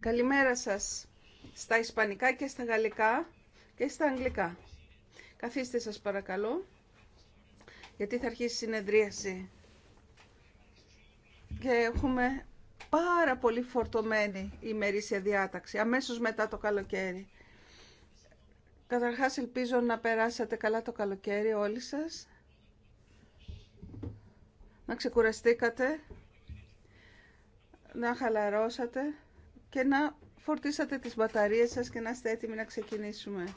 Καλημέρα σας στα ισπανικά και στα γαλλικά και στα αγγλικά. Καθίστε σας παρακαλώ, γιατί θα αρχίσει η συνεδρίαση. Και έχουμε πάρα πολύ φορτωμένη ημερήσια διάταξη, αμέσως μετά το καλοκαίρι. Καταρχάς ελπίζω να περάσατε καλά το καλοκαίρι όλοι σας. Να ξεκουραστήκατε να χαλαρώσατε και να φορτίσατε τις μπαταρίες σας και να είστε έτοιμοι να ξεκινήσουμε.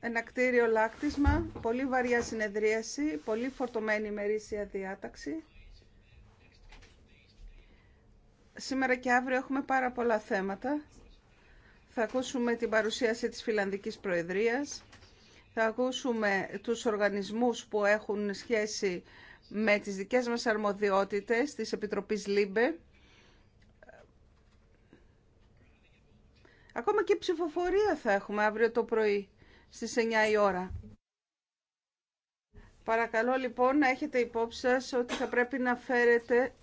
Ένα κτίριο λάκτισμα, πολύ βαριά συνεδρίαση, πολύ φορτωμένη ημερήσια διάταξη. Σήμερα και αύριο έχουμε πάρα πολλά θέματα. Θα ακούσουμε την παρουσίαση της Φιλανδικής Προεδρίας. Θα ακούσουμε τους οργανισμούς που έχουν σχέση με τις δικές μας αρμοδιότητες της Επιτροπής ΛΥΜΠΕ. Ακόμα και ψηφοφορία θα έχουμε αύριο το πρωί στις 9 η ώρα. Παρακαλώ λοιπόν να έχετε υπόψη σας ότι θα πρέπει να φέρετε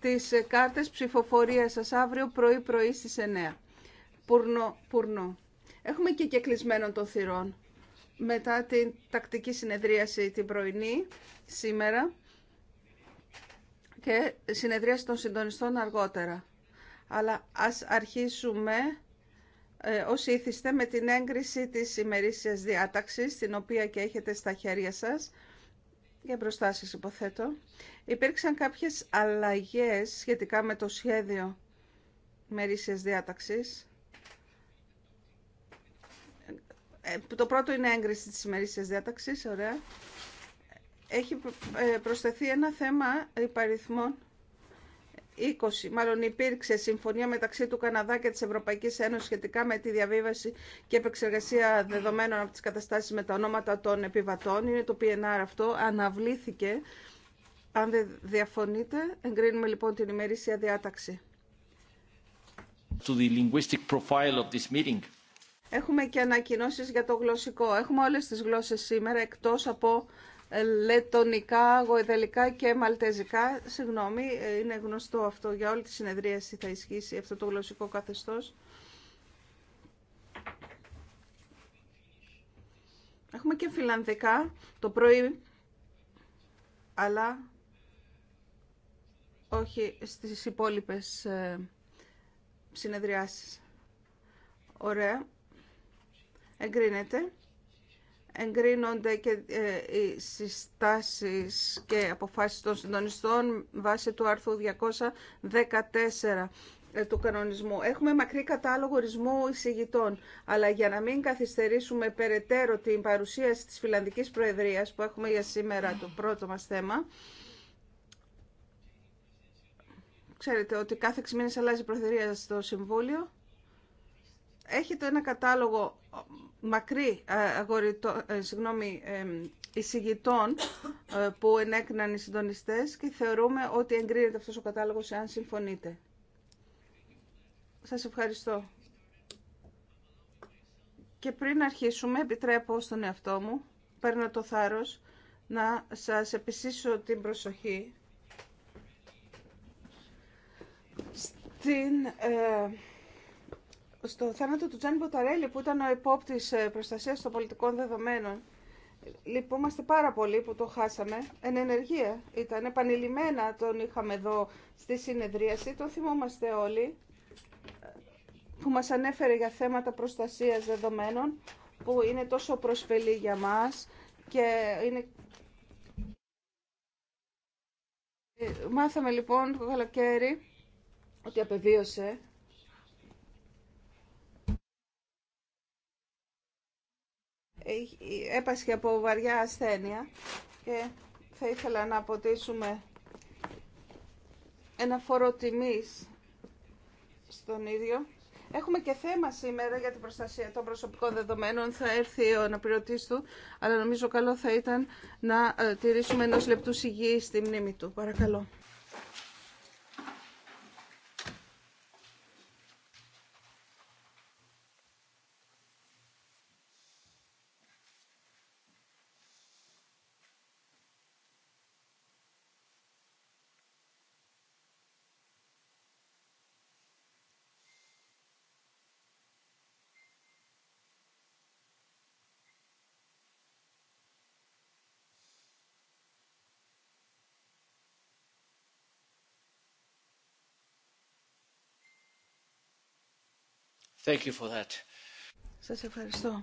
τις κάρτες ψηφοφορίας σας αύριο πρωί-πρωί στις 9. Πουρνό, πουρνό. Έχουμε και κεκλεισμένο το θυρών μετά την τακτική συνεδρίαση την πρωινή σήμερα και συνεδρίαση των συντονιστών αργότερα. Αλλά ας αρχίσουμε ε, ως ήθιστε με την έγκριση της ημερήσιας διάταξης, την οποία και έχετε στα χέρια σας για μπροστά υποθέτω. Υπήρξαν κάποιες αλλαγές σχετικά με το σχέδιο ημερήσιας διάταξης. Ε, το πρώτο είναι έγκριση της ημερήσιας διάταξης, ωραία. Έχει ε, προσθεθεί ένα θέμα υπαριθμών 20. Μάλλον υπήρξε συμφωνία μεταξύ του Καναδά και της Ευρωπαϊκής Ένωσης σχετικά με τη διαβίβαση και επεξεργασία δεδομένων από τις καταστάσεις με τα ονόματα των επιβατών. Είναι το PNR αυτό, αναβλήθηκε. Αν δεν διαφωνείτε, εγκρίνουμε λοιπόν την ημερήσια διάταξη. the linguistic profile of this Έχουμε και ανακοινώσεις για το γλωσσικό. Έχουμε όλες τις γλώσσες σήμερα, εκτός από ε, λετονικά, γοεδελικά και μαλτεζικά. Συγγνώμη, ε, είναι γνωστό αυτό για όλη τη συνεδρίαση θα ισχύσει αυτό το γλωσσικό καθεστώς. Έχουμε και φιλανδικά το πρωί, αλλά όχι στις υπόλοιπες ε, συνεδριάσεις. Ωραία εγκρίνεται. Εγκρίνονται και ε, οι συστάσεις και αποφάσεις των συντονιστών βάσει του άρθρου 214 ε, του κανονισμού. Έχουμε μακρύ κατάλογο ορισμού εισηγητών, αλλά για να μην καθυστερήσουμε περαιτέρω την παρουσίαση της Φιλανδικής Προεδρίας που έχουμε για σήμερα το πρώτο μας θέμα, Ξέρετε ότι κάθε 6 αλλάζει η προεδρία στο Συμβούλιο έχετε ένα κατάλογο ε, μακρύ ε, ε, συγγνώμη, εισηγητών που ενέκριναν οι συντονιστές και θεωρούμε ότι εγκρίνεται αυτός ο κατάλογος εάν συμφωνείτε. Σας ευχαριστώ. Και πριν αρχίσουμε, επιτρέπω στον εαυτό μου, παίρνω το θάρρος, να σας επισήσω την προσοχή στην στο θάνατο του Τζάνι Μποταρέλη που ήταν ο επόπτης ε, προστασίας των πολιτικών δεδομένων. Λυπούμαστε πάρα πολύ που το χάσαμε. Εν ενεργεία ήταν. Επανειλημμένα τον είχαμε εδώ στη συνεδρίαση. Τον θυμόμαστε όλοι που μας ανέφερε για θέματα προστασίας δεδομένων που είναι τόσο προσφελή για μας και είναι... Ε, μάθαμε λοιπόν το καλοκαίρι ότι απεβίωσε Ε, έπασχε από βαριά ασθένεια και θα ήθελα να αποτίσουμε ένα φόρο τιμής στον ίδιο. Έχουμε και θέμα σήμερα για την προστασία των προσωπικών δεδομένων. Θα έρθει ο αναπληρωτή του, αλλά νομίζω καλό θα ήταν να ε, τηρήσουμε ενό λεπτού υγιής στη μνήμη του. Παρακαλώ. Thank Σας ευχαριστώ.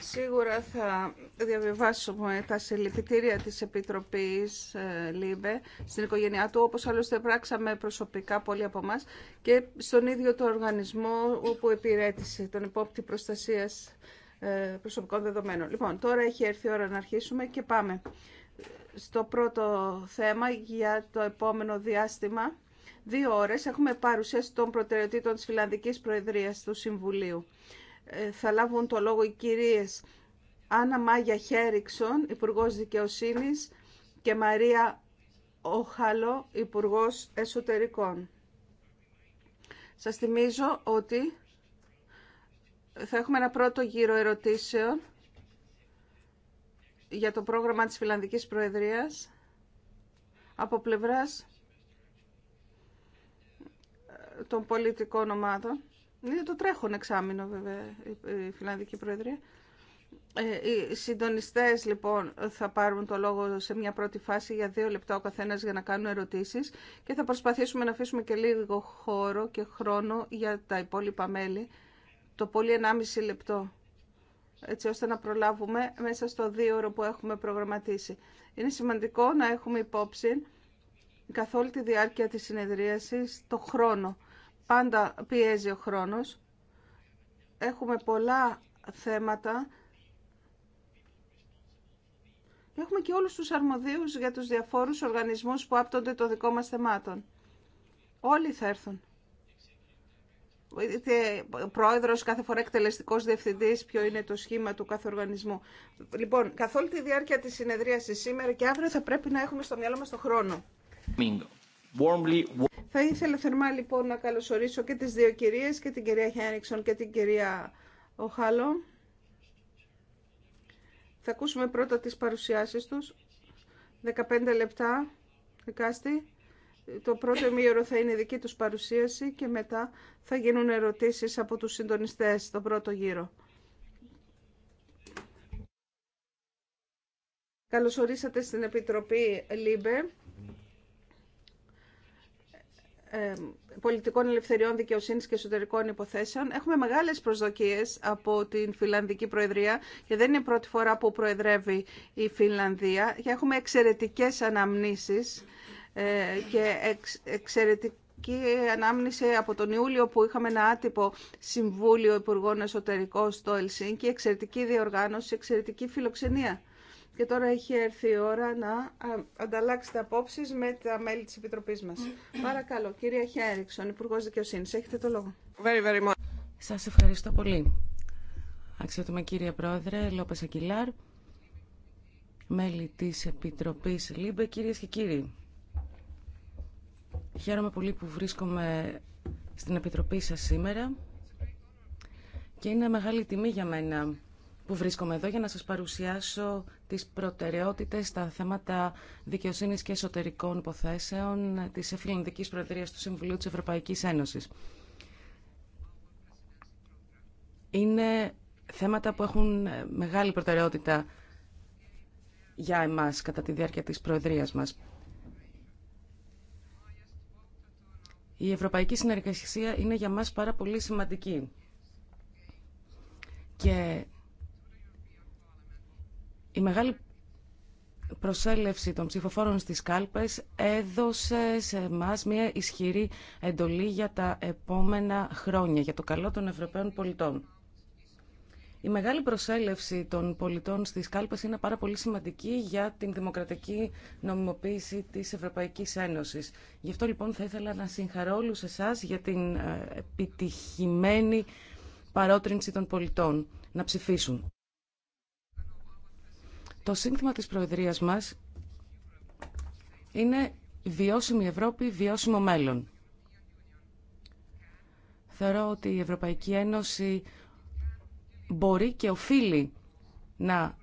Σίγουρα θα διαβιβάσουμε τα συλληπιτήρια της Επιτροπής ε, ΛΥΜΠΕ στην οικογένειά του, όπως άλλωστε πράξαμε προσωπικά πολλοί από εμά και στον ίδιο το οργανισμό όπου υπηρέτησε, τον υπόπτη προστασίας ε, προσωπικών δεδομένων. Λοιπόν, τώρα έχει έρθει η ώρα να αρχίσουμε και πάμε στο πρώτο θέμα για το επόμενο διάστημα δύο ώρες έχουμε παρουσίαση των προτεραιοτήτων της Φιλανδικής Προεδρίας του Συμβουλίου. Ε, θα λάβουν το λόγο οι κυρίες Άννα Μάγια Χέριξον, Υπουργός Δικαιοσύνης και Μαρία Οχαλό, Υπουργός Εσωτερικών. Σας θυμίζω ότι θα έχουμε ένα πρώτο γύρο ερωτήσεων για το πρόγραμμα της Φιλανδικής Προεδρίας από πλευράς των πολιτικών ομάδων. Είναι το τρέχον εξάμεινο βέβαια η Φιλανδική Προεδρία. Ε, οι συντονιστές λοιπόν θα πάρουν το λόγο σε μια πρώτη φάση για δύο λεπτά ο καθένας για να κάνουν ερωτήσεις και θα προσπαθήσουμε να αφήσουμε και λίγο χώρο και χρόνο για τα υπόλοιπα μέλη, το πολύ 1,5 λεπτό, έτσι ώστε να προλάβουμε μέσα στο δύο ώρο που έχουμε προγραμματίσει. Είναι σημαντικό να έχουμε υπόψη καθ' όλη τη διάρκεια της συνεδρίασης το χρόνο Πάντα πιέζει ο χρόνος. Έχουμε πολλά θέματα. Έχουμε και όλους τους αρμοδίους για τους διαφόρους οργανισμούς που άπτονται το δικό μας θεμάτων. Όλοι θα έρθουν. Ο πρόεδρος, κάθε φορά εκτελεστικός διευθυντής, ποιο είναι το σχήμα του κάθε οργανισμού. Λοιπόν, καθ' όλη τη διάρκεια της συνεδρίασης σήμερα και αύριο θα πρέπει να έχουμε στο μυαλό μας το χρόνο. Θα ήθελα θερμά λοιπόν να καλωσορίσω και τις δύο κυρίες, και την κυρία Χένριξον και την κυρία Οχάλο. Θα ακούσουμε πρώτα τις παρουσιάσεις τους. 15 λεπτά, εκάστη. Το πρώτο ημίωρο θα είναι η δική τους παρουσίαση και μετά θα γίνουν ερωτήσεις από τους συντονιστές στον πρώτο γύρο. Καλωσορίσατε στην Επιτροπή ΛΥΜΠΕ πολιτικών ελευθεριών δικαιοσύνης και εσωτερικών υποθέσεων. Έχουμε μεγάλες προσδοκίε από την Φιλανδική Προεδρία και δεν είναι η πρώτη φορά που προεδρεύει η Φιλανδία και έχουμε εξαιρετικές αναμνήσεις ε, και εξαιρετική ανάμνηση από τον Ιούλιο που είχαμε ένα άτυπο Συμβούλιο Υπουργών Εσωτερικών στο Ελσίνκι, εξαιρετική διοργάνωση, εξαιρετική φιλοξενία. Και τώρα έχει έρθει η ώρα να ανταλλάξετε απόψεις με τα μέλη της Επιτροπής μας. Παρακαλώ, κυρία Χέριξον, Υπουργός Δικαιοσύνης, έχετε το λόγο. Very, Σας ευχαριστώ πολύ. Αξιότιμα κύριε Πρόεδρε, Λόπες Ακυλάρ, μέλη της Επιτροπής ΛΥΜΠΕ, κυρίες και κύριοι. Χαίρομαι πολύ που βρίσκομαι στην Επιτροπή σας σήμερα και είναι μεγάλη τιμή για μένα που βρίσκομαι εδώ για να σας παρουσιάσω τις προτεραιότητες στα θέματα δικαιοσύνης και εσωτερικών υποθέσεων της Εφηλονδικής Προεδρίας του Συμβουλίου της Ευρωπαϊκής Ένωσης. Είναι θέματα που έχουν ε, μεγάλη προτεραιότητα για εμάς κατά τη διάρκεια της Προεδρίας μας. Η ευρωπαϊκή συνεργασία είναι για μας πάρα πολύ σημαντική. Και η μεγάλη προσέλευση των ψηφοφόρων στις κάλπες έδωσε σε εμά μια ισχυρή εντολή για τα επόμενα χρόνια, για το καλό των Ευρωπαίων πολιτών. Η μεγάλη προσέλευση των πολιτών στις κάλπες είναι πάρα πολύ σημαντική για την δημοκρατική νομιμοποίηση της Ευρωπαϊκής Ένωσης. Γι' αυτό λοιπόν θα ήθελα να συγχαρώ όλους εσάς για την ε, επιτυχημένη παρότρινση των πολιτών να ψηφίσουν. Το σύνθημα της Προεδρίας μας είναι «Βιώσιμη Ευρώπη, βιώσιμο μέλλον». Θεωρώ ότι η Ευρωπαϊκή Ένωση μπορεί και οφείλει να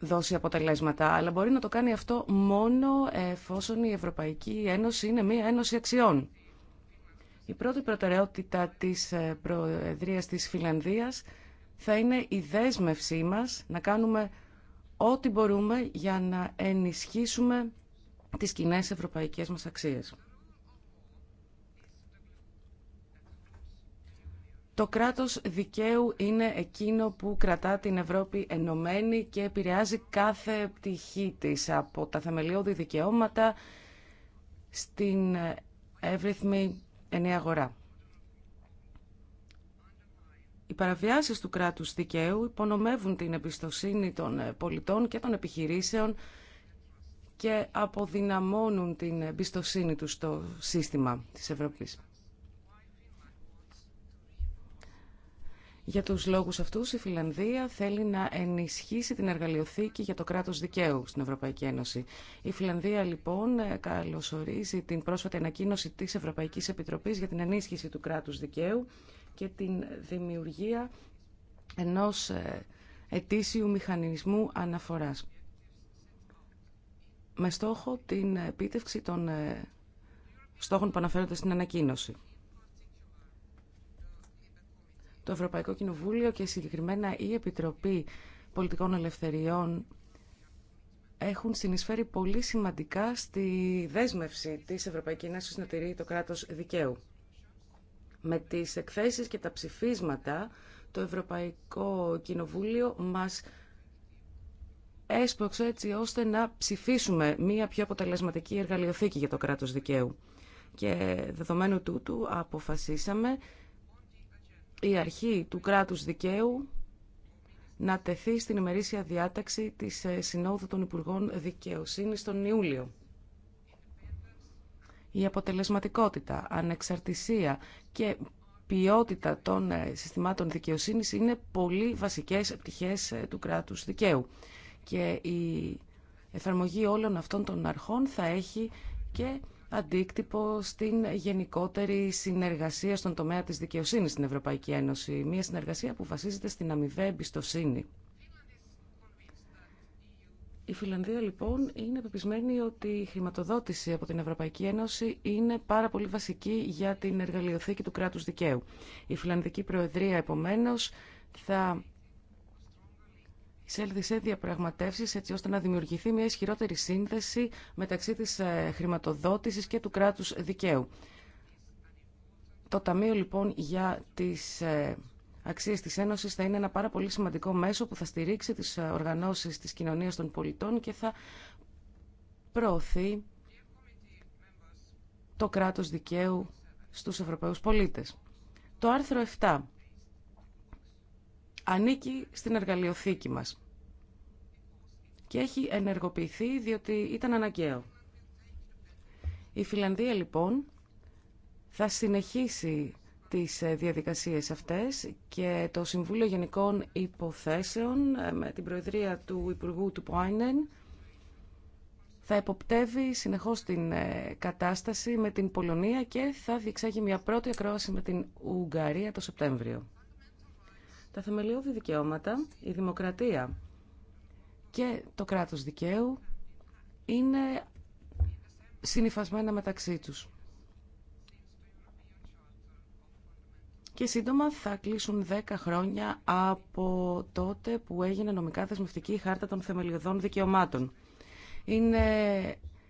δώσει αποτελέσματα, αλλά μπορεί να το κάνει αυτό μόνο εφόσον η Ευρωπαϊκή Ένωση είναι μία ένωση αξιών. Η πρώτη προτεραιότητα της ε, Προεδρίας της Φιλανδίας θα είναι η δέσμευσή μας να κάνουμε ό,τι μπορούμε για να ενισχύσουμε τις κοινέ ευρωπαϊκές μας αξίες. Το κράτος δικαίου είναι εκείνο που κρατά την Ευρώπη ενωμένη και επηρεάζει κάθε πτυχή της από τα θεμελιώδη δικαιώματα στην εύρυθμη ενιαία αγορά. Οι παραβιάσεις του κράτους δικαίου υπονομεύουν την εμπιστοσύνη των ε, πολιτών και των επιχειρήσεων και αποδυναμώνουν την εμπιστοσύνη τους στο σύστημα της Ευρώπης. Για τους λόγους αυτούς η Φιλανδία θέλει να ενισχύσει την εργαλειοθήκη για το κράτος δικαίου στην Ευρωπαϊκή Ένωση. Η Φιλανδία λοιπόν ε, καλωσορίζει την πρόσφατη ανακοίνωση της Ευρωπαϊκής Επιτροπής για την ενίσχυση του κράτους δικαίου και την δημιουργία ενός ε, ετήσιου μηχανισμού αναφοράς με στόχο την επίτευξη των ε, στόχων που αναφέρονται στην ανακοίνωση. Το Ευρωπαϊκό Κοινοβούλιο και συγκεκριμένα η Επιτροπή Πολιτικών Ελευθεριών έχουν συνεισφέρει πολύ σημαντικά στη δέσμευση της Ευρωπαϊκής Ένωσης να τηρεί το κράτος δικαίου. Με τις εκθέσεις και τα ψηφίσματα, το Ευρωπαϊκό Κοινοβούλιο μας έσπρωξε έτσι ώστε να ψηφίσουμε μία πιο αποτελεσματική εργαλειοθήκη για το κράτος δικαίου. Και δεδομένου τούτου αποφασίσαμε η αρχή του κράτους δικαίου να τεθεί στην ημερήσια διάταξη της ε, Συνόδου των Υπουργών Δικαιοσύνης τον Ιούλιο η αποτελεσματικότητα, ανεξαρτησία και ποιότητα των ε, συστημάτων δικαιοσύνης είναι πολύ βασικές πτυχές ε, του κράτους δικαίου. Και η εφαρμογή όλων αυτών των αρχών θα έχει και αντίκτυπο στην γενικότερη συνεργασία στον τομέα της δικαιοσύνης στην Ευρωπαϊκή Ένωση. Μια συνεργασία που βασίζεται στην αμοιβαία εμπιστοσύνη. Η Φιλανδία λοιπόν είναι πεπισμένη ότι η χρηματοδότηση από την Ευρωπαϊκή Ένωση είναι πάρα πολύ βασική για την εργαλειοθήκη του κράτους δικαίου. Η Φιλανδική Προεδρία επομένως θα εισέλθει σε διαπραγματεύσεις έτσι ώστε να δημιουργηθεί μια ισχυρότερη σύνδεση μεταξύ της ε, χρηματοδότησης και του κράτους δικαίου. Το Ταμείο λοιπόν για τις ε, αξίες τη Ένωση θα είναι ένα πάρα πολύ σημαντικό μέσο που θα στηρίξει τις οργανώσεις τη κοινωνία των πολιτών και θα προωθεί το κράτος δικαίου στους Ευρωπαίους πολίτες. Το άρθρο 7 ανήκει στην εργαλειοθήκη μας και έχει ενεργοποιηθεί διότι ήταν αναγκαίο. Η Φιλανδία λοιπόν θα συνεχίσει τις ε, διαδικασίες αυτές και το Συμβούλιο Γενικών Υποθέσεων ε, με την Προεδρία του Υπουργού του Πουάινεν θα εποπτεύει συνεχώς την ε, κατάσταση με την Πολωνία και θα διεξάγει μια πρώτη ακρόαση με την Ουγγαρία το Σεπτέμβριο. Τα θεμελιώδη δικαιώματα, η δημοκρατία και το κράτος δικαίου είναι συνειφασμένα μεταξύ τους. και σύντομα θα κλείσουν 10 χρόνια από τότε που έγινε νομικά δεσμευτική η Χάρτα των Θεμελιωδών Δικαιωμάτων. Είναι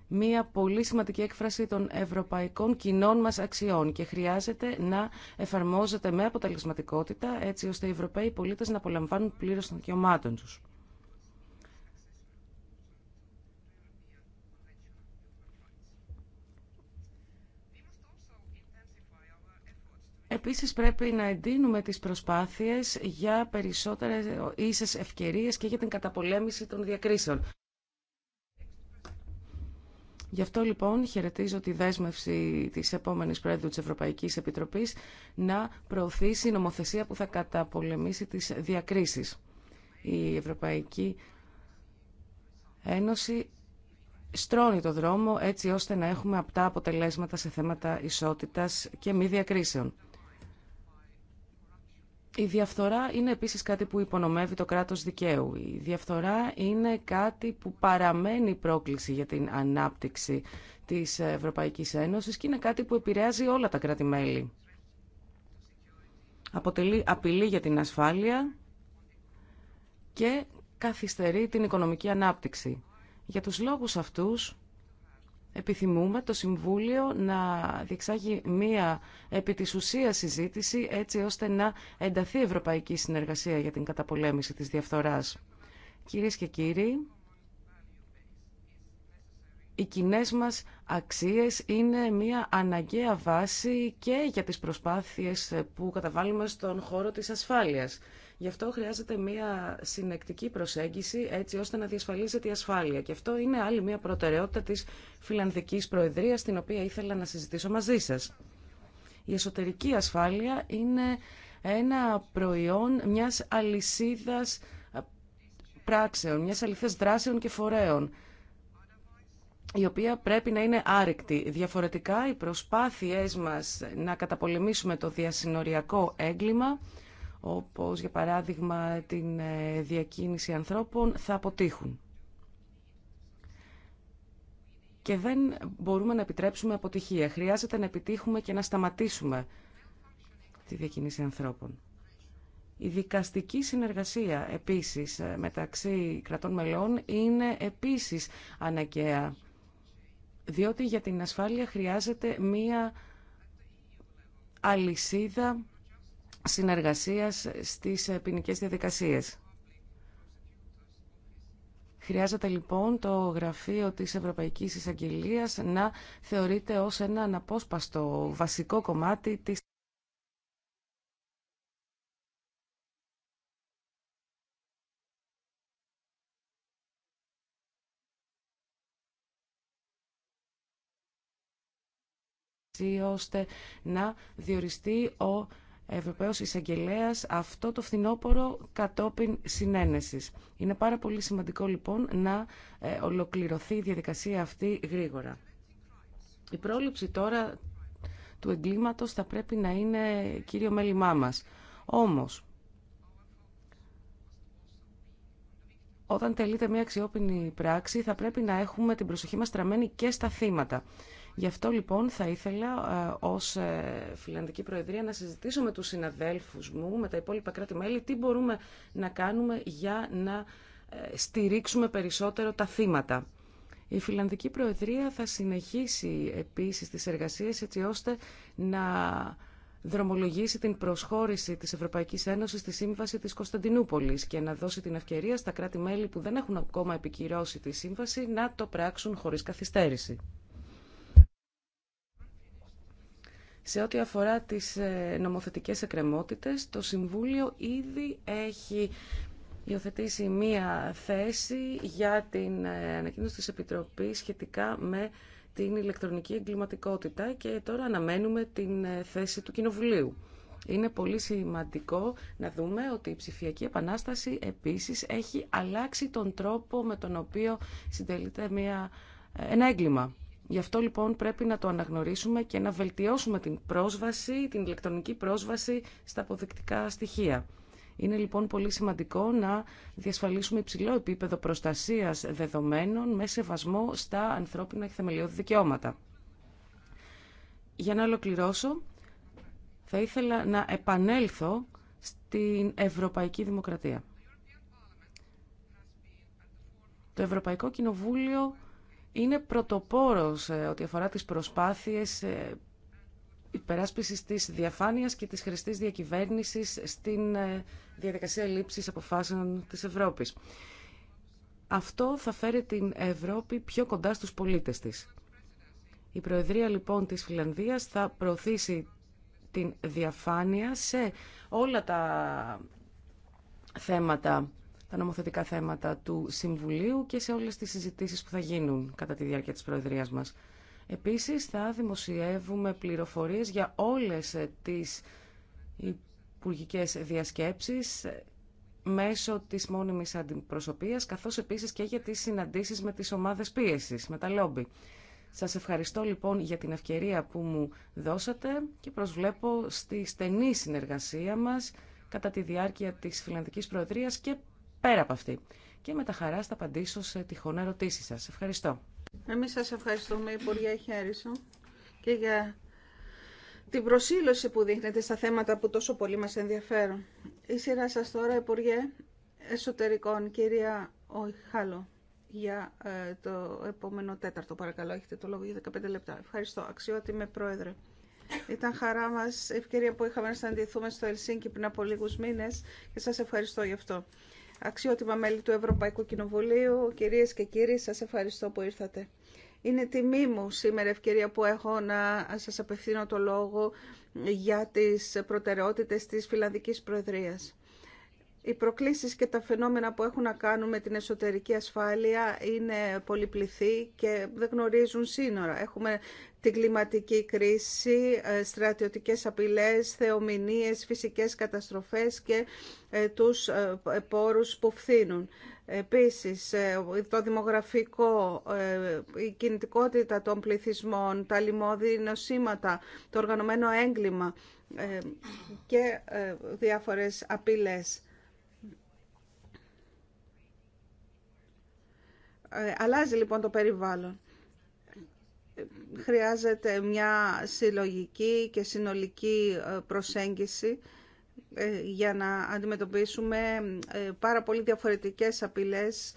μία πολύ σημαντική έκφραση των ευρωπαϊκών κοινών μας αξιών και χρειάζεται να εφαρμόζεται με αποτελεσματικότητα έτσι ώστε οι Ευρωπαίοι πολίτες να απολαμβάνουν πλήρως των δικαιωμάτων τους. Επίσης πρέπει να εντείνουμε τις προσπάθειες για περισσότερες ίσες ευκαιρίες και για την καταπολέμηση των διακρίσεων. Γι' αυτό λοιπόν χαιρετίζω τη δέσμευση της επόμενης Πρόεδρου της Ευρωπαϊκής Επιτροπής να προωθήσει νομοθεσία που θα καταπολεμήσει τις διακρίσεις. Η Ευρωπαϊκή Ένωση στρώνει το δρόμο έτσι ώστε να έχουμε απτά αποτελέσματα σε θέματα ισότητας και μη διακρίσεων. Η διαφθορά είναι επίσης κάτι που υπονομεύει το κράτος δικαίου. Η διαφθορά είναι κάτι που παραμένει πρόκληση για την ανάπτυξη της Ευρωπαϊκής Ένωσης και είναι κάτι που επηρεάζει όλα τα κράτη-μέλη. Αποτελεί απειλή για την ασφάλεια και καθυστερεί την οικονομική ανάπτυξη. Για τους λόγους αυτούς, επιθυμούμε το Συμβούλιο να διεξάγει μία επί της συζήτηση έτσι ώστε να ενταθεί η ευρωπαϊκή συνεργασία για την καταπολέμηση της διαφθοράς. Κυρίες και κύριοι, οι κοινέ μας αξίες είναι μια αναγκαία βάση και για τις προσπάθειες που καταβάλουμε στον χώρο της ασφάλειας. Γι' αυτό χρειάζεται μια συνεκτική προσέγγιση έτσι ώστε να διασφαλίζεται η ασφάλεια. Και αυτό είναι άλλη μια προτεραιότητα της Φιλανδικής Προεδρίας την οποία ήθελα να συζητήσω μαζί σας. Η εσωτερική ασφάλεια είναι ένα προϊόν μιας αλυσίδας ε, πράξεων, μιας αληθές δράσεων και φορέων η οποία πρέπει να είναι άρρηκτη. Διαφορετικά, οι προσπάθειές μας να καταπολεμήσουμε το διασυνοριακό έγκλημα όπως για παράδειγμα την ε, διακίνηση ανθρώπων, θα αποτύχουν. Και δεν μπορούμε να επιτρέψουμε αποτυχία. Χρειάζεται να επιτύχουμε και να σταματήσουμε τη διακίνηση ανθρώπων. Η δικαστική συνεργασία επίσης ε, μεταξύ κρατών μελών είναι επίσης αναγκαία, διότι για την ασφάλεια χρειάζεται μία αλυσίδα συνεργασίας στις ε, ποινικέ διαδικασίες. Χρειάζεται λοιπόν το γραφείο της Ευρωπαϊκής Εισαγγελίας να θεωρείται ως ένα αναπόσπαστο βασικό κομμάτι της ώστε να διοριστεί ο Ευρωπαίος εισαγγελέα αυτό το φθινόπωρο κατόπιν συνένεσης. Είναι πάρα πολύ σημαντικό λοιπόν να ε, ολοκληρωθεί η διαδικασία αυτή γρήγορα. Η πρόληψη τώρα του εγκλήματος θα πρέπει να είναι κύριο μέλημά μας. Όμως, όταν τελείται μια αξιόπινη πράξη, θα πρέπει να έχουμε την προσοχή μας τραμμένη και στα θύματα. Γι' αυτό λοιπόν θα ήθελα ε, ως ε, Φιλανδική Προεδρία να συζητήσω με τους συναδέλφους μου, με τα υπόλοιπα κράτη-μέλη, τι μπορούμε να κάνουμε για να ε, στηρίξουμε περισσότερο τα θύματα. Η Φιλανδική Προεδρία θα συνεχίσει επίσης τις εργασίες έτσι ώστε να δρομολογήσει την προσχώρηση της Ευρωπαϊκής Ένωσης στη Σύμβαση της Κωνσταντινούπολης και να δώσει την ευκαιρία στα κράτη-μέλη που δεν έχουν ακόμα επικυρώσει τη Σύμβαση να το πράξουν χωρίς καθυστέρηση. Σε ό,τι αφορά τις ε, νομοθετικές εκκρεμότητες, το Συμβούλιο ήδη έχει υιοθετήσει μία θέση για την ε, ανακοίνωση της Επιτροπής σχετικά με την ηλεκτρονική εγκληματικότητα και τώρα αναμένουμε την ε, θέση του Κοινοβουλίου. Είναι πολύ σημαντικό να δούμε ότι η ψηφιακή επανάσταση επίσης έχει αλλάξει τον τρόπο με τον οποίο συντελείται μια, ένα έγκλημα. Γι' αυτό λοιπόν πρέπει να το αναγνωρίσουμε και να βελτιώσουμε την πρόσβαση, την ηλεκτρονική πρόσβαση στα αποδεικτικά στοιχεία. Είναι λοιπόν πολύ σημαντικό να διασφαλίσουμε υψηλό επίπεδο προστασίας δεδομένων με σεβασμό στα ανθρώπινα και θεμελιώδη δικαιώματα. Για να ολοκληρώσω, θα ήθελα να επανέλθω στην Ευρωπαϊκή Δημοκρατία. Το Ευρωπαϊκό Κοινοβούλιο είναι πρωτοπόρος ε, ό,τι αφορά τις προσπάθειες ε, υπεράσπισης της διαφάνειας και της χρηστής διακυβέρνησης στην ε, διαδικασία λήψης αποφάσεων της Ευρώπης. Αυτό θα φέρει την Ευρώπη πιο κοντά στους πολίτες της. Η Προεδρία λοιπόν της Φιλανδίας θα προωθήσει την διαφάνεια σε όλα τα θέματα τα νομοθετικά θέματα του Συμβουλίου και σε όλες τις συζητήσεις που θα γίνουν κατά τη διάρκεια της Προεδρίας μας. Επίσης, θα δημοσιεύουμε πληροφορίες για όλες ε, τις υπουργικέ διασκέψεις ε, μέσω της μόνιμης αντιπροσωπείας, καθώς επίσης και για τις συναντήσεις με τις ομάδες πίεσης, με τα λόμπι. Σας ευχαριστώ λοιπόν για την ευκαιρία που μου δώσατε και προσβλέπω στη στενή συνεργασία μας κατά τη διάρκεια της Φιλανδικής Προεδρίας και πέρα από αυτή. Και με τα χαρά θα απαντήσω σε τυχόν ερωτήσει σα. Ευχαριστώ. Εμεί σα ευχαριστούμε, Υπουργέ Χέρισον, και για την προσήλωση που δείχνετε στα θέματα που τόσο πολύ μα ενδιαφέρουν. Η σειρά σας τώρα, Υπουργέ Εσωτερικών, κυρία Οχάλο, για ε, το επόμενο τέταρτο, παρακαλώ. Έχετε το λόγο για 15 λεπτά. Ευχαριστώ. Αξιότιμε Πρόεδρε. Ήταν χαρά μας ευκαιρία που είχαμε να συναντηθούμε στο Ελσίνκι πριν από λίγους μήνες και σας ευχαριστώ γι' αυτό αξιότιμα μέλη του Ευρωπαϊκού Κοινοβουλίου, κυρίες και κύριοι, σας ευχαριστώ που ήρθατε. Είναι τιμή μου σήμερα ευκαιρία που έχω να σας απευθύνω το λόγο για τις προτεραιότητες της Φιλανδικής Προεδρίας. Οι προκλήσεις και τα φαινόμενα που έχουν να κάνουν με την εσωτερική ασφάλεια είναι πολυπληθή και δεν γνωρίζουν σύνορα. Έχουμε την κλιματική κρίση, ε, στρατιωτικές απειλές, θεομηνίες, φυσικές καταστροφές και ε, τους ε, πόρους που φθήνουν. Επίσης, το δημογραφικό, η κινητικότητα των πληθυσμών, τα λοιμώδη νοσήματα, το οργανωμένο έγκλημα και διάφορες απειλές. Αλλάζει λοιπόν το περιβάλλον χρειάζεται μια συλλογική και συνολική ε, προσέγγιση ε, για να αντιμετωπίσουμε ε, πάρα πολύ διαφορετικές απειλές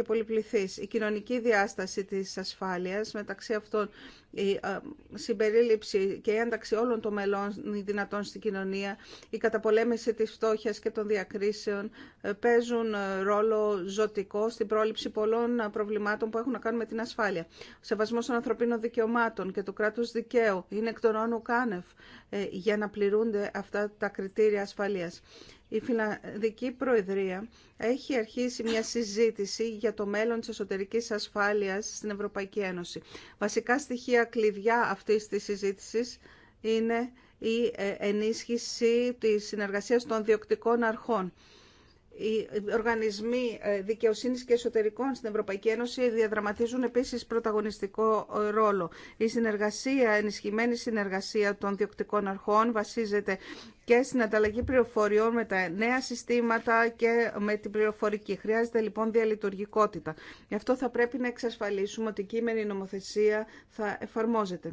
και πολυπληθής. Η κοινωνική διάσταση της ασφάλειας, μεταξύ αυτών η ε, συμπερίληψη και η ένταξη όλων των μελών δυνατών στην κοινωνία, η καταπολέμηση της φτώχειας και των διακρίσεων ε, παίζουν ε, ρόλο ζωτικό στην πρόληψη πολλών προβλημάτων που έχουν να κάνουν με την ασφάλεια. Ο σεβασμός των ανθρωπίνων δικαιωμάτων και του κράτους δικαίου είναι εκ των όνων κάνευ για να πληρούνται αυτά τα κριτήρια ασφαλείας. Η Φιλανδική Προεδρία έχει αρχίσει μια συζήτηση για το μέλλον της εσωτερικής ασφάλειας στην Ευρωπαϊκή Ένωση. Βασικά στοιχεία κλειδιά αυτής της συζήτησης είναι η ε, ενίσχυση της συνεργασίας των διοκτικών αρχών οι οργανισμοί ε, δικαιοσύνης και εσωτερικών στην Ευρωπαϊκή Ένωση διαδραματίζουν επίσης πρωταγωνιστικό ε, ρόλο. Η συνεργασία, ενισχυμένη συνεργασία των διοκτικών αρχών βασίζεται και στην ανταλλαγή πληροφοριών με τα νέα συστήματα και με την πληροφορική. Χρειάζεται λοιπόν διαλειτουργικότητα. Γι' αυτό θα πρέπει να εξασφαλίσουμε ότι η κείμενη νομοθεσία θα εφαρμόζεται.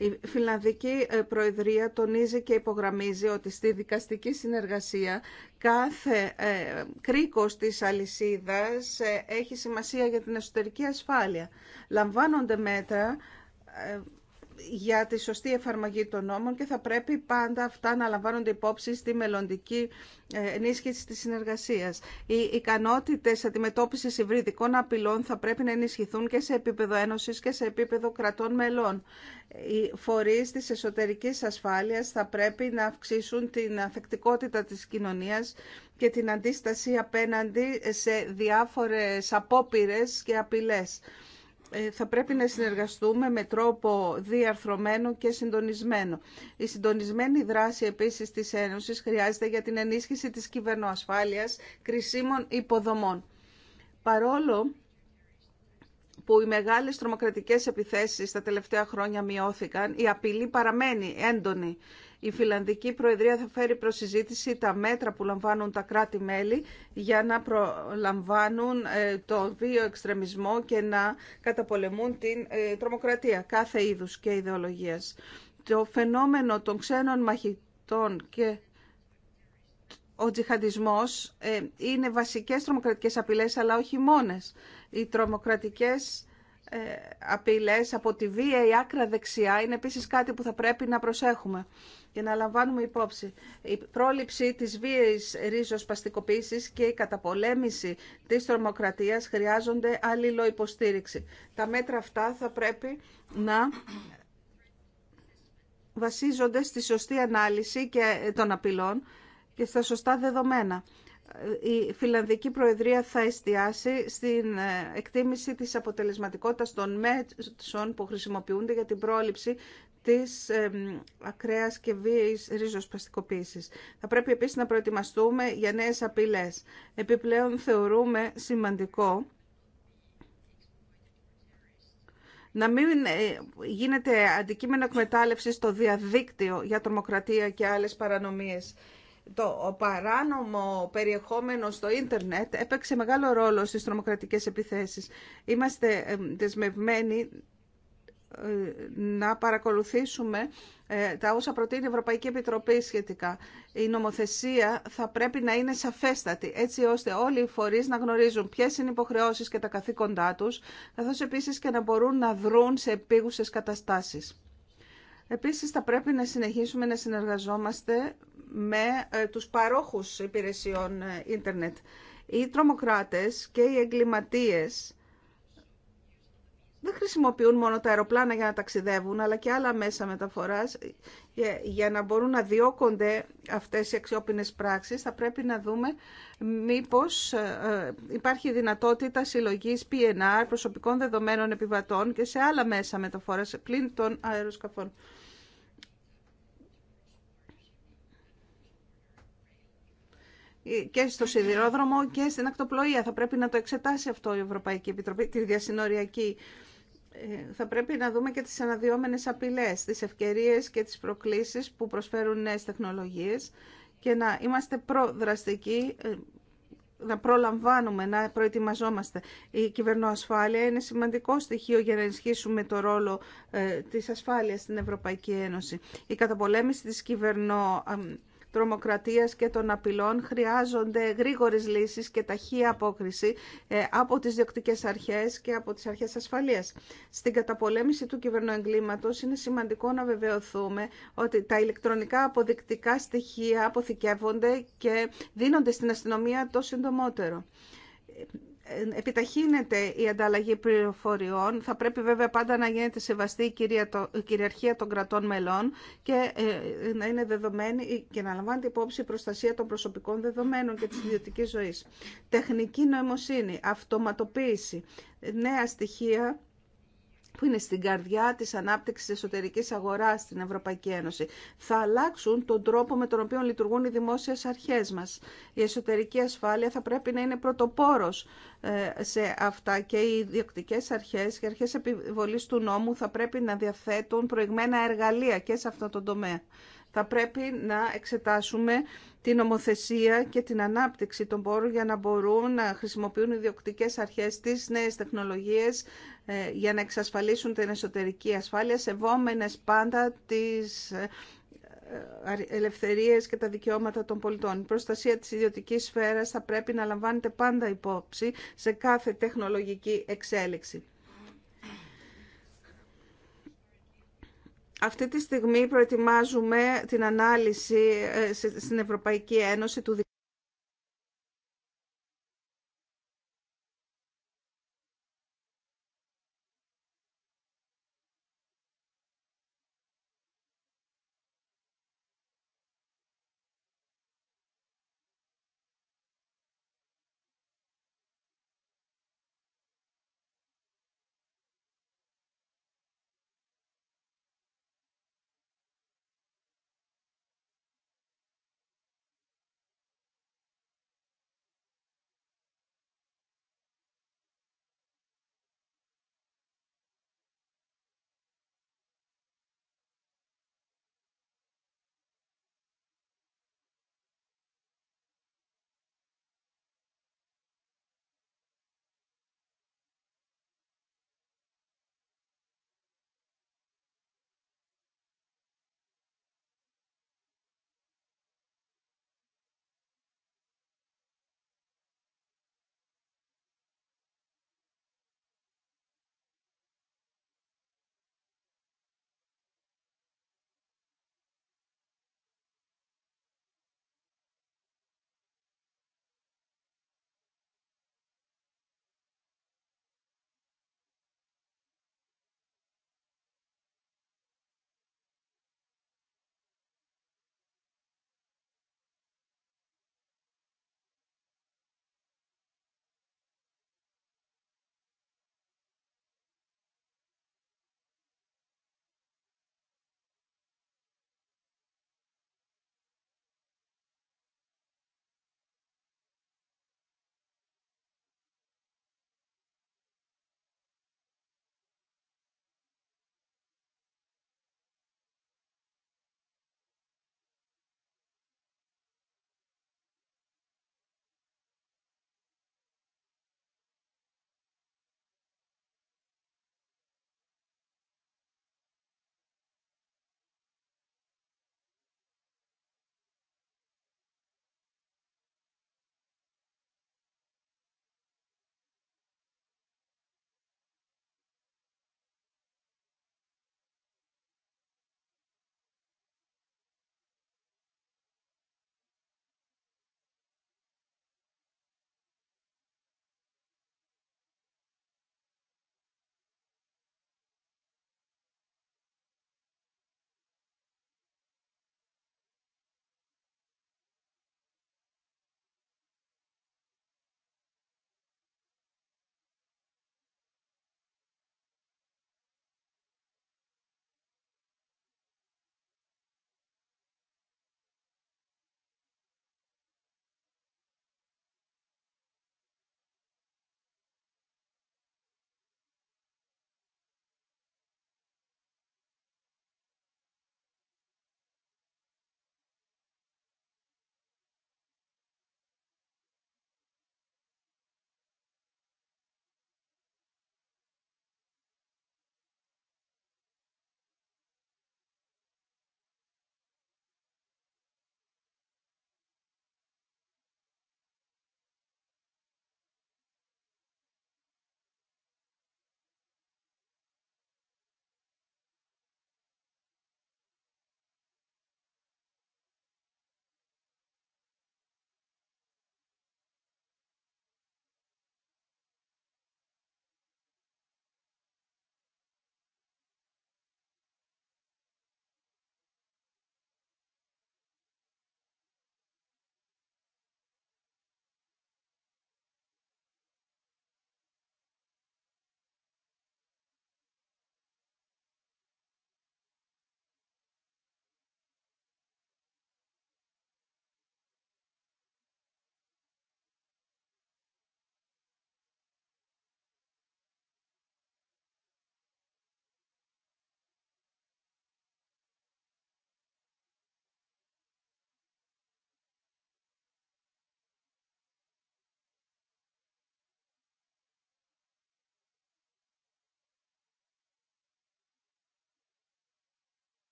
Η Φιλανδική ε, Προεδρία τονίζει και υπογραμμίζει ότι στη δικαστική συνεργασία κάθε ε, κρίκος της αλυσίδας ε, έχει σημασία για την εσωτερική ασφάλεια. Λαμβάνονται μέτρα για τη σωστή εφαρμογή των νόμων και θα πρέπει πάντα αυτά να λαμβάνονται υπόψη στη μελλοντική ε, ενίσχυση της συνεργασίας. Οι ικανότητες αντιμετώπισης υβριδικών απειλών θα πρέπει να ενισχυθούν και σε επίπεδο ένωσης και σε επίπεδο κρατών μελών. Οι φορείς της εσωτερικής ασφάλειας θα πρέπει να αυξήσουν την αφεκτικότητα της κοινωνίας και την αντίσταση απέναντι σε διάφορες απόπειρες και απειλές. Ε, θα πρέπει να συνεργαστούμε με τρόπο διαρθρωμένο και συντονισμένο. Η συντονισμένη δράση επίσης της Ένωσης χρειάζεται για την ενίσχυση της κυβερνοασφάλειας κρισίμων υποδομών. Παρόλο που οι μεγάλες τρομοκρατικές επιθέσεις τα τελευταία χρόνια μειώθηκαν, η απειλή παραμένει έντονη η Φιλανδική Προεδρία θα φέρει προς συζήτηση τα μέτρα που λαμβάνουν τα κράτη-μέλη για να προλαμβάνουν ε, το βίο εξτρεμισμό και να καταπολεμούν την ε, τρομοκρατία κάθε είδους και ιδεολογίας. Το φαινόμενο των ξένων μαχητών και ο τζιχαντισμός ε, είναι βασικές τρομοκρατικές απειλές, αλλά όχι μόνες. Οι τρομοκρατικές ε, απειλές από τη βία η άκρα δεξιά είναι επίσης κάτι που θα πρέπει να προσέχουμε και να λαμβάνουμε υπόψη. Η πρόληψη της βίαιης ρίζοσπαστικοποίησης και η καταπολέμηση της τρομοκρατίας χρειάζονται αλληλοϊποστήριξη. Τα μέτρα αυτά θα πρέπει να βασίζονται στη σωστή ανάλυση και των απειλών και στα σωστά δεδομένα η Φιλανδική Προεδρία θα εστιάσει στην ε, εκτίμηση της αποτελεσματικότητας των μέτσων που χρησιμοποιούνται για την πρόληψη της ε, ακραίας και βίαιης ρίζοσπαστικοποίησης. Θα πρέπει επίσης να προετοιμαστούμε για νέες απειλές. Επιπλέον θεωρούμε σημαντικό να μην ε, γίνεται αντικείμενο εκμετάλλευση στο διαδίκτυο για τρομοκρατία και άλλες παρανομίες το παράνομο περιεχόμενο στο ίντερνετ έπαιξε μεγάλο ρόλο στις τρομοκρατικές επιθέσεις. Είμαστε ε, δεσμευμένοι ε, να παρακολουθήσουμε ε, τα όσα προτείνει η Ευρωπαϊκή Επιτροπή σχετικά. Η νομοθεσία θα πρέπει να είναι σαφέστατη, έτσι ώστε όλοι οι φορείς να γνωρίζουν ποιες είναι οι υποχρεώσεις και τα καθήκοντά τους, καθώς επίσης και να μπορούν να δρουν σε επίγουσες καταστάσεις. Επίσης θα πρέπει να συνεχίσουμε να συνεργαζόμαστε με ε, τους παρόχους υπηρεσιών ε, ίντερνετ. Οι τρομοκράτες και οι εγκληματίες δεν χρησιμοποιούν μόνο τα αεροπλάνα για να ταξιδεύουν, αλλά και άλλα μέσα μεταφοράς. Για να μπορούν να διώκονται αυτές οι αξιόπινες πράξεις, θα πρέπει να δούμε μήπως ε, ε, υπάρχει δυνατότητα συλλογής PNR, προσωπικών δεδομένων επιβατών και σε άλλα μέσα μεταφοράς, πλην των αεροσκαφών. και στο σιδηρόδρομο και στην ακτοπλοεία. Θα πρέπει να το εξετάσει αυτό η Ευρωπαϊκή Επιτροπή, τη διασυνοριακή ε, θα πρέπει να δούμε και τις αναδυόμενες απειλές, τις ευκαιρίες και τις προκλήσεις που προσφέρουν νέες τεχνολογίες και να είμαστε προδραστικοί, ε, να προλαμβάνουμε, να προετοιμαζόμαστε. Η κυβερνοασφάλεια είναι σημαντικό στοιχείο για να ενισχύσουμε το ρόλο ε, της ασφάλειας στην Ευρωπαϊκή Ένωση. Η καταπολέμηση της κυβερνο τρομοκρατίας και των απειλών χρειάζονται γρήγορες λύσεις και ταχεία απόκριση ε, από τις διοκτικές αρχές και από τις αρχές ασφαλείας. Στην καταπολέμηση του κυβερνοεγκλήματος είναι σημαντικό να βεβαιωθούμε ότι τα ηλεκτρονικά αποδεικτικά στοιχεία αποθηκεύονται και δίνονται στην αστυνομία το συντομότερο επιταχύνεται η ανταλλαγή πληροφοριών. Θα πρέπει βέβαια πάντα να γίνεται σεβαστή η κυριαρχία των κρατών μελών και ε, να είναι δεδομένη και να λαμβάνεται υπόψη η προστασία των προσωπικών δεδομένων και της ιδιωτικής ζωής. Τεχνική νοημοσύνη, αυτοματοποίηση, νέα στοιχεία που είναι στην καρδιά της ανάπτυξης εσωτερικής αγοράς στην Ευρωπαϊκή Ένωση. Θα αλλάξουν τον τρόπο με τον οποίο λειτουργούν οι δημόσιες αρχές μας. Η εσωτερική ασφάλεια θα πρέπει να είναι πρωτοπόρος ε, σε αυτά και οι ιδιοκτικέ αρχές και αρχές επιβολής του νόμου θα πρέπει να διαθέτουν προηγμένα εργαλεία και σε αυτό το τομέα θα πρέπει να εξετάσουμε την νομοθεσία και την ανάπτυξη των πόρων για να μπορούν να χρησιμοποιούν οι διοκτικές αρχές τις νέες τεχνολογίες ε, για να εξασφαλίσουν την εσωτερική ασφάλεια, σεβόμενες πάντα τις ε, ε, ελευθερίες και τα δικαιώματα των πολιτών. Η προστασία της ιδιωτικής σφαίρας θα πρέπει να λαμβάνεται πάντα υπόψη σε κάθε τεχνολογική εξέλιξη. Αυτή τη στιγμή προετοιμάζουμε την ανάλυση ε, στην Ευρωπαϊκή Ένωση του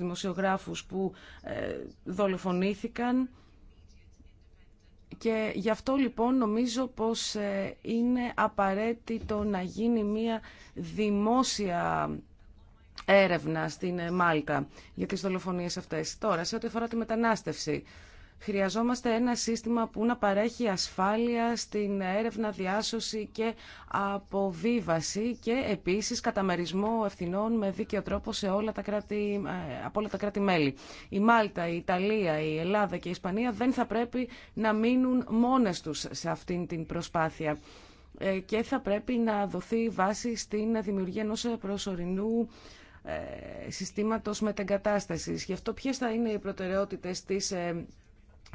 δημοσιογράφους που ε, δολοφονήθηκαν. Και γι' αυτό λοιπόν νομίζω πως ε, είναι απαραίτητο να γίνει μια δημόσια έρευνα στην ε, Μάλτα για τις δολοφονίες αυτές. Τώρα, σε ό,τι αφορά τη μετανάστευση, Χρειαζόμαστε ένα σύστημα που να παρέχει ασφάλεια στην έρευνα, διάσωση και αποβίβαση και επίσης καταμερισμό ευθυνών με δίκαιο τρόπο σε όλα τα κράτη, ε, από όλα τα κράτη-μέλη. Η Μάλτα, η Ιταλία, η Ελλάδα και η Ισπανία δεν θα πρέπει να μείνουν μόνες τους σε αυτήν την προσπάθεια ε, και θα πρέπει να δοθεί βάση στην δημιουργία ενός προσωρινού ε, συστήματος μετεγκατάστασης. Γι' αυτό ποιες θα είναι οι προτεραιότητες της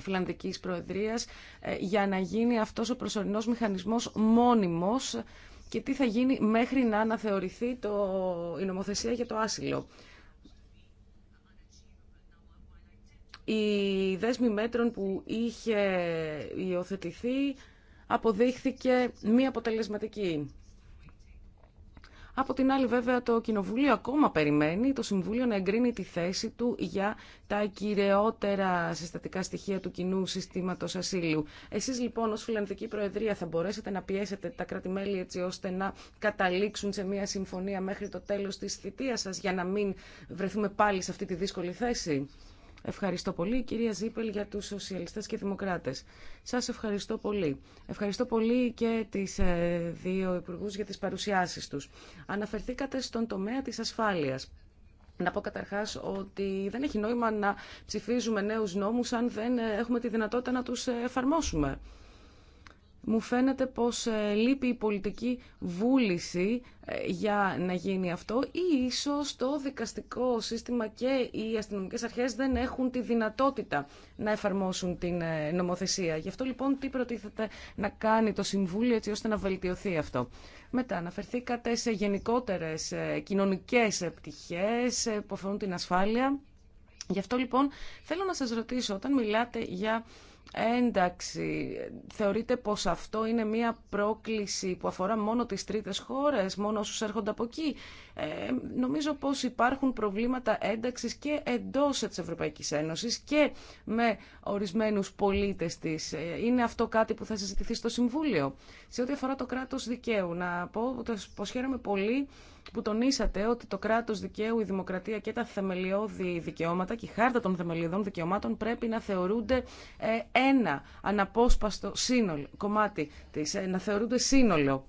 Φιλανδικής Προεδρίας ε, για να γίνει αυτός ο προσωρινός μηχανισμός μόνιμος και τι θα γίνει μέχρι να αναθεωρηθεί το, η νομοθεσία για το άσυλο. Η δέσμη μέτρων που είχε υιοθετηθεί αποδείχθηκε μη αποτελεσματική. Από την άλλη βέβαια το Κοινοβούλιο ακόμα περιμένει το Συμβούλιο να εγκρίνει τη θέση του για τα κυριότερα συστατικά στοιχεία του κοινού συστήματος ασύλου. Εσείς λοιπόν ως Φιλανδική Προεδρία θα μπορέσετε να πιέσετε τα κρατημέλη έτσι ώστε να καταλήξουν σε μια συμφωνία μέχρι το τέλος της θητείας σας για να μην βρεθούμε πάλι σε αυτή τη δύσκολη θέση. Ευχαριστώ πολύ, κυρία Ζήπελ, για τους σοσιαλιστές και δημοκράτες. Σας ευχαριστώ πολύ. Ευχαριστώ πολύ και τις ε, δύο υπουργούς για τις παρουσιάσεις τους. Αναφερθήκατε στον τομέα της ασφάλειας. Να πω καταρχά ότι δεν έχει νόημα να ψηφίζουμε νέου νόμου αν δεν ε, έχουμε τη δυνατότητα να τους ε, εφαρμόσουμε μου φαίνεται πως ε, λείπει η πολιτική βούληση ε, για να γίνει αυτό ή ίσως το δικαστικό σύστημα και οι αστυνομικές αρχές δεν έχουν τη δυνατότητα να εφαρμόσουν την ε, νομοθεσία. Γι' αυτό λοιπόν τι προτίθεται να κάνει το Συμβούλιο έτσι ώστε να βελτιωθεί αυτό. Μετά αναφερθήκατε σε γενικότερες κοινωνικές πτυχέ που αφορούν την ασφάλεια. Γι' αυτό λοιπόν θέλω να σας ρωτήσω όταν μιλάτε για εντάξει, Θεωρείτε πως αυτό είναι μια πρόκληση που αφορά μόνο τις τρίτες χώρες, μόνο όσους έρχονται από εκεί. Ε, νομίζω πως υπάρχουν προβλήματα ένταξης και εντός της Ευρωπαϊκής Ένωσης και με ορισμένους πολίτες της. Ε, είναι αυτό κάτι που θα συζητηθεί στο Συμβούλιο. Σε ό,τι αφορά το κράτος δικαίου, να πω πως χαίρομαι πολύ που τονίσατε ότι το κράτος δικαίου, η δημοκρατία και τα θεμελιώδη δικαιώματα και η χάρτα των θεμελιωδών δικαιωμάτων πρέπει να θεωρούνται ε, ένα αναπόσπαστο σύνολο, κομμάτι της, ε, να θεωρούνται σύνολο.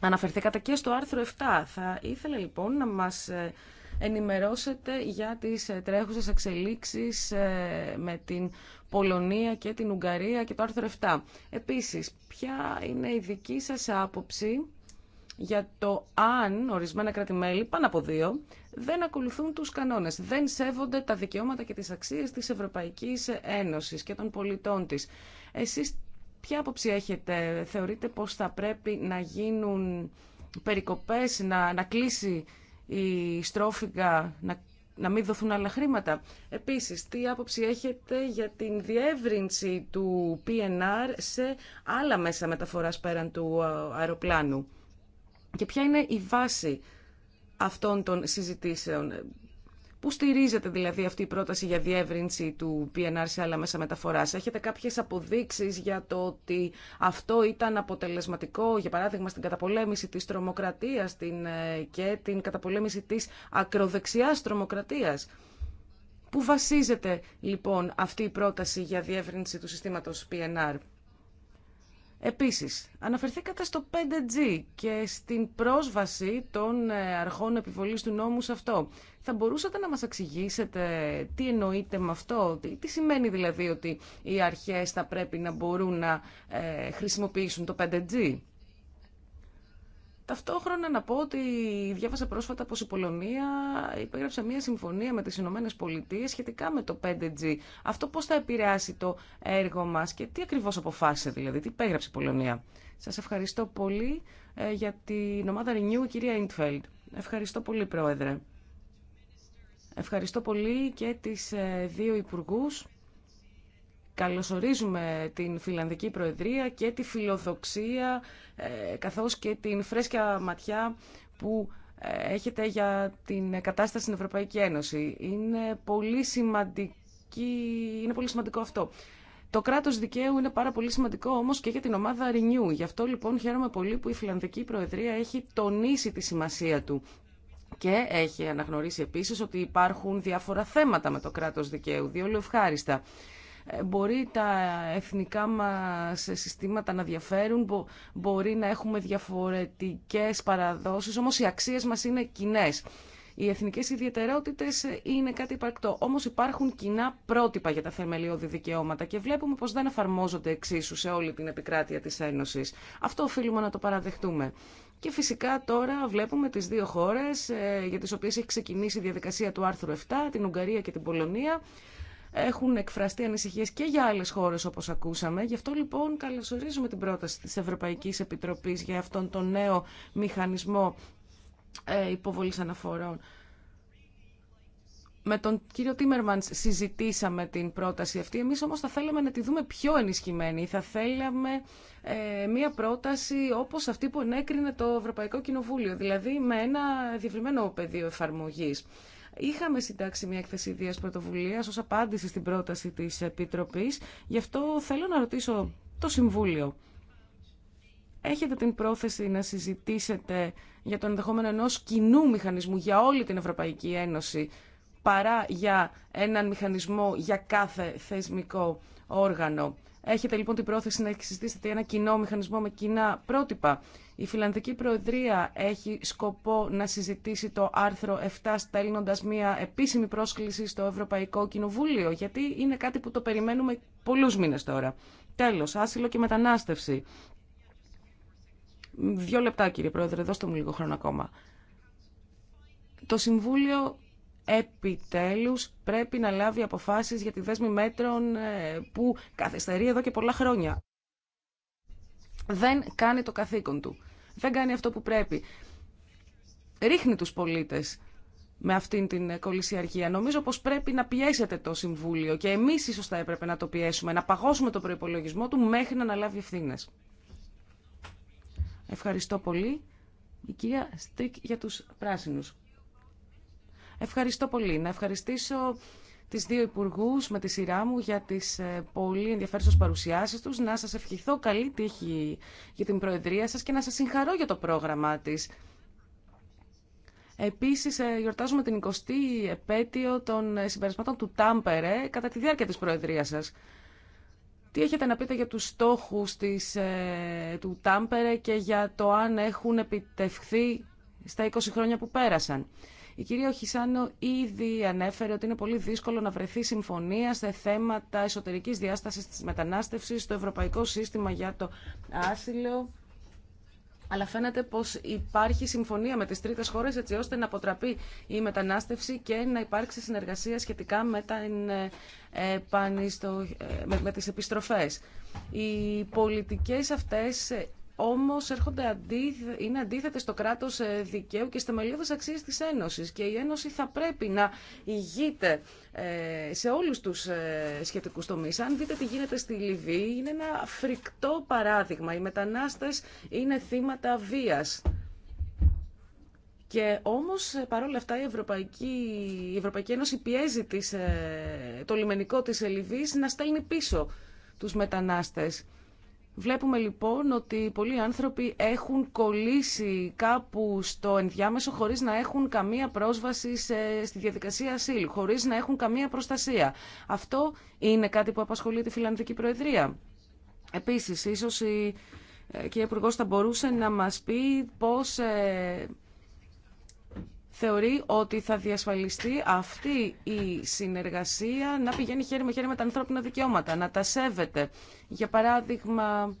Αναφερθήκατε και στο άρθρο 7. Θα ήθελα λοιπόν να μας ε, ενημερώσετε για τις τρέχουσες εξελίξεις με την Πολωνία και την Ουγγαρία και το άρθρο 7. Επίσης, ποια είναι η δική σας άποψη για το αν ορισμένα κράτη-μέλη, πάνω από δύο, δεν ακολουθούν τους κανόνες, δεν σέβονται τα δικαιώματα και τις αξίες της Ευρωπαϊκής Ένωσης και των πολιτών της. Εσείς ποια άποψη έχετε, θεωρείτε πως θα πρέπει να γίνουν περικοπές, να, να κλείσει η στρόφιγγα, να να μην δοθούν άλλα χρήματα. Επίσης, τι άποψη έχετε για την διεύρυνση του PNR σε άλλα μέσα μεταφοράς πέραν του ε, αεροπλάνου και ποια είναι η βάση αυτών των συζητήσεων. Πού στηρίζεται δηλαδή αυτή η πρόταση για διεύρυνση του PNR σε άλλα μέσα μεταφορά, Έχετε κάποιε αποδείξει για το ότι αυτό ήταν αποτελεσματικό, για παράδειγμα, στην καταπολέμηση τη τρομοκρατία ε, και την καταπολέμηση της ακροδεξιάς τρομοκρατίας. Πού βασίζεται λοιπόν αυτή η πρόταση για διεύρυνση του συστήματος PNR. Επίσης, αναφερθήκατε στο 5G και στην πρόσβαση των ε, αρχών επιβολής του νόμου σε αυτό. Θα μπορούσατε να μας εξηγήσετε τι εννοείτε με αυτό, τι σημαίνει δηλαδή ότι οι αρχές θα πρέπει να μπορούν να ε, χρησιμοποιήσουν το 5G. Ταυτόχρονα να πω ότι διάβασα πρόσφατα πως η Πολωνία υπέγραψε μια συμφωνία με τις Ηνωμένες Πολιτείες σχετικά με το 5G. Αυτό πώς θα επηρεάσει το έργο μας και τι ακριβώς αποφάσισε δηλαδή, τι υπέγραψε η Πολωνία. Σας ευχαριστώ πολύ ε, για την ομάδα Renew, κυρία Ιντφέλντ. Ευχαριστώ πολύ, Πρόεδρε. Ευχαριστώ πολύ και τις ε, δύο Υπουργούς Καλωσορίζουμε την Φιλανδική Προεδρία και τη φιλοδοξία ε, καθώς και την φρέσκια ματιά που ε, έχετε για την κατάσταση στην Ευρωπαϊκή Ένωση. Είναι πολύ, είναι πολύ σημαντικό αυτό. Το κράτος δικαίου είναι πάρα πολύ σημαντικό όμως και για την ομάδα Renew. Γι' αυτό λοιπόν χαίρομαι πολύ που η Φιλανδική Προεδρία έχει τονίσει τη σημασία του. Και έχει αναγνωρίσει επίσης ότι υπάρχουν διάφορα θέματα με το κράτος δικαίου, διόλου ευχάριστα. Ε, μπορεί τα εθνικά μας συστήματα να διαφέρουν, μπορεί να έχουμε διαφορετικές παραδόσεις, όμως οι αξίες μας είναι κοινέ. Οι εθνικές ιδιαιτερότητες ε, είναι κάτι υπαρκτό, όμως υπάρχουν κοινά πρότυπα για τα θεμελιώδη δικαιώματα και βλέπουμε πως δεν εφαρμόζονται εξίσου σε όλη την επικράτεια της Ένωσης. Αυτό οφείλουμε να το παραδεχτούμε. Και φυσικά τώρα βλέπουμε τις δύο χώρες ε, για τις οποίες έχει ξεκινήσει η διαδικασία του άρθρου 7, την Ουγγαρία και την Πολωνία, έχουν εκφραστεί ανησυχίε και για άλλε χώρε, όπω ακούσαμε. Γι' αυτό λοιπόν καλωσορίζουμε την πρόταση τη Ευρωπαϊκή Επιτροπή για αυτόν τον νέο μηχανισμό ε, υποβολή αναφορών. Με τον κύριο Τίμερμανς συζητήσαμε την πρόταση αυτή. Εμείς όμως θα θέλαμε να τη δούμε πιο ενισχυμένη. Θα θέλαμε ε, μία πρόταση όπω αυτή που ενέκρινε το Ευρωπαϊκό Κοινοβούλιο, δηλαδή με ένα διευρυμένο πεδίο εφαρμογή. Είχαμε συντάξει μια έκθεση ιδίας πρωτοβουλία ω απάντηση στην πρόταση τη Επιτροπής. Γι' αυτό θέλω να ρωτήσω το Συμβούλιο. Έχετε την πρόθεση να συζητήσετε για το ενδεχόμενο ενό κοινού μηχανισμού για όλη την Ευρωπαϊκή Ένωση παρά για έναν μηχανισμό για κάθε θεσμικό όργανο. Έχετε λοιπόν την πρόθεση να συζητήσετε ένα κοινό μηχανισμό με κοινά πρότυπα. Η Φιλανδική Προεδρία έχει σκοπό να συζητήσει το άρθρο 7 στέλνοντα μια επίσημη πρόσκληση στο Ευρωπαϊκό Κοινοβούλιο, γιατί είναι κάτι που το περιμένουμε πολλούς μήνες τώρα. Τέλος, άσυλο και μετανάστευση. Δύο λεπτά κύριε Πρόεδρε, δώστε μου λίγο χρόνο ακόμα. Το Συμβούλιο επιτέλους πρέπει να λάβει αποφάσεις για τη δέσμη μέτρων ε, που καθυστερεί εδώ και πολλά χρόνια. Δεν κάνει το καθήκον του. Δεν κάνει αυτό που πρέπει. Ρίχνει τους πολίτες με αυτήν την κολυσιαρχία. Νομίζω πως πρέπει να πιέσετε το Συμβούλιο και εμείς ίσως θα έπρεπε να το πιέσουμε, να παγώσουμε το προϋπολογισμό του μέχρι να αναλάβει ευθύνε. Ευχαριστώ πολύ. Η κυρία Στρίκ για τους πράσινους. Ευχαριστώ πολύ. Να ευχαριστήσω τις δύο υπουργούς με τη σειρά μου για τις ε, πολύ ενδιαφέρουσες παρουσιάσεις τους. Να σας ευχηθώ καλή τύχη για την Προεδρία σας και να σας συγχαρώ για το πρόγραμμά της. Επίσης, ε, γιορτάζουμε την 20η επέτειο των ε, συμπερισμάτων του Τάμπερε κατά τη διάρκεια της Προεδρίας σας. Τι έχετε να πείτε για τους στόχους της, του Τάμπερε και για το αν έχουν επιτευχθεί στα 20 χρόνια που πέρασαν. Η κυρία Χισάνο ήδη ανέφερε ότι είναι πολύ δύσκολο να βρεθεί συμφωνία σε θέματα εσωτερικής διάστασης της μετανάστευσης στο Ευρωπαϊκό Σύστημα για το Άσυλο. Αλλά φαίνεται πως υπάρχει συμφωνία με τις τρίτες χώρες έτσι ώστε να αποτραπεί η μετανάστευση και να υπάρξει συνεργασία σχετικά με, τα, ε, ε, με Οι πολιτικές αυτές όμως έρχονται είναι αντίθετες στο κράτος ε, δικαίου και στα θεμελιώδει αξίες της Ένωσης και η Ένωση θα πρέπει να ηγείται ε, σε όλους τους ε, σχετικούς τομείς. Αν δείτε τι γίνεται στη Λιβύη, είναι ένα φρικτό παράδειγμα. Οι μετανάστες είναι θύματα βίας. Και όμως, παρόλα αυτά, η Ευρωπαϊκή, η Ευρωπαϊκή Ένωση πιέζει το λιμενικό της Λιβύης να στέλνει πίσω τους μετανάστες. Βλέπουμε λοιπόν ότι πολλοί άνθρωποι έχουν κολλήσει κάπου στο ενδιάμεσο χωρίς να έχουν καμία πρόσβαση σε, στη διαδικασία ασύλου, χωρίς να έχουν καμία προστασία. Αυτό είναι κάτι που απασχολεί τη Φιλανδική Προεδρία. Επίσης, ίσως η ε, κυρία Υπουργός θα μπορούσε να μας πει πώς... Ε, θεωρεί ότι θα διασφαλιστεί αυτή η συνεργασία να πηγαίνει χέρι με χέρι με τα ανθρώπινα δικαιώματα, να τα σέβεται. Για παράδειγμα,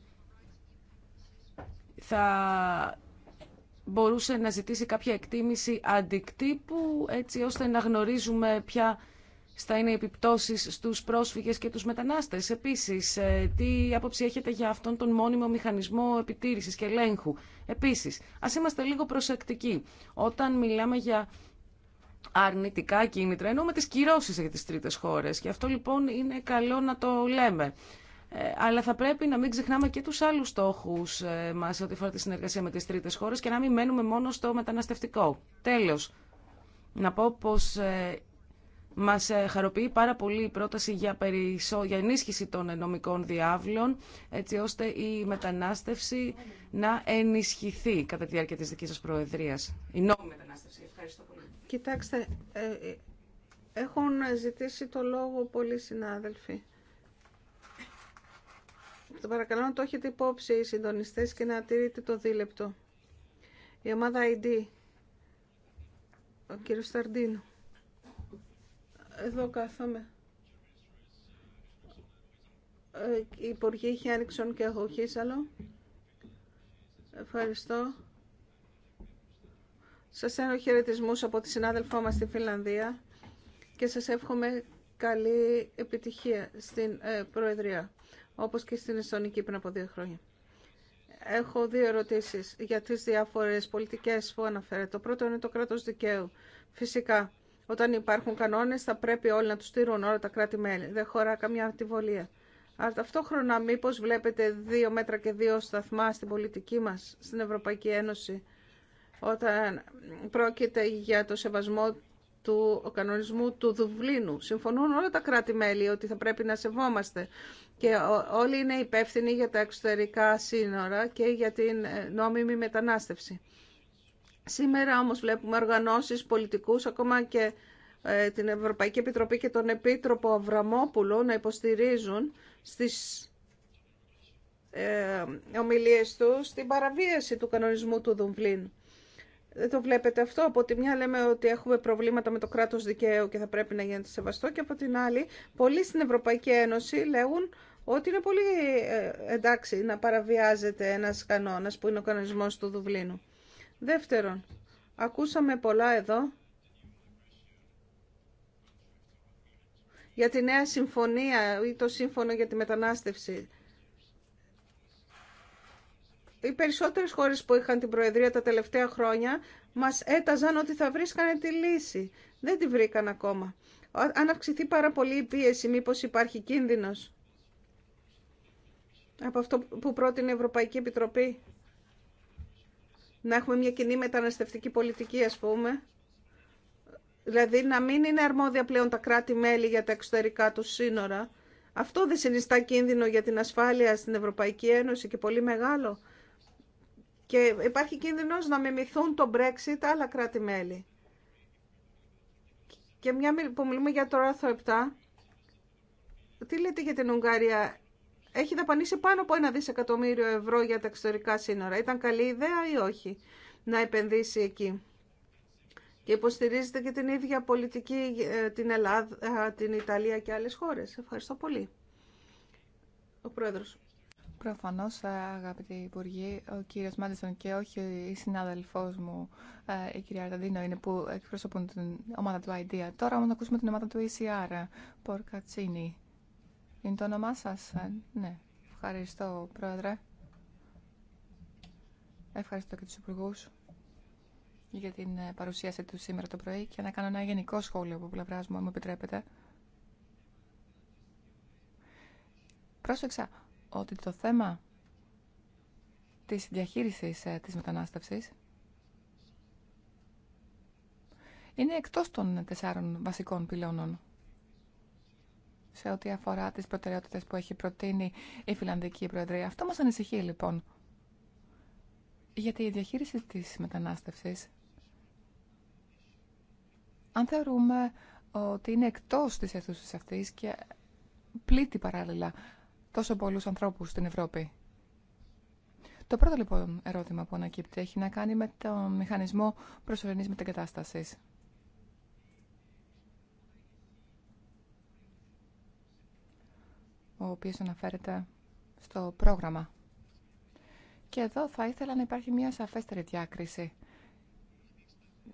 θα μπορούσε να ζητήσει κάποια εκτίμηση αντικτύπου, έτσι ώστε να γνωρίζουμε ποια θα είναι οι επιπτώσεις στους πρόσφυγες και του μετανάστε. Επίση, ε, τι άποψη έχετε για αυτόν τον μόνιμο μηχανισμό επιτήρηση και ελέγχου. Επίση, α είμαστε λίγο προσεκτικοί. Όταν μιλάμε για αρνητικά κίνητρα, εννοούμε τις κυρώσεις για τις τρίτες χώρες. Και αυτό λοιπόν είναι καλό να το λέμε. Ε, αλλά θα πρέπει να μην ξεχνάμε και τους άλλους στόχους ε, μας ό,τι φορά τη συνεργασία με τις τρίτες χώρες και να μην μένουμε μόνο στο μεταναστευτικό. Τέλος, να πω πως ε, μας ε, χαροποιεί πάρα πολύ η πρόταση για, για ενίσχυση των ε, νομικών διάβλων, έτσι ώστε η μετανάστευση να ενισχυθεί κατά τη διάρκεια της δική σα προεδρία. Η νόμη μετανάστευση. Ευχαριστώ πολύ. Κοιτάξτε, ε, έχουν ζητήσει το λόγο πολλοί συνάδελφοι. Το παρακαλώ να το έχετε υπόψη οι συντονιστέ και να τηρείτε το δίλεπτο. Η ομάδα ID, ο κύριο Σταρντίνου εδώ κάθομαι. Ε, Υπουργή είχε άνοιξον και εγώ χίσαλο. Ευχαριστώ. Σας έχω χαιρετισμού από τη συνάδελφό μας στη Φιλανδία και σας εύχομαι καλή επιτυχία στην ε, Προεδρία, όπως και στην Εστονική πριν από δύο χρόνια. Έχω δύο ερωτήσεις για τις διάφορες πολιτικές που αναφέρετε. Το πρώτο είναι το κράτος δικαίου. Φυσικά, όταν υπάρχουν κανόνες θα πρέπει όλοι να του στηρούν όλα τα κράτη-μέλη. Δεν χωρά καμιά αντιβολία. Αλλά ταυτόχρονα μήπω βλέπετε δύο μέτρα και δύο σταθμά στην πολιτική μας, στην Ευρωπαϊκή Ένωση, όταν πρόκειται για το σεβασμό του κανονισμού του Δουβλίνου. Συμφωνούν όλα τα κράτη-μέλη ότι θα πρέπει να σεβόμαστε και όλοι είναι υπεύθυνοι για τα εξωτερικά σύνορα και για την ε, νόμιμη μετανάστευση. Σήμερα όμως βλέπουμε οργανώσεις πολιτικούς, ακόμα και ε, την Ευρωπαϊκή Επιτροπή και τον Επίτροπο Αβραμόπουλο να υποστηρίζουν στις ε, ομιλίες τους την παραβίαση του κανονισμού του Δουμβλίνου. Δεν το βλέπετε αυτό. Από τη μια λέμε ότι έχουμε προβλήματα με το κράτος δικαίου και θα πρέπει να γίνεται σεβαστό και από την άλλη πολλοί στην Ευρωπαϊκή Ένωση λέγουν ότι είναι πολύ ε, εντάξει να παραβιάζεται ένας κανόνας που είναι ο κανονισμός του Δουβλίνου. Δεύτερον, ακούσαμε πολλά εδώ για τη νέα συμφωνία ή το σύμφωνο για τη μετανάστευση. Οι περισσότερες χώρες που είχαν την Προεδρία τα τελευταία χρόνια μας έταζαν ότι θα βρίσκανε τη λύση. Δεν τη βρήκαν ακόμα. Αν αυξηθεί πάρα πολύ η πίεση, μήπως υπάρχει κίνδυνος από αυτό που πρότεινε η Ευρωπαϊκή Επιτροπή να έχουμε μια κοινή μεταναστευτική πολιτική, ας πούμε. Δηλαδή να μην είναι αρμόδια πλέον τα κράτη-μέλη για τα εξωτερικά του σύνορα. Αυτό δεν συνιστά κίνδυνο για την ασφάλεια στην Ευρωπαϊκή Ένωση και πολύ μεγάλο. Και υπάρχει κίνδυνος να μιμηθούν το Brexit άλλα κράτη-μέλη. Και μια που μιλούμε για το άρθρο 7, τι λέτε για την Ουγγαρία, έχει δαπανίσει πάνω από ένα δισεκατομμύριο ευρώ για τα εξωτερικά σύνορα. Ήταν καλή ιδέα ή όχι να επενδύσει εκεί. Και υποστηρίζεται και την ίδια πολιτική ε, την Ελλάδα, ε, την Ιταλία και άλλες χώρες. Ευχαριστώ πολύ. Ο Πρόεδρος. Προφανώς, ε, αγαπητοί Υπουργοί, ο κύριος Μάντισον και όχι η συνάδελφός μου, η κυρία Αρταντίνο, είναι που εκπροσωπούν την ομάδα του IDEA. Τώρα όμως, να ακούσουμε την ομάδα του ECR, Πορκατσίνη. Είναι το όνομά σα. Ε? ναι. Ευχαριστώ, Πρόεδρε. Ευχαριστώ και του υπουργού για την ε, παρουσίαση του σήμερα το πρωί και να κάνω ένα γενικό σχόλιο από πλευρά μου, αν μου επιτρέπετε. Πρόσεξα ότι το θέμα της διαχείρισης ε, της μετανάστευσης είναι εκτός των τεσσάρων βασικών πυλώνων σε ό,τι αφορά τις προτεραιότητες που έχει προτείνει η Φιλανδική Προεδρία. Αυτό μας ανησυχεί λοιπόν. Γιατί η διαχείριση της μετανάστευσης, αν θεωρούμε ότι είναι εκτός της αίθουσα αυτής και πλήττει παράλληλα τόσο πολλούς ανθρώπους στην Ευρώπη. Το πρώτο λοιπόν ερώτημα που ανακύπτει έχει να κάνει με τον μηχανισμό προσωρινής μετεγκατάστασης. ο οποίος αναφέρεται στο πρόγραμμα. Και εδώ θα ήθελα να υπάρχει μια σαφέστερη διάκριση.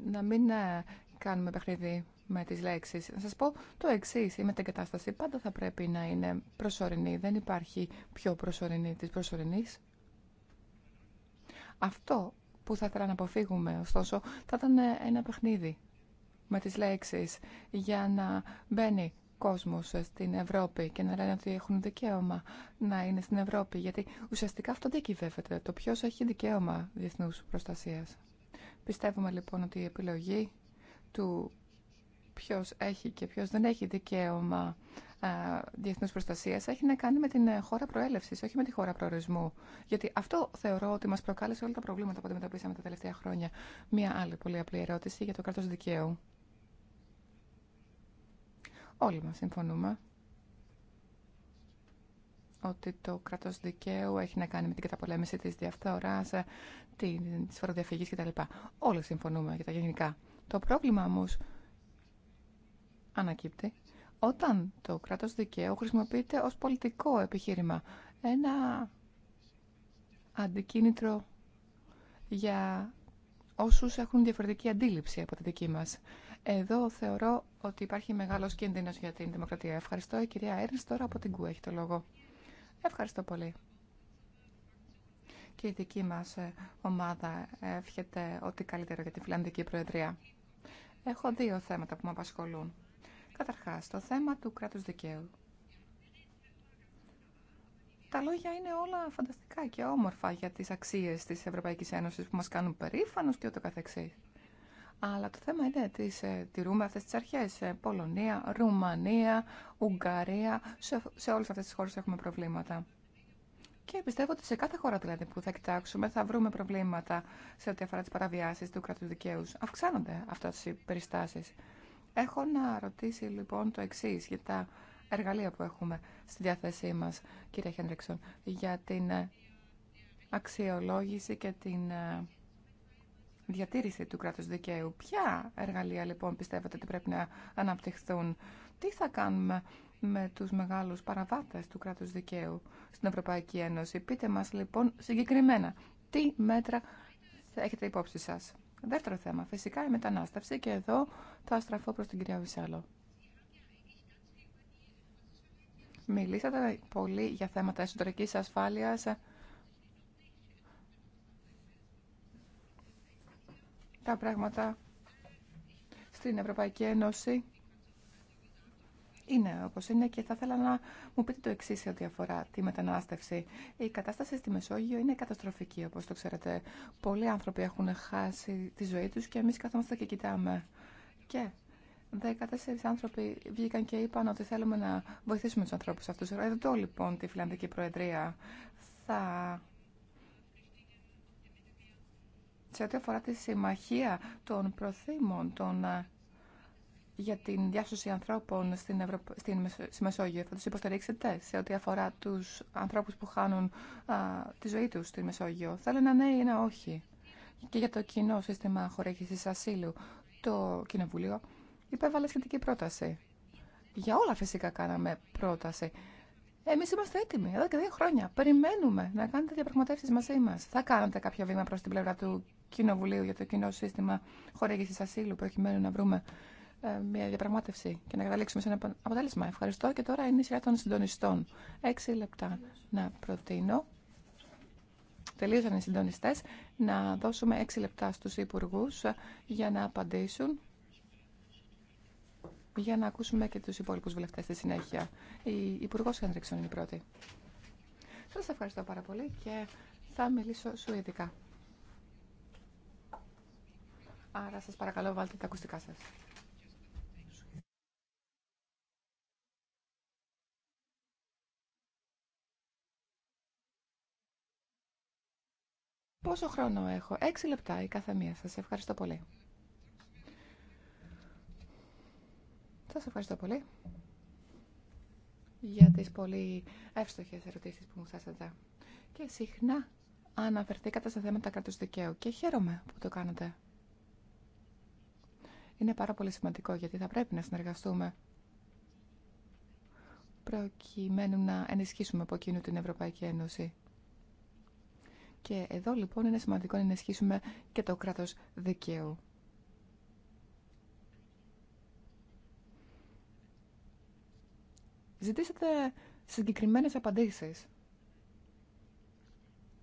Να μην ε, κάνουμε παιχνίδι με τις λέξεις. Να σας πω το εξή η μετεγκατάσταση πάντα θα πρέπει να είναι προσωρινή. Δεν υπάρχει πιο προσωρινή της προσωρινής. Αυτό που θα ήθελα να αποφύγουμε, ωστόσο, θα ήταν ένα παιχνίδι με τις λέξεις για να μπαίνει κόσμους στην Ευρώπη και να λένε ότι έχουν δικαίωμα να είναι στην Ευρώπη, γιατί ουσιαστικά αυτό δεν κυβεύεται το ποιο έχει δικαίωμα διεθνού προστασία. Πιστεύουμε λοιπόν ότι η επιλογή του ποιο έχει και ποιο δεν έχει δικαίωμα διεθνού προστασία έχει να κάνει με την χώρα προέλευση, όχι με τη χώρα προορισμού. Γιατί αυτό θεωρώ ότι μα προκάλεσε όλα τα προβλήματα που αντιμετωπίσαμε τα τελευταία χρόνια. Μία άλλη πολύ απλή ερώτηση για το κράτο δικαίου. Όλοι μας συμφωνούμε ότι το κράτος δικαίου έχει να κάνει με την καταπολέμηση της διαφθοράς, της φοροδιαφυγής κτλ. Όλοι συμφωνούμε για τα γενικά. Το πρόβλημα όμως ανακύπτει όταν το κράτος δικαίου χρησιμοποιείται ως πολιτικό επιχείρημα. Ένα αντικίνητρο για όσους έχουν διαφορετική αντίληψη από τη δική μας. Εδώ θεωρώ ότι υπάρχει μεγάλος κίνδυνος για την δημοκρατία. Ευχαριστώ. Η κυρία Έρνης τώρα από την ΚΟΥ έχει το λόγο. Ευχαριστώ πολύ. Και η δική μας ε, ομάδα εύχεται ότι καλύτερο για τη Φιλανδική Προεδρία. Έχω δύο θέματα που με απασχολούν. Καταρχάς, το θέμα του κράτους δικαίου. Τα λόγια είναι όλα φανταστικά και όμορφα για τις αξίες της Ευρωπαϊκής Ένωσης που μας κάνουν περήφανος και ούτω καθεξής. Αλλά το θέμα είναι ότι ε, τηρούμε αυτές τις αρχές. Ε, Πολωνία, Ρουμανία, Ουγγαρία, σε, σε όλες αυτές τις χώρες έχουμε προβλήματα. Και πιστεύω ότι σε κάθε χώρα δηλαδή που θα κοιτάξουμε θα βρούμε προβλήματα σε ό,τι αφορά τις παραβιάσεις του κρατού δικαίου. Αυξάνονται αυτές οι περιστάσεις. Έχω να ρωτήσει λοιπόν το εξή για τα εργαλεία που έχουμε στη διάθεσή μας, κύριε Χέντριξον, για την ε, αξιολόγηση και την διατήρηση του κράτου δικαίου. Ποια εργαλεία λοιπόν πιστεύετε ότι πρέπει να αναπτυχθούν. Τι θα κάνουμε με τους μεγάλους παραβάτες του κράτους δικαίου στην Ευρωπαϊκή Ένωση. Πείτε μας λοιπόν συγκεκριμένα τι μέτρα θα έχετε υπόψη σας. Δεύτερο θέμα, φυσικά η μετανάστευση και εδώ θα στραφώ προς την κυρία Βυσάλο. Μιλήσατε πολύ για θέματα εσωτερικής ασφάλειας τα πράγματα στην Ευρωπαϊκή Ένωση είναι όπω είναι και θα ήθελα να μου πείτε το εξή σε ό,τι αφορά τη μετανάστευση. Η κατάσταση στη Μεσόγειο είναι καταστροφική, όπω το ξέρετε. Πολλοί άνθρωποι έχουν χάσει τη ζωή του και εμεί καθόμαστε και κοιτάμε. Και 14 άνθρωποι βγήκαν και είπαν ότι θέλουμε να βοηθήσουμε του ανθρώπου αυτού. Εδώ λοιπόν τη Φιλανδική Προεδρία θα σε ό,τι αφορά τη συμμαχία των προθήμων των, ε, για την διάσωση ανθρώπων στην, Ευρω... στην Μεσόγειο. Θα τους υποστηρίξετε σε ό,τι αφορά τους ανθρώπους που χάνουν α, ε, τη ζωή τους στη Μεσόγειο. Θέλω ένα ναι ή ένα όχι. Και για το κοινό σύστημα χορήγησης ασύλου το Κοινοβούλιο υπέβαλε σχετική πρόταση. Για όλα φυσικά κάναμε πρόταση. Εμείς είμαστε έτοιμοι εδώ και δύο χρόνια. Περιμένουμε να κάνετε διαπραγματεύσεις μαζί μας. Θα κάνετε κάποιο βήμα προς την πλευρά του Κοινοβουλίου για το κοινό σύστημα χορήγηση ασύλου, προκειμένου να βρούμε ε, μια διαπραγμάτευση και να καταλήξουμε σε ένα αποτέλεσμα. Ευχαριστώ και τώρα είναι η σειρά των συντονιστών. Έξι λεπτά να προτείνω. Τελείωσαν οι συντονιστέ. Να δώσουμε έξι λεπτά στου υπουργού ε, για να απαντήσουν. Για να ακούσουμε και του υπόλοιπου βουλευτέ στη συνέχεια. Η Υπουργό Χέντριξον είναι η πρώτη. Σα ευχαριστώ πάρα πολύ και θα μιλήσω σου ειδικά. Άρα σας παρακαλώ βάλτε τα ακουστικά σας. Πόσο χρόνο έχω. Έξι λεπτά η κάθε μία. Σας ευχαριστώ πολύ. Σας ευχαριστώ πολύ για τις πολύ εύστοχες ερωτήσεις που μου θέσατε. Και συχνά αναφερθήκατε σε θέματα κράτους δικαίου και χαίρομαι που το κάνετε είναι πάρα πολύ σημαντικό γιατί θα πρέπει να συνεργαστούμε προκειμένου να ενισχύσουμε από εκείνου την Ευρωπαϊκή Ένωση. Και εδώ λοιπόν είναι σημαντικό να ενισχύσουμε και το κράτος δικαίου. Ζητήσατε συγκεκριμένες απαντήσεις.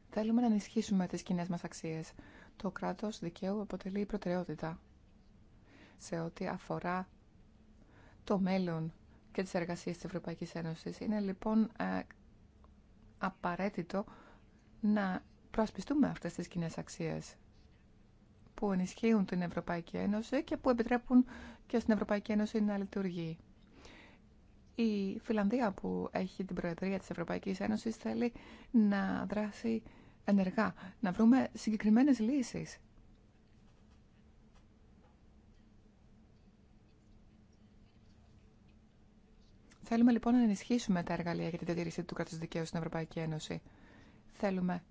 Θέλουμε να ενισχύσουμε τις κοινέ μας αξίες. Το κράτος δικαίου αποτελεί προτεραιότητα σε ό,τι αφορά το μέλλον και τις εργασίες της Ευρωπαϊκής Ένωσης. Είναι λοιπόν ε, απαραίτητο να προασπιστούμε αυτές τις κοινέ αξίες που ενισχύουν την Ευρωπαϊκή Ένωση και που επιτρέπουν και στην Ευρωπαϊκή Ένωση να λειτουργεί. Η Φιλανδία που έχει την Προεδρία της Ευρωπαϊκής Ένωσης θέλει να δράσει ενεργά, να βρούμε συγκεκριμένες λύσεις Θέλουμε λοιπόν να ενισχύσουμε τα εργαλεία για την διατήρηση του κράτους δικαίου στην Ευρωπαϊκή Ένωση. Θέλουμε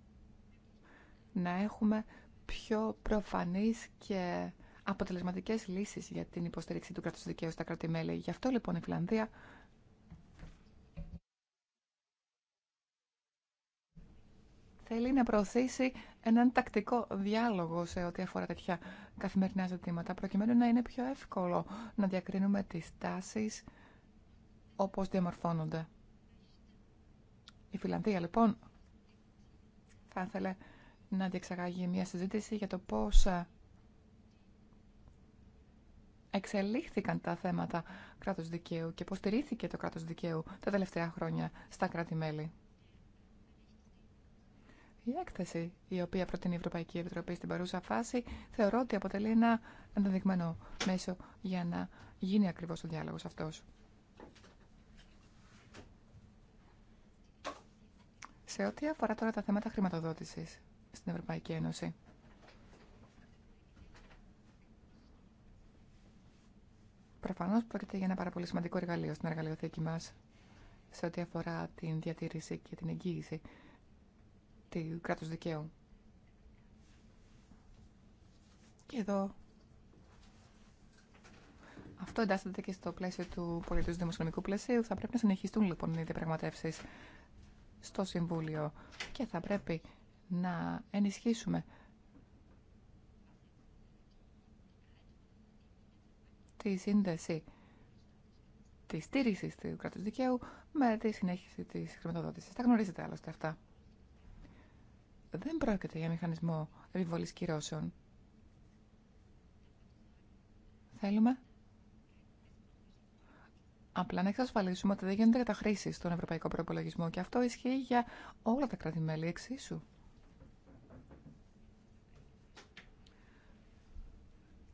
να έχουμε πιο προφανείς και αποτελεσματικές λύσεις για την υποστήριξη του κράτους δικαίου στα κράτη-μέλη. Γι' αυτό λοιπόν η Φιλανδία θέλει να προωθήσει έναν τακτικό διάλογο σε ό,τι αφορά τέτοια καθημερινά ζητήματα, προκειμένου να είναι πιο εύκολο να διακρίνουμε τις τάσεις όπως διαμορφώνονται. Η Φιλανδία λοιπόν θα ήθελε να διεξαγάγει μια συζήτηση για το πώς ε, εξελίχθηκαν τα θέματα κράτους δικαίου και πώς στηρίθηκε το κράτος δικαίου τα τελευταία χρόνια στα κράτη-μέλη. Η έκθεση η οποία προτείνει η Ευρωπαϊκή Επιτροπή στην παρούσα φάση θεωρώ ότι αποτελεί ένα ενδεδειγμένο μέσο για να γίνει ακριβώς ο διάλογος αυτός. Σε ό,τι αφορά τώρα τα θέματα χρηματοδότησης στην Ευρωπαϊκή Ένωση. Προφανώ πρόκειται για ένα πάρα πολύ σημαντικό εργαλείο στην εργαλειοθήκη μα σε ό,τι αφορά την διατήρηση και την εγγύηση του κράτου δικαίου. Και εδώ αυτό εντάσσεται και στο πλαίσιο του πολιτικού δημοσιονομικού πλαισίου. Θα πρέπει να συνεχιστούν λοιπόν οι διαπραγματεύσει στο Συμβούλιο και θα πρέπει να ενισχύσουμε τη σύνδεση τη στήριξη του κράτου δικαίου με τη συνέχιση τη χρηματοδότηση. Τα γνωρίζετε άλλωστε αυτά. Δεν πρόκειται για μηχανισμό επιβολή κυρώσεων. Θέλουμε απλά να εξασφαλίσουμε ότι δεν γίνονται καταχρήσει στον ευρωπαϊκό προπολογισμό και αυτό ισχύει για όλα τα κράτη-μέλη εξίσου.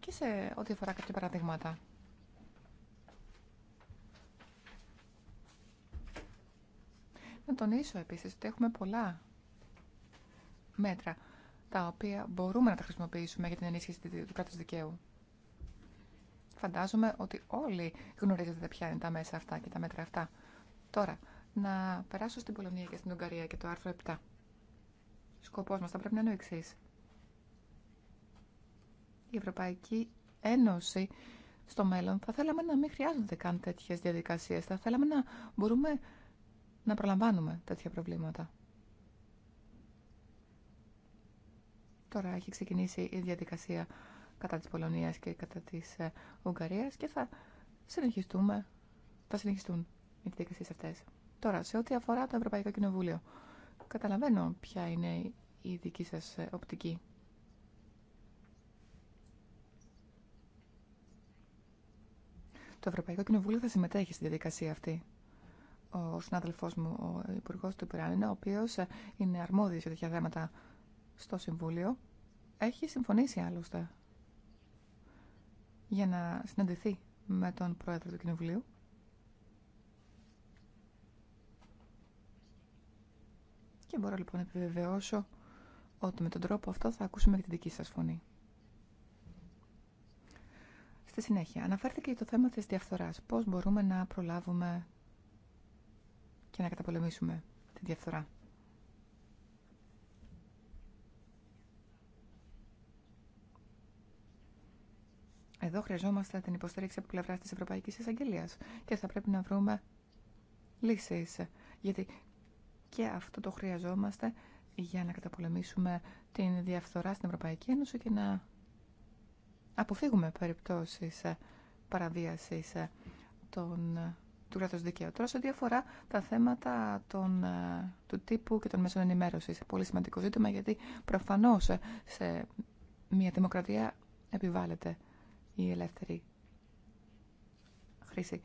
Και σε ό,τι αφορά κάποια παραδείγματα. Να τονίσω επίσης ότι έχουμε πολλά μέτρα τα οποία μπορούμε να τα χρησιμοποιήσουμε για την ενίσχυση του κράτους δικαίου. Φαντάζομαι ότι όλοι γνωρίζετε ποια είναι τα μέσα αυτά και τα μέτρα αυτά. Τώρα, να περάσω στην Πολωνία και στην Ουγγαρία και το άρθρο 7. Σκοπός μας θα πρέπει να είναι ο εξή. Η Ευρωπαϊκή Ένωση στο μέλλον θα θέλαμε να μην χρειάζονται καν τέτοιε διαδικασίες. Θα θέλαμε να μπορούμε να προλαμβάνουμε τέτοια προβλήματα. Τώρα έχει ξεκινήσει η διαδικασία κατά της Πολωνίας και κατά της ε, Ουγγαρίας και θα συνεχιστούμε, θα συνεχιστούν οι διαδικασίες αυτές. Τώρα, σε ό,τι αφορά το Ευρωπαϊκό Κοινοβούλιο, καταλαβαίνω ποια είναι η δική σας ε, οπτική. Το Ευρωπαϊκό Κοινοβούλιο θα συμμετέχει στη διαδικασία αυτή. Ο συνάδελφό μου, ο Υπουργό του Πυράνινα, ο οποίο ε, είναι αρμόδιο για τέτοια θέματα στο Συμβούλιο, έχει συμφωνήσει άλλωστε για να συναντηθεί με τον πρόεδρο του Κοινοβουλίου. Και μπορώ λοιπόν να επιβεβαιώσω ότι με τον τρόπο αυτό θα ακούσουμε και την δική σας φωνή. Στη συνέχεια, αναφέρθηκε το θέμα της διαφθοράς. Πώς μπορούμε να προλάβουμε και να καταπολεμήσουμε τη διαφθορά. Εδώ χρειαζόμαστε την υποστήριξη από πλευρά τη Ευρωπαϊκή Εισαγγελία και θα πρέπει να βρούμε λύσει. Γιατί και αυτό το χρειαζόμαστε για να καταπολεμήσουμε την διαφθορά στην Ευρωπαϊκή Ένωση και να αποφύγουμε περιπτώσεις παραβίασης του κράτους δικαίου. Τώρα, σε διαφορά τα θέματα των, του τύπου και των μέσων ενημέρωσης, πολύ σημαντικό ζήτημα, γιατί προφανώς σε μια δημοκρατία επιβάλλεται η ελεύθερη χρήση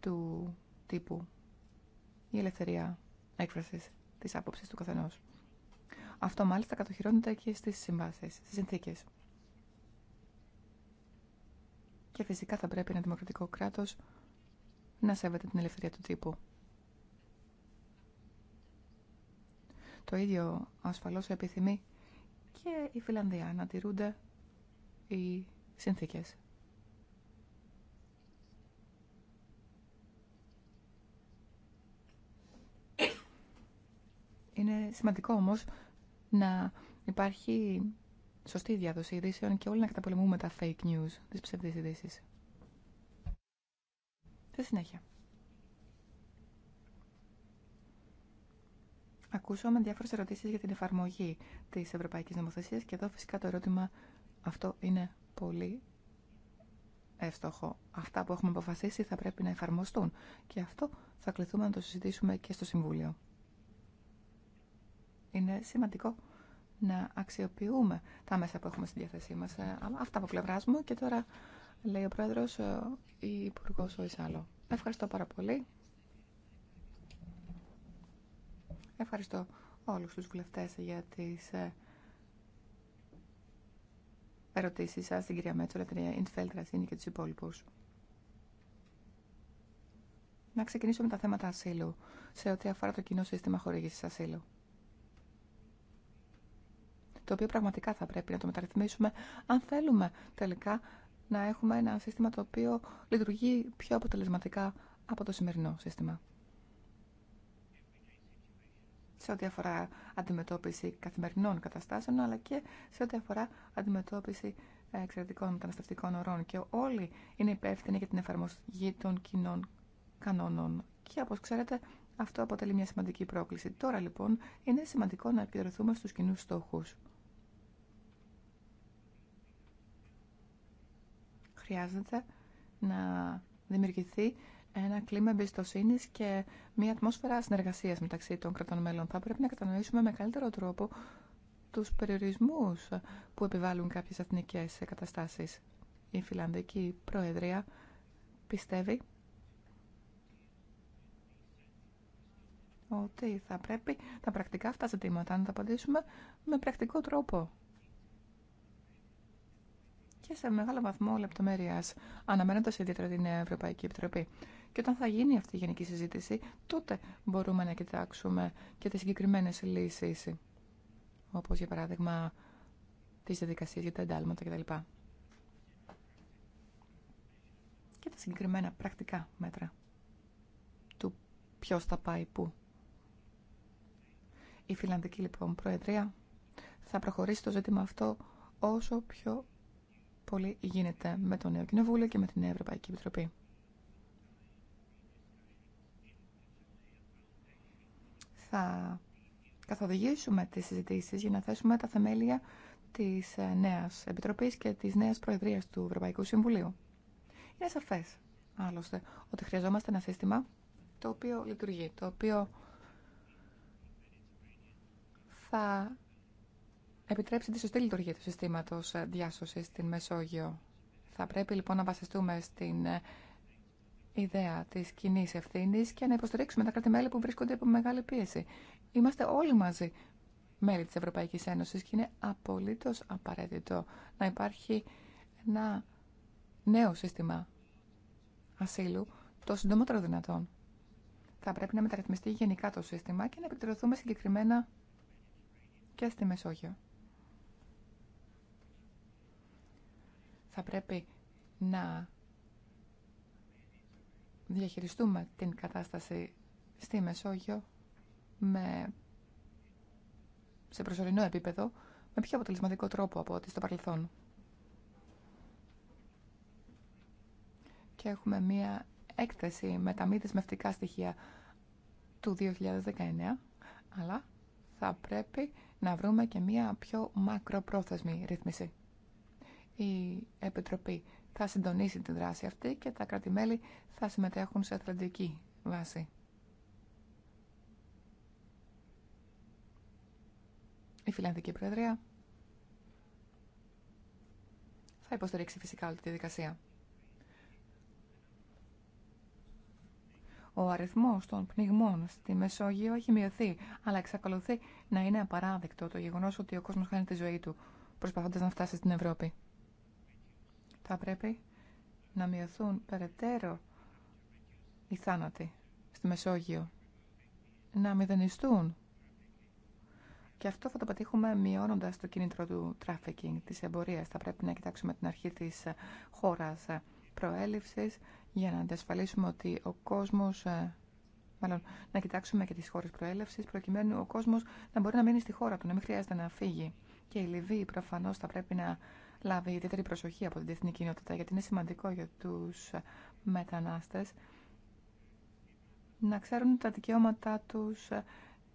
του τύπου, η ελευθερία έκφραση της άποψης του καθενός. Αυτό μάλιστα κατοχυρώνεται και στις συμβάσεις, στις συνθήκες. Και φυσικά θα πρέπει ένα δημοκρατικό κράτος να σέβεται την ελευθερία του τύπου. Το ίδιο ασφαλώς επιθυμεί και η Φιλανδία να τηρούνται οι συνθήκες. σημαντικό όμως να υπάρχει σωστή διάδοση ειδήσεων και όλοι να καταπολεμούμε τα fake news, τις ψευδεί ειδήσει. Στη συνέχεια. Ακούσαμε διάφορες ερωτήσει για την εφαρμογή της Ευρωπαϊκής Νομοθεσία και εδώ φυσικά το ερώτημα αυτό είναι πολύ εύστοχο. Αυτά που έχουμε αποφασίσει θα πρέπει να εφαρμοστούν και αυτό θα κληθούμε να το συζητήσουμε και στο Συμβούλιο είναι σημαντικό να αξιοποιούμε τα μέσα που έχουμε στη διάθεσή μας. Ε, αυτά από πλευρά μου και τώρα λέει ο Πρόεδρος, η Υπουργό ο Ισάλο. Ευχαριστώ πάρα πολύ. Ευχαριστώ όλους τους βουλευτές για τις ε, ερωτήσεις σας, την κυρία Μέτσολα, την Ιντφέλτ, Ρασίνη και τους υπόλοιπους. Να ξεκινήσω με τα θέματα ασύλου, σε ό,τι αφορά το κοινό σύστημα χορήγησης ασύλου το οποίο πραγματικά θα πρέπει να το μεταρρυθμίσουμε αν θέλουμε τελικά να έχουμε ένα σύστημα το οποίο λειτουργεί πιο αποτελεσματικά από το σημερινό σύστημα. Σε ό,τι αφορά αντιμετώπιση καθημερινών καταστάσεων, αλλά και σε ό,τι αφορά αντιμετώπιση ε, εξαιρετικών μεταναστευτικών ορών. Και όλοι είναι υπεύθυνοι για την εφαρμογή των κοινών κανόνων. Και όπως ξέρετε, αυτό αποτελεί μια σημαντική πρόκληση. Τώρα λοιπόν είναι σημαντικό να επικεντρωθούμε στου κοινού στόχους. χρειάζεται να δημιουργηθεί ένα κλίμα εμπιστοσύνη και μια ατμόσφαιρα συνεργασία μεταξύ των κρατών μέλων. Θα πρέπει να κατανοήσουμε με καλύτερο τρόπο του περιορισμού που επιβάλλουν κάποιε εθνικέ καταστάσει. Η Φιλανδική Προεδρία πιστεύει ότι θα πρέπει τα πρακτικά αυτά ζητήματα να τα απαντήσουμε με πρακτικό τρόπο σε μεγάλο βαθμό λεπτομέρεια, αναμένοντα ιδιαίτερα την Ευρωπαϊκή Επιτροπή. Και όταν θα γίνει αυτή η γενική συζήτηση, τότε μπορούμε να κοιτάξουμε και τι συγκεκριμένε λύσει, όπω για παράδειγμα τι διαδικασίε για τα εντάλματα κτλ. Και τα συγκεκριμένα πρακτικά μέτρα του ποιο θα πάει πού. Η Φιλανδική λοιπόν Προεδρία θα προχωρήσει το ζήτημα αυτό όσο πιο πολύ γίνεται με το νέο Κοινοβούλιο και με την Ευρωπαϊκή Επιτροπή. Θα καθοδηγήσουμε τις συζητήσεις για να θέσουμε τα θεμέλια της ε, νέας Επιτροπής και της νέας Προεδρίας του Ευρωπαϊκού Συμβουλίου. Είναι σαφές, άλλωστε, ότι χρειαζόμαστε ένα σύστημα το οποίο λειτουργεί, το οποίο θα επιτρέψει τη σωστή λειτουργία του συστήματο ε, διάσωση στην Μεσόγειο. Θα πρέπει λοιπόν να βασιστούμε στην ε, ιδέα τη κοινή ευθύνη και να υποστηρίξουμε τα κράτη-μέλη που βρίσκονται υπό μεγάλη πίεση. Είμαστε όλοι μαζί μέλη τη Ευρωπαϊκή Ένωση και είναι απολύτω απαραίτητο να υπάρχει ένα νέο σύστημα ασύλου το συντομότερο δυνατόν. Θα πρέπει να μεταρρυθμιστεί γενικά το σύστημα και να επιτροθούμε συγκεκριμένα και στη Μεσόγειο. θα πρέπει να διαχειριστούμε την κατάσταση στη Μεσόγειο με, σε προσωρινό επίπεδο με πιο αποτελεσματικό τρόπο από ό,τι στο παρελθόν. Και έχουμε μία έκθεση με τα μη δεσμευτικά στοιχεία του 2019, αλλά θα πρέπει να βρούμε και μία πιο μακροπρόθεσμη ρύθμιση η Επιτροπή θα συντονίσει την δράση αυτή και τα κράτη-μέλη θα συμμετέχουν σε αθλαντική βάση. Η Φιλανδική Προεδρία θα υποστηρίξει φυσικά όλη τη δικασία. Ο αριθμός των πνιγμών στη Μεσόγειο έχει μειωθεί, αλλά εξακολουθεί να είναι απαράδεκτο το γεγονός ότι ο κόσμος χάνει τη ζωή του προσπαθώντας να φτάσει στην Ευρώπη θα πρέπει να μειωθούν περαιτέρω οι θάνατοι στη Μεσόγειο, να μηδενιστούν. Και αυτό θα το πετύχουμε μειώνοντα το κίνητρο του τράφικινγκ, τη εμπορία. Θα πρέπει να κοιτάξουμε την αρχή τη χώρα προέλευση, για να διασφαλίσουμε ότι ο κόσμο, ε, μάλλον να κοιτάξουμε και τι χώρε προέλευση. προκειμένου ο κόσμο να μπορεί να μείνει στη χώρα του, να μην χρειάζεται να φύγει. Και η Λιβύη προφανώ θα πρέπει να λάβει ιδιαίτερη προσοχή από την διεθνή κοινότητα, γιατί είναι σημαντικό για τους μετανάστες να ξέρουν τα δικαιώματά τους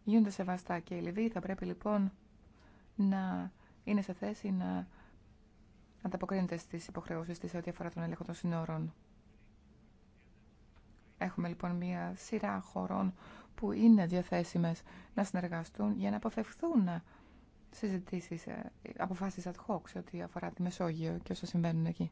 γίνονται σεβαστά και η Λιβύη θα πρέπει λοιπόν να είναι σε θέση να ανταποκρίνεται στις υποχρεώσεις της ό,τι αφορά τον έλεγχο των συνόρων. Έχουμε λοιπόν μία σειρά χωρών που είναι διαθέσιμες να συνεργαστούν για να αποφευθούν συζητήσεις, ε, αποφάσεις ad hoc σε ό,τι αφορά τη Μεσόγειο και όσα συμβαίνουν εκεί.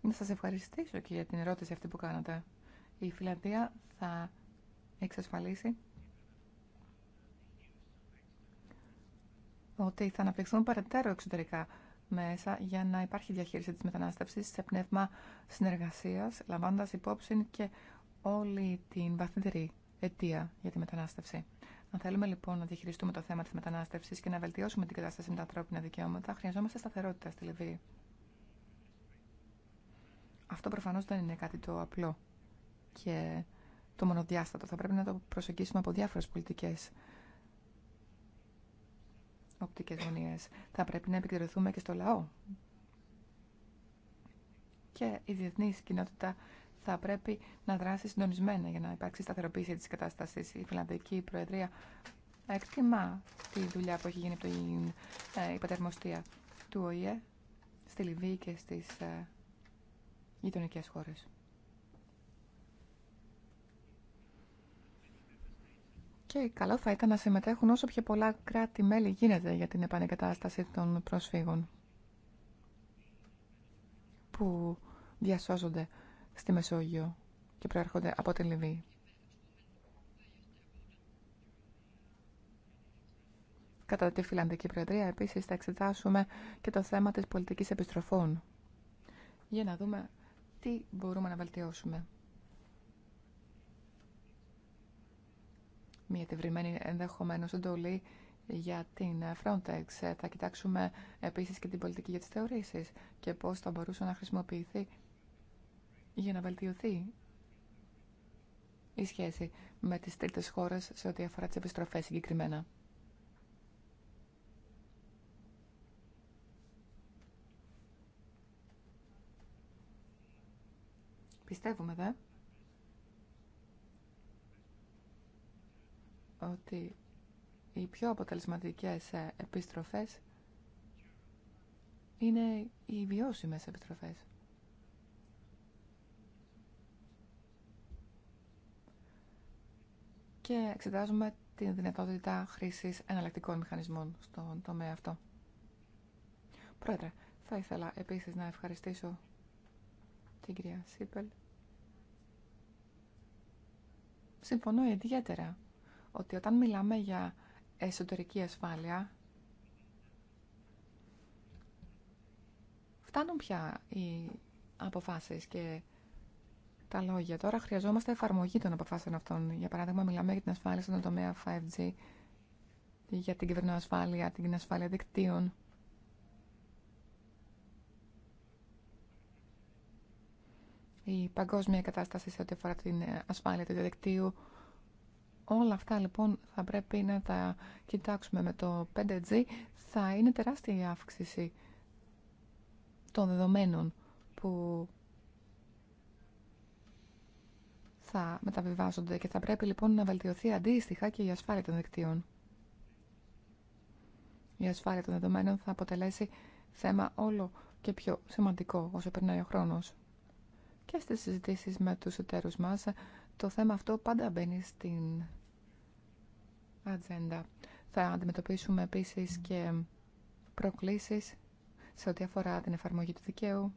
Να σας ευχαριστήσω και για την ερώτηση αυτή που κάνατε. Η Φιλανδία θα εξασφαλίσει ότι θα αναπτυχθούν παρατέρω εξωτερικά μέσα για να υπάρχει διαχείριση της μετανάστευσης σε πνεύμα συνεργασίας, λαμβάνοντας υπόψη και όλη την βαθύτερη αιτία για τη μετανάστευση. Αν θέλουμε λοιπόν να διαχειριστούμε το θέμα της μετανάστευσης και να βελτιώσουμε την κατάσταση με τα ανθρώπινα δικαιώματα, χρειαζόμαστε σταθερότητα στη Λιβύη. Αυτό προφανώς δεν είναι κάτι το απλό και το μονοδιάστατο. Θα πρέπει να το προσεγγίσουμε από διάφορες πολιτικές οπτικές γωνίες. Θα πρέπει να επικεντρωθούμε και στο λαό. Και η διεθνή κοινότητα θα πρέπει να δράσει συντονισμένα για να υπάρξει σταθεροποίηση της κατάστασης. Η Φιλανδική Προεδρία εκτιμά τη δουλειά που έχει γίνει από την ε, του ΟΗΕ στη Λιβύη και στις γειτονικέ γειτονικές χώρες. Και καλό θα ήταν να συμμετέχουν όσο πιο πολλά κράτη-μέλη γίνεται για την επανεκατάσταση των προσφύγων που διασώζονται στη Μεσόγειο και προέρχονται από τη Λιβύη. Κατά τη Φιλανδική Προεδρία, επίσης, θα εξετάσουμε και το θέμα της πολιτικής επιστροφών για να δούμε τι μπορούμε να βελτιώσουμε. μια τευρημένη ενδεχομένως εντολή για την Frontex. Θα κοιτάξουμε επίσης και την πολιτική για τις θεωρήσεις και πώς θα μπορούσε να χρησιμοποιηθεί για να βελτιωθεί η σχέση με τις τρίτες χώρες σε ό,τι αφορά τις επιστροφές συγκεκριμένα. Πιστεύουμε, δε, ότι οι πιο αποτελεσματικές επιστροφές είναι οι βιώσιμες επιστροφές. Και εξετάζουμε την δυνατότητα χρήσης εναλλακτικών μηχανισμών στον τομέα αυτό. Πρόεδρε, θα ήθελα επίσης να ευχαριστήσω την κυρία Σίπελ. Συμφωνώ ιδιαίτερα ότι όταν μιλάμε για εσωτερική ασφάλεια, φτάνουν πια οι αποφάσεις και τα λόγια. Τώρα χρειαζόμαστε εφαρμογή των αποφάσεων αυτών. Για παράδειγμα, μιλάμε για την ασφάλεια στον τομέα 5G, για την ασφάλεια, την ασφάλεια δικτύων. Η παγκόσμια κατάσταση σε ό,τι αφορά την ασφάλεια του διαδικτύου, Όλα αυτά λοιπόν θα πρέπει να τα κοιτάξουμε με το 5G. Θα είναι τεράστια η αύξηση των δεδομένων που θα μεταβιβάζονται και θα πρέπει λοιπόν να βελτιωθεί αντίστοιχα και η ασφάλεια των δικτύων. Η ασφάλεια των δεδομένων θα αποτελέσει θέμα όλο και πιο σημαντικό όσο περνάει ο χρόνος. Και στις συζητήσεις με τους εταίρους μας το θέμα αυτό πάντα μπαίνει στην ατζέντα. Θα αντιμετωπίσουμε επίσης και προκλήσεις σε ό,τι αφορά την εφαρμογή του δικαίου,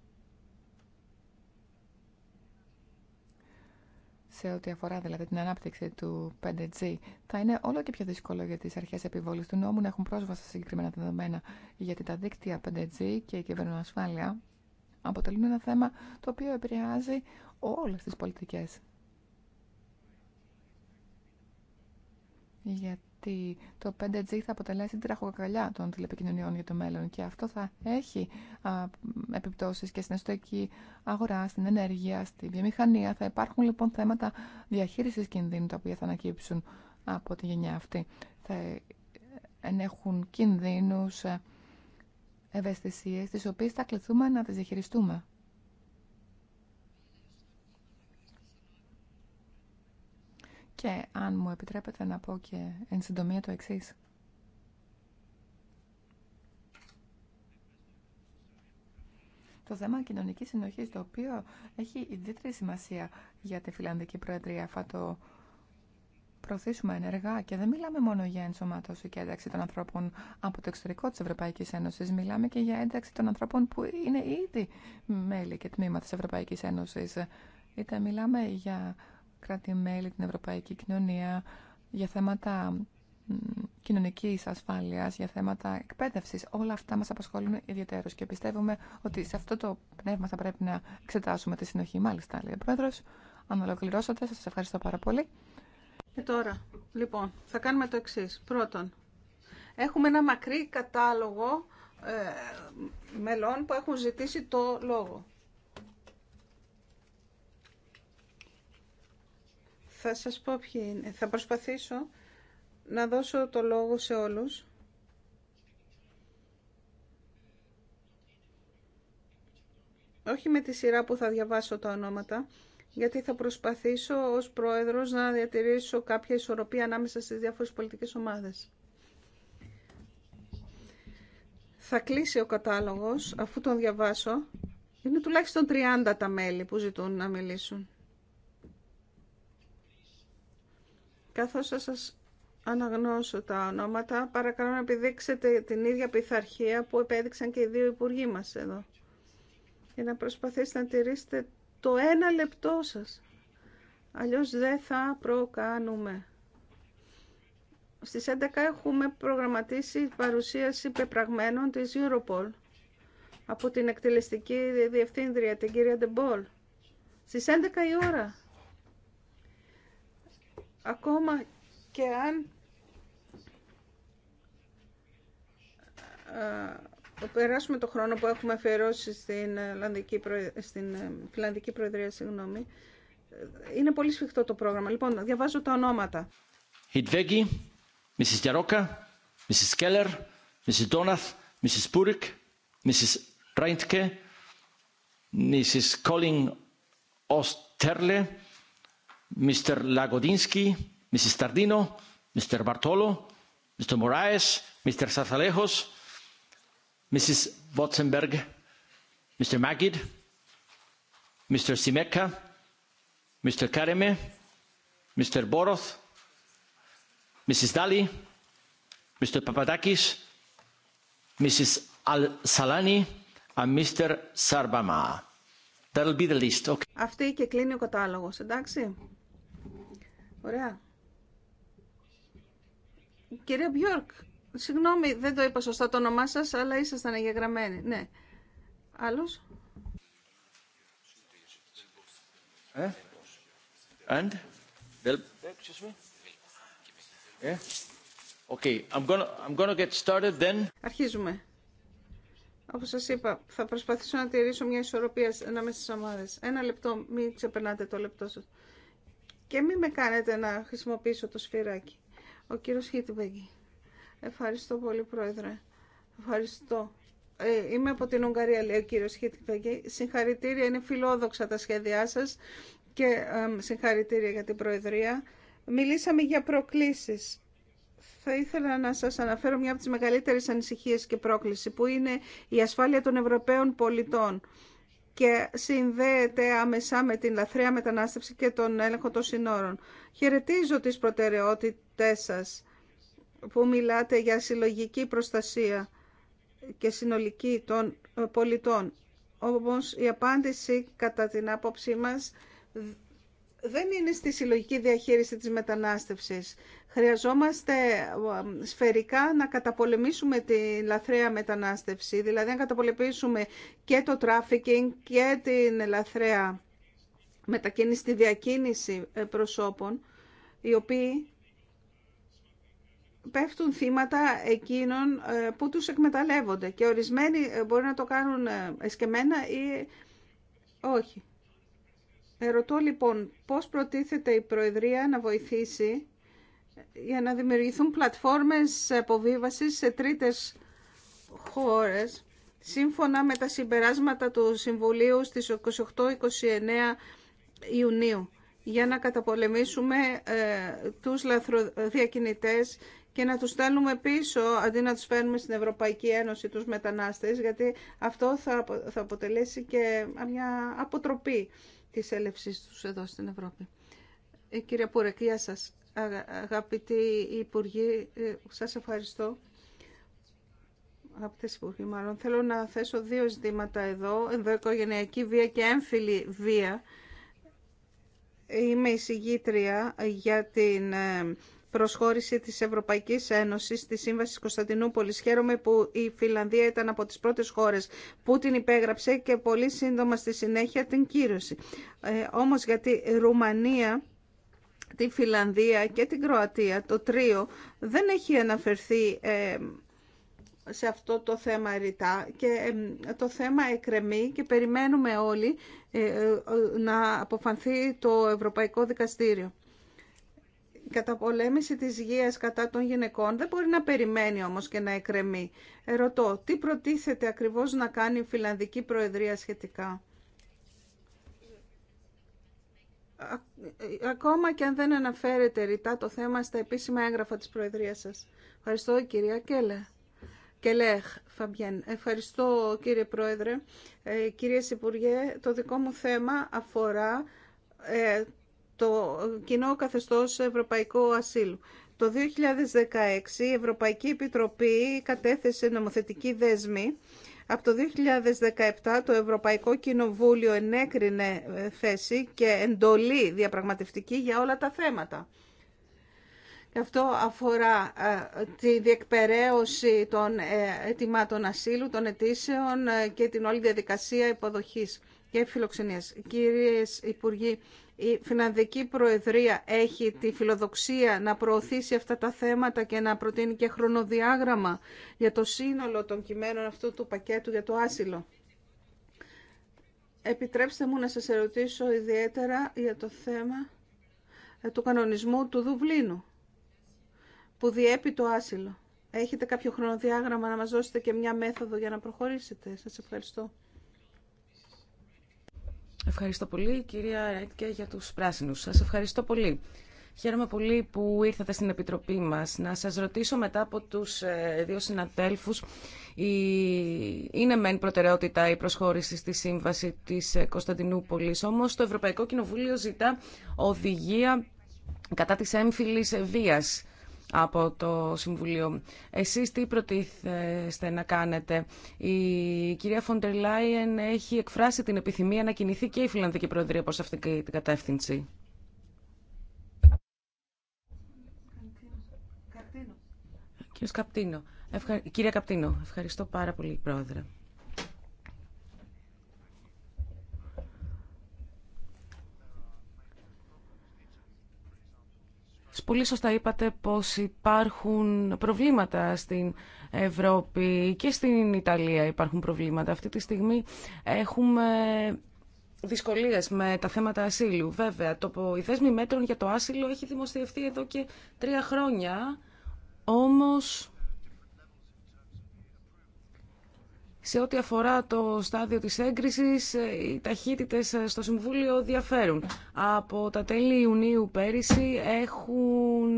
σε ό,τι αφορά δηλαδή την ανάπτυξη του 5G, θα είναι όλο και πιο δύσκολο για τις αρχές επιβόλης του νόμου να έχουν πρόσβαση σε συγκεκριμένα δεδομένα, γιατί τα δίκτυα 5G και η κυβερνοασφάλεια αποτελούν ένα θέμα το οποίο επηρεάζει όλες τις πολιτικές γιατί το 5G θα αποτελέσει την τραχοκακαλιά των τηλεπικοινωνιών για το μέλλον και αυτό θα έχει α, επιπτώσεις και στην εσωτερική αγορά, στην ενέργεια, στη βιομηχανία. Θα υπάρχουν λοιπόν θέματα διαχείρισης κινδύνου τα οποία θα ανακύψουν από τη γενιά αυτή. Θα ενέχουν κινδύνους, ε, ευαισθησίες, τις οποίες θα κληθούμε να τις διαχειριστούμε. Και αν μου επιτρέπετε να πω και εν συντομία το εξής. Το θέμα κοινωνική συνοχή, το οποίο έχει ιδιαίτερη σημασία για τη Φιλανδική Προεδρία, θα το προωθήσουμε ενεργά και δεν μιλάμε μόνο για ενσωμάτωση και ένταξη των ανθρώπων από το εξωτερικό τη Ευρωπαϊκή Ένωση. Μιλάμε και για ένταξη των ανθρώπων που είναι ήδη μέλη και τμήμα τη Ευρωπαϊκή Ένωση. Είτε μιλάμε για κράτη-μέλη, την ευρωπαϊκή κοινωνία για θέματα κοινωνική ασφάλεια, για θέματα εκπαίδευση. Όλα αυτά μα απασχολούν ιδιαίτερω και πιστεύουμε ότι σε αυτό το πνεύμα θα πρέπει να εξετάσουμε τη συνοχή. Μάλιστα, λέει ο Πρόεδρος. Αν ολοκληρώσατε, σα ευχαριστώ πάρα πολύ. Και τώρα, λοιπόν, θα κάνουμε το εξή. Πρώτον, έχουμε ένα μακρύ κατάλογο ε, μελών που έχουν ζητήσει το λόγο. Θα σας πω ποιοι Θα προσπαθήσω να δώσω το λόγο σε όλους. Όχι με τη σειρά που θα διαβάσω τα ονόματα, γιατί θα προσπαθήσω ως πρόεδρος να διατηρήσω κάποια ισορροπία ανάμεσα στις διάφορες πολιτικές ομάδες. Θα κλείσει ο κατάλογος, αφού τον διαβάσω. Είναι τουλάχιστον 30 τα μέλη που ζητούν να μιλήσουν. καθώς θα σας αναγνώσω τα ονόματα, παρακαλώ να επιδείξετε την ίδια πειθαρχία που επέδειξαν και οι δύο υπουργοί μας εδώ. Για να προσπαθήσετε να τηρήσετε το ένα λεπτό σας. Αλλιώς δεν θα προκάνουμε. Στις 11 έχουμε προγραμματίσει παρουσίαση πεπραγμένων της Europol από την εκτελεστική διευθύντρια, την κυρία Ντεμπόλ. Στις 11 η ώρα. Ακόμα και αν περάσουμε το χρόνο που έχουμε αφιερώσει στην, ε, Λανδική, ε, στην ε, Φιλανδική Προεδρία, συγγνώμη, είναι πολύ σφιχτό το πρόγραμμα. Λοιπόν, διαβάζω τα ονόματα. Hidvegi, Mrs. Jaroka, Mrs. Keller, Mrs. Donath, Mrs. Purik, Mrs. Reintke, Mrs. Colin Osterle, Mr. Lagodinsky, Mrs. Tardino, Mr. Bartolo, Mr. Moraes, Mr. Sazalejos, Mrs. Wotzenberg, Mr. Magid, Mr. Simeka, Mr. Kareme, Mr. Boroth, Mrs. Dali, Mr. Papadakis, Mrs. Al-Salani and Mr. Sarbama. That'll be the list. Okay. Αυτή και κλείνει ο Ωραία. Κυρία Μπιόρκ, συγγνώμη, δεν το είπα σωστά το όνομά σα, αλλά ήσασταν εγγεγραμμένοι. Ναι. Άλλος. Ε? And? Ε? Okay, I'm I'm get started then. Αρχίζουμε. Όπως σας είπα, θα προσπαθήσω να τηρήσω μια ισορροπία ανάμεσα στις ομάδε. Ένα λεπτό, μην ξεπερνάτε το λεπτό σας. Και μην με κάνετε να χρησιμοποιήσω το σφυράκι. Ο κύριος Χίτιμπεγγι. Ευχαριστώ πολύ, Πρόεδρε. Ευχαριστώ. Ε, είμαι από την Ουγγαρία, λέει ο κύριος Χίτιμπεγγι. Συγχαρητήρια, είναι φιλόδοξα τα σχέδιά σας και συγχαρητήρια για την Προεδρία. Μιλήσαμε για προκλήσεις. Θα ήθελα να σας αναφέρω μια από τις μεγαλύτερες ανησυχίες και πρόκληση, που είναι η ασφάλεια των Ευρωπαίων πολιτών και συνδέεται άμεσα με την λαθρέα μετανάστευση και τον έλεγχο των συνόρων. Χαιρετίζω τις προτεραιότητές σας που μιλάτε για συλλογική προστασία και συνολική των πολιτών. Όμως η απάντηση κατά την άποψή μας δεν είναι στη συλλογική διαχείριση της μετανάστευσης. Χρειαζόμαστε σφαιρικά να καταπολεμήσουμε τη λαθρέα μετανάστευση, δηλαδή να καταπολεμήσουμε και το τράφικινγκ και την λαθρέα μετακίνηση, τη διακίνηση ε, προσώπων, οι οποίοι πέφτουν θύματα εκείνων ε, που τους εκμεταλλεύονται και ορισμένοι ε, μπορεί να το κάνουν εσκεμένα ή όχι. Ερωτώ λοιπόν πώς προτίθεται η Προεδρία να βοηθήσει για να δημιουργηθούν πλατφόρμες αποβίβασης σε τρίτες χώρες. Σύμφωνα με τα συμπεράσματα του Συμβουλίου στις 28-29 Ιουνίου για να καταπολεμήσουμε ε, τους λαθροδιακινητές και να τους στέλνουμε πίσω αντί να τους φέρνουμε στην Ευρωπαϊκή Ένωση τους μετανάστες γιατί αυτό θα, αποτελέσει και μια αποτροπή της έλευσης τους εδώ στην Ευρώπη. Ε, κύριε Πούρεκ, σας. Αγαπητοί Υπουργοί, ε, σας ευχαριστώ. Αγαπητές Υπουργοί, μάλλον θέλω να θέσω δύο ζητήματα εδώ, ενδοοικογενειακή βία και έμφυλη βία. Είμαι εισηγήτρια για την ε, προσχώρηση της Ευρωπαϊκής Ένωσης στη Σύμβαση Κωνσταντινούπολης. Χαίρομαι που η Φιλανδία ήταν από τις πρώτες χώρες που την υπέγραψε και πολύ σύντομα στη συνέχεια την κύρωση. Ε, όμως γιατί Ρουμανία τη Φιλανδία και την Κροατία, το τρίο, δεν έχει αναφερθεί ε, σε αυτό το θέμα ρητά και ε, το θέμα εκρεμεί και περιμένουμε όλοι ε, να αποφανθεί το Ευρωπαϊκό Δικαστήριο. Η καταπολέμηση της υγείας κατά των γυναικών δεν μπορεί να περιμένει όμως και να εκρεμεί. Ερωτώ, τι προτίθεται ακριβώς να κάνει η Φιλανδική Προεδρία σχετικά. ακόμα και αν δεν αναφέρετε ρητά το θέμα στα επίσημα έγγραφα της Προεδρίας σας. Ευχαριστώ κυρία Κέλε. Κελέχ, Φαμπιέν. Ευχαριστώ κύριε Πρόεδρε. Ε, κύριε Υπουργέ, το δικό μου θέμα αφορά ε, το κοινό καθεστώς ευρωπαϊκού ασύλου. Το 2016 η Ευρωπαϊκή Επιτροπή κατέθεσε νομοθετική δέσμη από το 2017 το Ευρωπαϊκό Κοινοβούλιο ενέκρινε ε, θέση και εντολή διαπραγματευτική για όλα τα θέματα. Αυτό αφορά ε, τη διεκπαιρέωση των αιτημάτων ε, ασύλου, των αιτήσεων και την όλη διαδικασία υποδοχής και φιλοξενίας. Κυρίες Υπουργοί, η Φινανδική Προεδρία έχει τη φιλοδοξία να προωθήσει αυτά τα θέματα και να προτείνει και χρονοδιάγραμμα για το σύνολο των κειμένων αυτού του πακέτου για το άσυλο. Επιτρέψτε μου να σας ερωτήσω ιδιαίτερα για το θέμα ε, του κανονισμού του Δουβλίνου που διέπει το άσυλο. Έχετε κάποιο χρονοδιάγραμμα να μας δώσετε και μια μέθοδο για να προχωρήσετε. Σας ευχαριστώ. Ευχαριστώ πολύ, κυρία Ρέτκε, για τους πράσινους. Σας ευχαριστώ πολύ. Χαίρομαι πολύ που ήρθατε στην Επιτροπή μας. Να σας ρωτήσω μετά από τους ε, δύο συναδέλφους, η... είναι μεν προτεραιότητα η προσχώρηση στη Σύμβαση της ε, Κωνσταντινούπολης, όμως το Ευρωπαϊκό Κοινοβούλιο ζητά οδηγία κατά της έμφυλης βίας από το Συμβουλίο. Εσείς τι προτίθεστε να κάνετε. Η κυρία Φοντερ Λάιεν έχει εκφράσει την επιθυμία να κινηθεί και η Φιλανδική Προεδρία προς αυτή την κατεύθυνση. Κύριε Καπτίνο, κυρία Καπτίνο, ευχαριστώ πάρα πολύ, Πρόεδρε. Πολύ σωστά είπατε πως υπάρχουν προβλήματα στην Ευρώπη και στην Ιταλία υπάρχουν προβλήματα. Αυτή τη στιγμή έχουμε δυσκολίες με τα θέματα ασύλου. Βέβαια, το η δέσμη μέτρων για το άσυλο έχει δημοσιευτεί εδώ και τρία χρόνια, όμως Σε ό,τι αφορά το στάδιο της έγκρισης, ε, οι ταχύτητες ε, στο Συμβούλιο διαφέρουν. Από τα τέλη Ιουνίου πέρυσι έχουν...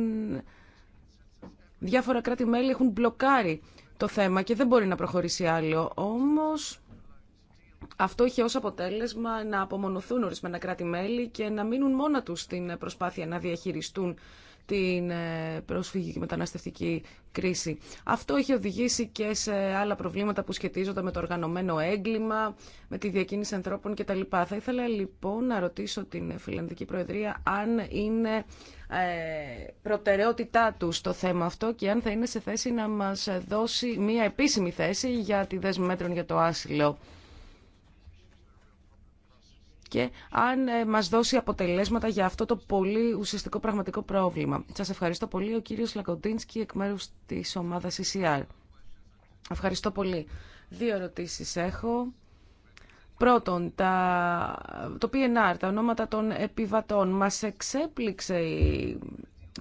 Διάφορα κράτη-μέλη έχουν μπλοκάρει το θέμα και δεν μπορεί να προχωρήσει άλλο. Όμως αυτό είχε ως αποτέλεσμα να απομονωθούν ορισμένα κράτη-μέλη και να μείνουν μόνα τους στην προσπάθεια να διαχειριστούν την ε, πρόσφυγη και μεταναστευτική κρίση. Αυτό έχει οδηγήσει και σε άλλα προβλήματα που σχετίζονται με το οργανωμένο έγκλημα, με τη διακίνηση ανθρώπων κτλ. Θα ήθελα λοιπόν να ρωτήσω την Φιλανδική Προεδρία αν είναι ε, προτεραιότητά του στο θέμα αυτό και αν θα είναι σε θέση να μας δώσει μία επίσημη θέση για τη δέσμη μέτρων για το άσυλο και αν ε, μας δώσει αποτελέσματα για αυτό το πολύ ουσιαστικό πραγματικό πρόβλημα. Σας ευχαριστώ πολύ ο κύριος Λακοντίνσκι εκ μέρους της ομάδας ECR. Ευχαριστώ πολύ. Δύο ερωτήσεις έχω. Πρώτον, τα, το PNR, τα ονόματα των επιβατών. Μας εξέπληξε η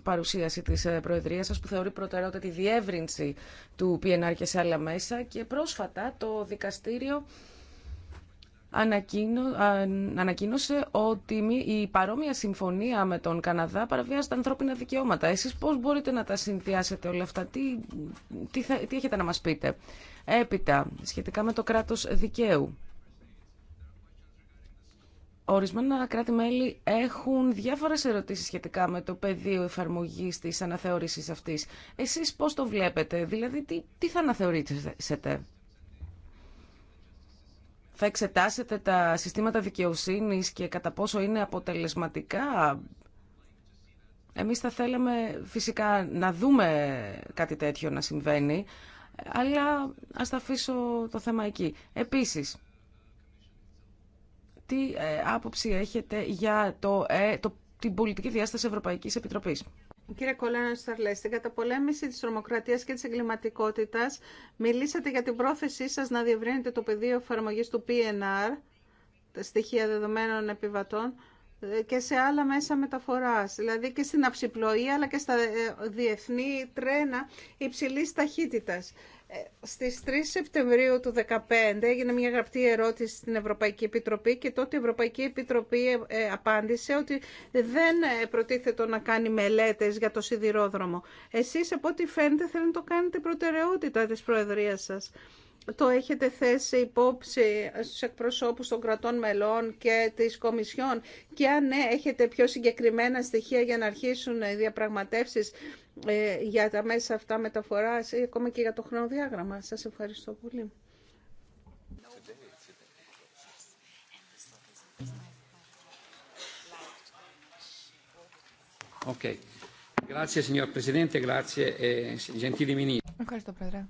παρουσίαση της ε, Προεδρίας σας που θεωρεί προτεραιότητα τη διεύρυνση του PNR και σε άλλα μέσα και πρόσφατα το δικαστήριο ανακοίνωσε ότι η παρόμοια συμφωνία με τον Καναδά παραβιάζει τα ανθρώπινα δικαιώματα. Εσείς πώς μπορείτε να τα συνδυάσετε όλα αυτά, τι, τι, έχετε να μας πείτε. Έπειτα, σχετικά με το κράτος δικαίου. Ορισμένα κράτη-μέλη έχουν διάφορες ερωτήσεις σχετικά με το πεδίο εφαρμογής της αναθεώρησης αυτής. Εσείς πώς το βλέπετε, δηλαδή τι, τι θα αναθεωρήσετε θα εξετάσετε τα συστήματα δικαιοσύνης και κατά πόσο είναι αποτελεσματικά. Εμείς θα θέλαμε φυσικά να δούμε κάτι τέτοιο να συμβαίνει, αλλά ας τα αφήσω το θέμα εκεί. Επίσης, τι ε, άποψη έχετε για το, ε, το την πολιτική διάσταση Ευρωπαϊκής Επιτροπής. Κύριε Κολένα Σταρλέ, στην καταπολέμηση τη τρομοκρατία και τη εγκληματικότητα μιλήσατε για την πρόθεσή σας να διευρύνετε το πεδίο εφαρμογή του PNR, τα στοιχεία δεδομένων επιβατών, και σε άλλα μέσα μεταφοράς, δηλαδή και στην αψιπλοεία αλλά και στα ε, διεθνή τρένα υψηλή ταχύτητας. Στις 3 Σεπτεμβρίου του 2015 έγινε μια γραπτή ερώτηση στην Ευρωπαϊκή Επιτροπή και τότε η Ευρωπαϊκή Επιτροπή ε, ε, απάντησε ότι δεν ε, προτίθεται να κάνει μελέτες για το σιδηρόδρομο. Εσείς από ό,τι φαίνεται θέλετε να το κάνετε προτεραιότητα της Προεδρίας σας. Το έχετε θέσει υπόψη στους εκπροσώπους των κρατών μελών και της Κομισιόν και αν ναι, έχετε πιο συγκεκριμένα στοιχεία για να αρχίσουν οι διαπραγματεύσεις ε, για τα μέσα αυτά μεταφοράς ή ακόμα και για το χρονοδιάγραμμα. Σας ευχαριστώ πολύ. Eh, ευχαριστώ, Πρόεδρε.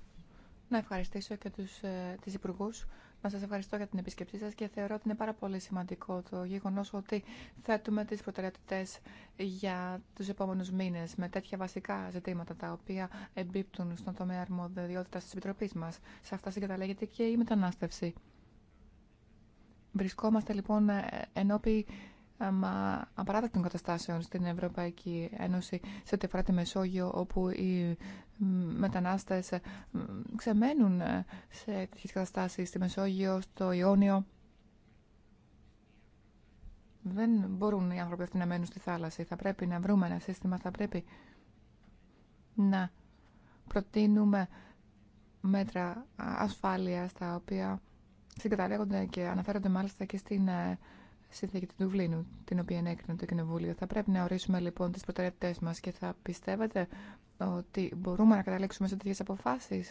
Να ευχαριστήσω και τους, ε, τις υπουργούς να σας ευχαριστώ για την επισκεψή σας και θεωρώ ότι είναι πάρα πολύ σημαντικό το γεγονός ότι θέτουμε τις προτεραιότητες για τους επόμενους μήνες με τέτοια βασικά ζητήματα τα οποία εμπίπτουν στον τομέα αρμοδιότητας της Επιτροπής μας. Σε αυτά συγκαταλέγεται και η μετανάστευση. Βρισκόμαστε λοιπόν ενώπιοι απαράδεκτων καταστάσεων στην Ευρωπαϊκή Ένωση σε ό,τι αφορά τη Μεσόγειο, όπου οι μετανάστες ε, ξεμένουν ε, σε τέτοιες καταστάσεις στη Μεσόγειο, στο Ιόνιο. Δεν μπορούν οι άνθρωποι αυτοί να μένουν στη θάλασσα. Θα πρέπει να βρούμε ένα σύστημα, θα πρέπει να προτείνουμε μέτρα ασφάλειας τα οποία συγκαταλέγονται και αναφέρονται μάλιστα και στην ε, συνθήκη του Δουβλίνου, την οποία ενέκρινε το Κοινοβούλιο. Θα πρέπει να ορίσουμε λοιπόν τι προτεραιότητέ μα και θα πιστεύετε ότι μπορούμε να καταλήξουμε σε τέτοιε αποφάσει.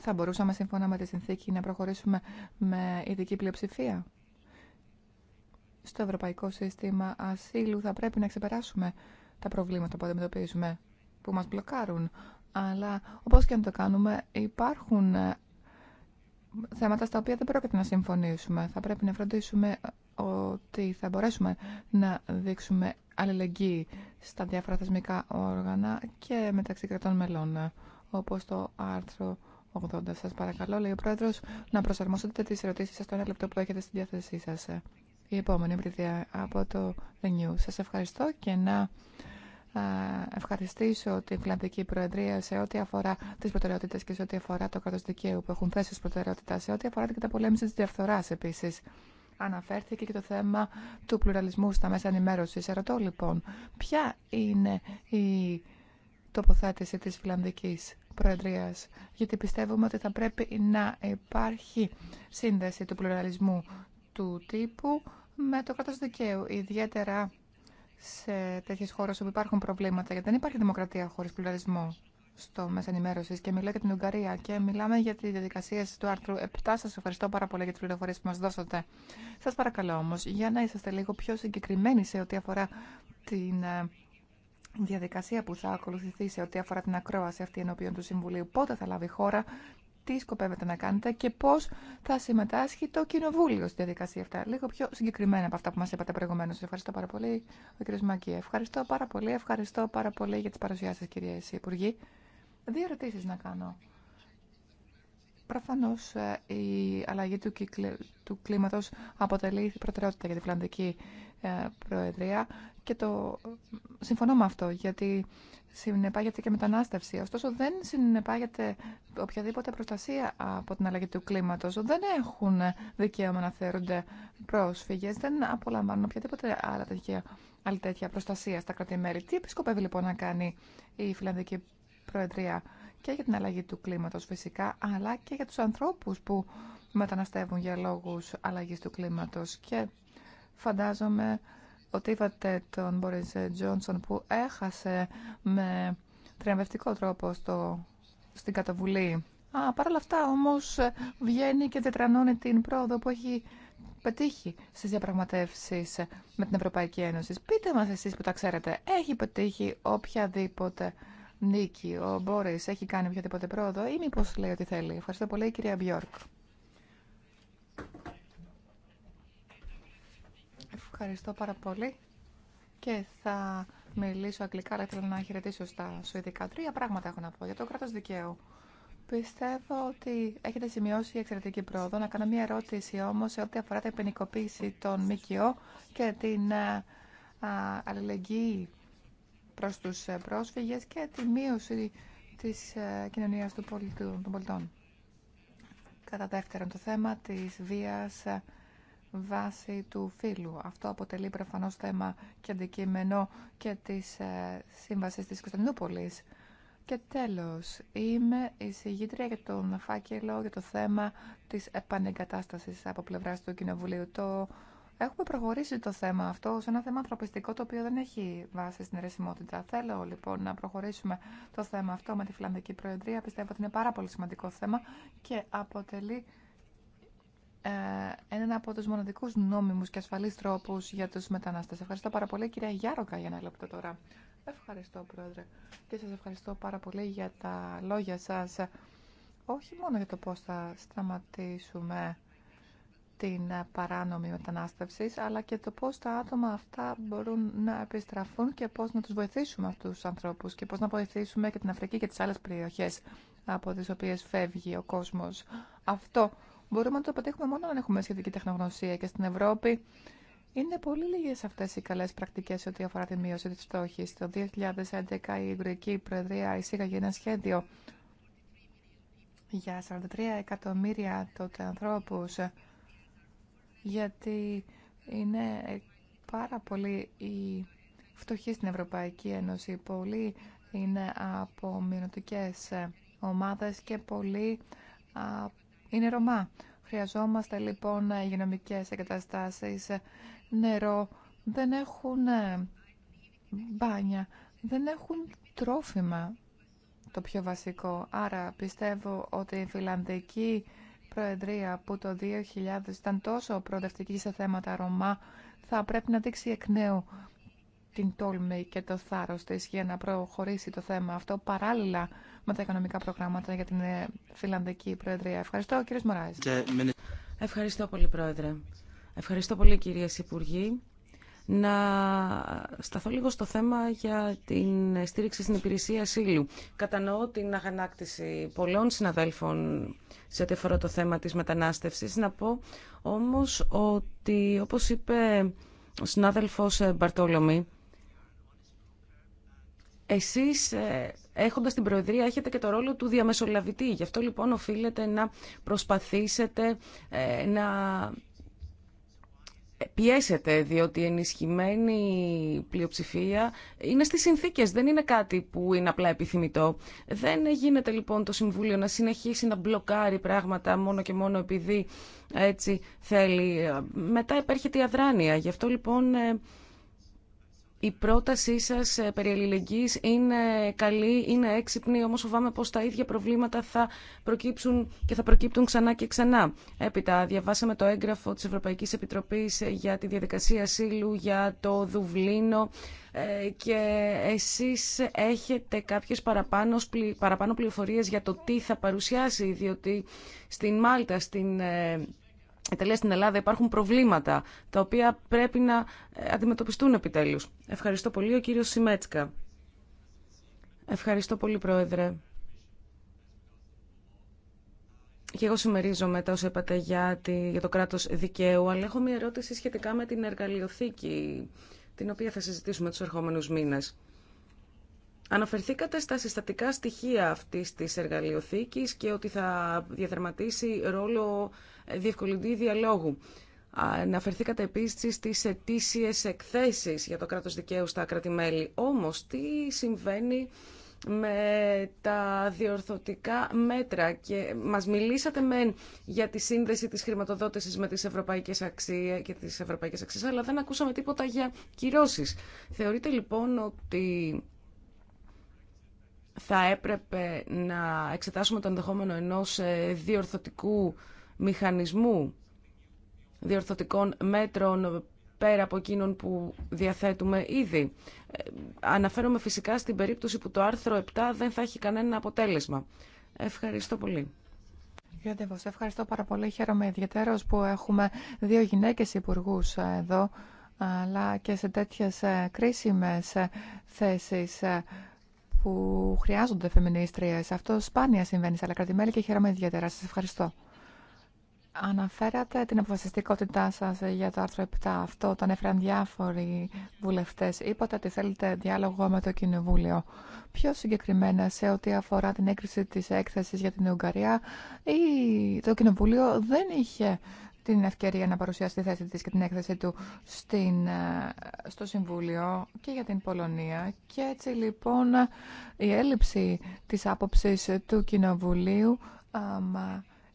Θα μπορούσαμε σύμφωνα με τη συνθήκη να προχωρήσουμε με ειδική πλειοψηφία. Στο ευρωπαϊκό σύστημα ασύλου θα πρέπει να ξεπεράσουμε τα προβλήματα που αντιμετωπίζουμε, που μας μπλοκάρουν. Αλλά όπως και αν το κάνουμε υπάρχουν θέματα στα οποία δεν πρόκειται να συμφωνήσουμε. Θα πρέπει να φροντίσουμε ε, ότι θα μπορέσουμε να δείξουμε αλληλεγγύη στα διάφορα θεσμικά όργανα και μεταξύ κρατών μελών, όπως το άρθρο 80. Σας παρακαλώ, λέει ο Πρόεδρος, να προσαρμόσετε τις ερωτήσεις σας στο ένα λεπτό που έχετε στη διάθεσή σας. Η επόμενη βρυδιά από το The Σας ευχαριστώ και να ευχαριστήσω την Φιλανδική Προεδρία σε ό,τι αφορά τι προτεραιότητε και σε ό,τι αφορά το κράτο δικαίου που έχουν θέσει ω προτεραιότητα, σε ό,τι αφορά την καταπολέμηση τη διαφθορά επίση. Αναφέρθηκε και το θέμα του πλουραλισμού στα μέσα ενημέρωση. Ρωτώ λοιπόν, ποια είναι η τοποθέτηση τη φιλανδική Προεδρίας, γιατί πιστεύουμε ότι θα πρέπει να υπάρχει σύνδεση του πλουραλισμού του τύπου με το κράτος δικαίου, ιδιαίτερα σε τέτοιε χώρε όπου υπάρχουν προβλήματα, γιατί δεν υπάρχει δημοκρατία χωρί πλουραλισμό στο μέσα ενημέρωση. Και μιλάω για την Ουγγαρία και μιλάμε για τι διαδικασίε του άρθρου 7. Σα ευχαριστώ πάρα πολύ για τι πληροφορίε που μα δώσατε. Σα παρακαλώ όμω, για να είσαστε λίγο πιο συγκεκριμένοι σε ό,τι αφορά την ε, διαδικασία που θα ακολουθηθεί σε ό,τι αφορά την ακρόαση αυτή ενώπιον του Συμβουλίου, πότε θα λάβει χώρα, τι σκοπεύετε να κάνετε και πώς θα συμμετάσχει το Κοινοβούλιο στη διαδικασία αυτά. Λίγο πιο συγκεκριμένα από αυτά που μα είπατε προηγουμένω. Ευχαριστώ πάρα πολύ, ο κ. Μακή. Ευχαριστώ πάρα πολύ, ευχαριστώ πάρα πολύ για τις παρουσιάσεις, κυρίες Υπουργοί. Δύο ερωτήσει να κάνω. Προφανώ ε, η αλλαγή του, κύκλου, του κλίματος αποτελεί προτεραιότητα για τη Φλανδική ε, Προεδρία και το συμφωνώ με αυτό, γιατί συνεπάγεται και μετανάστευση. Ωστόσο, δεν συνεπάγεται οποιαδήποτε προστασία από την αλλαγή του κλίματος. Δεν έχουν δικαίωμα να θεωρούνται πρόσφυγες, δεν απολαμβάνουν οποιαδήποτε άλλα τέτοια, άλλη τέτοια προστασία στα κρατη Τι επισκοπεύει λοιπόν να κάνει η Φιλανδική Προεδρία και για την αλλαγή του κλίματος φυσικά, αλλά και για τους ανθρώπους που μεταναστεύουν για λόγους αλλαγής του κλίματος. Και φαντάζομαι ότι είπατε τον Μπόρις Τζόνσον που έχασε με τρεμβευτικό τρόπο στο, στην καταβουλή. Α, παρ' όλα αυτά όμως βγαίνει και τετρανώνει την πρόοδο που έχει πετύχει στις διαπραγματεύσεις με την Ευρωπαϊκή Ένωση. Πείτε μας εσείς που τα ξέρετε, έχει πετύχει οποιαδήποτε νίκη, ο Μπόρις έχει κάνει οποιαδήποτε πρόοδο ή μήπως λέει ότι θέλει. Ευχαριστώ πολύ κυρία Μπιόρκ. Ευχαριστώ πάρα πολύ και θα μιλήσω αγγλικά, αλλά θέλω να χαιρετήσω στα σουηδικά. Τρία πράγματα έχω να πω για το κράτος δικαίου. Πιστεύω ότι έχετε σημειώσει εξαιρετική πρόοδο. Να κάνω μια ερώτηση όμως σε ό,τι αφορά την ποινικοποίηση των ΜΚΟ και την ε, αλληλεγγύη προς τους ε, πρόσφυγες και τη μείωση της ε, κοινωνίας των πολιτών. Κατά δεύτερον, το θέμα της βίας βάση του φύλου. Αυτό αποτελεί προφανώς θέμα και αντικείμενο και της ε, Σύμβασης της Κωνσταντινούπολης. Και τέλος, είμαι η συγγήτρια για τον φάκελο για το θέμα της επανεγκατάστασης από πλευράς του Κοινοβουλίου. Το Έχουμε προχωρήσει το θέμα αυτό σε ένα θέμα ανθρωπιστικό το οποίο δεν έχει βάση στην αιρεσιμότητα. Θέλω λοιπόν να προχωρήσουμε το θέμα αυτό με τη Φιλανδική Προεδρία. Πιστεύω ότι είναι πάρα πολύ σημαντικό θέμα και αποτελεί ε, έναν από τους μοναδικούς νόμιμους και ασφαλείς τρόπους για τους μετανάστες. Ευχαριστώ πάρα πολύ κυρία Γιάροκα για ένα λεπτό τώρα. Ευχαριστώ πρόεδρε και σας ευχαριστώ πάρα πολύ για τα λόγια σας. Όχι μόνο για το πώς θα σταματήσουμε την παράνομη μετανάστευση, αλλά και το πώς τα άτομα αυτά μπορούν να επιστραφούν και πώς να τους βοηθήσουμε αυτούς τους ανθρώπους και πώς να βοηθήσουμε και την Αφρική και τις άλλες περιοχές από τις οποίες φεύγει ο κόσμος. Αυτό μπορούμε να το πετύχουμε μόνο αν έχουμε σχετική τεχνογνωσία και στην Ευρώπη είναι πολύ λίγε αυτέ οι καλέ πρακτικέ ό,τι αφορά τη μείωση τη φτώχεια. Το 2011 η Ουγγρική Προεδρία εισήγαγε ένα σχέδιο για 43 εκατομμύρια τότε ανθρώπου, γιατί είναι πάρα πολύ η φτωχοί στην Ευρωπαϊκή Ένωση. Πολλοί είναι από μειωτικέ ομάδες και πολλοί από είναι Ρωμά. Χρειαζόμαστε λοιπόν υγειονομικές εγκαταστάσεις, νερό, δεν έχουν ε, μπάνια, δεν έχουν τρόφιμα το πιο βασικό. Άρα πιστεύω ότι η Φιλανδική Προεδρία που το 2000 ήταν τόσο προοδευτική σε θέματα Ρωμά θα πρέπει να δείξει εκ νέου την τόλμη και το θάρρος της για να προχωρήσει το θέμα αυτό παράλληλα με τα οικονομικά προγράμματα για την ε, Φιλανδική Προεδρία. Ευχαριστώ, κύριε Μωράης. Ευχαριστώ πολύ, Πρόεδρε. Ευχαριστώ πολύ, κυρία Υπουργοί. Να σταθώ λίγο στο θέμα για την στήριξη στην υπηρεσία ασύλου. Κατανοώ την αγανάκτηση πολλών συναδέλφων σε ό,τι αφορά το θέμα της μετανάστευσης. Να πω όμως ότι, όπως είπε ο συνάδελφος Μπαρτόλομη, εσείς ε, έχοντας την Προεδρία έχετε και το ρόλο του διαμεσολαβητή. Γι' αυτό λοιπόν οφείλετε να προσπαθήσετε ε, να πιέσετε, διότι η ενισχυμένη πλειοψηφία είναι στις συνθήκες, δεν είναι κάτι που είναι απλά επιθυμητό. Δεν γίνεται λοιπόν το Συμβούλιο να συνεχίσει να μπλοκάρει πράγματα μόνο και μόνο επειδή έτσι θέλει. Μετά υπέρχεται η αδράνεια. Γι' αυτό λοιπόν ε, η πρότασή σας ε, περί είναι καλή, είναι έξυπνη, όμως φοβάμαι πως τα ίδια προβλήματα θα προκύψουν και θα προκύπτουν ξανά και ξανά. Έπειτα, διαβάσαμε το έγγραφο τη Ευρωπαϊκή Επιτροπή για τη διαδικασία ασύλου, για το Δουβλίνο ε, και εσείς έχετε κάποιες παραπάνω, παραπάνω πληροφορίες για το τι θα παρουσιάσει, διότι στην Μάλτα, στην ε, Ιταλία στην Ελλάδα υπάρχουν προβλήματα τα οποία πρέπει να ε, αντιμετωπιστούν επιτέλους. Ευχαριστώ πολύ ο κύριος Σιμέτσκα. Ευχαριστώ πολύ Πρόεδρε. Και εγώ συμμερίζομαι τα όσα είπατε για, για το κράτος δικαίου, αλλά έχω μια ερώτηση σχετικά με την εργαλειοθήκη, την οποία θα συζητήσουμε τους ερχόμενους μήνες. Αναφερθήκατε στα συστατικά στοιχεία αυτής της εργαλειοθήκης και ότι θα διαδραματίσει ρόλο διευκολυντή διαλόγου. Αναφερθήκατε επίσης στις ετήσιες εκθέσεις για το κράτος δικαίου στα κράτη-μέλη. Όμως, τι συμβαίνει με τα διορθωτικά μέτρα και μας μιλήσατε μεν για τη σύνδεση της χρηματοδότησης με τις ευρωπαϊκές αξίες και τις ευρωπαϊκές αξίες, αλλά δεν ακούσαμε τίποτα για κυρώσεις. Θεωρείτε λοιπόν ότι θα έπρεπε να εξετάσουμε το ενδεχόμενο ενός ε, διορθωτικού μηχανισμού διορθωτικών μέτρων πέρα από εκείνων που διαθέτουμε ήδη. Ε, αναφέρομαι φυσικά στην περίπτωση που το άρθρο 7 δεν θα έχει κανένα αποτέλεσμα. Ευχαριστώ πολύ. Κύριε ευχαριστώ πάρα πολύ. Χαίρομαι ιδιαίτερα, που έχουμε δύο γυναίκε υπουργού εδώ, αλλά και σε τέτοιε κρίσιμε ε, θέσει ε, που χρειάζονται φεμινίστριες. Αυτό σπάνια συμβαίνει σε άλλα κρατημέλη και χαίρομαι ιδιαίτερα. Σα ευχαριστώ. Αναφέρατε την αποφασιστικότητά σα για το άρθρο 7. Αυτό το έφεραν διάφοροι βουλευτέ. Είπατε ότι θέλετε διάλογο με το Κοινοβούλιο. Πιο συγκεκριμένα σε ό,τι αφορά την έκρηση τη έκθεση για την Ουγγαρία, ή το Κοινοβούλιο δεν είχε την ευκαιρία να παρουσιάσει τη θέση της και την έκθεση του στην, ε, στο Συμβούλιο και για την Πολωνία. Και έτσι λοιπόν η έλλειψη της άποψης του Κοινοβουλίου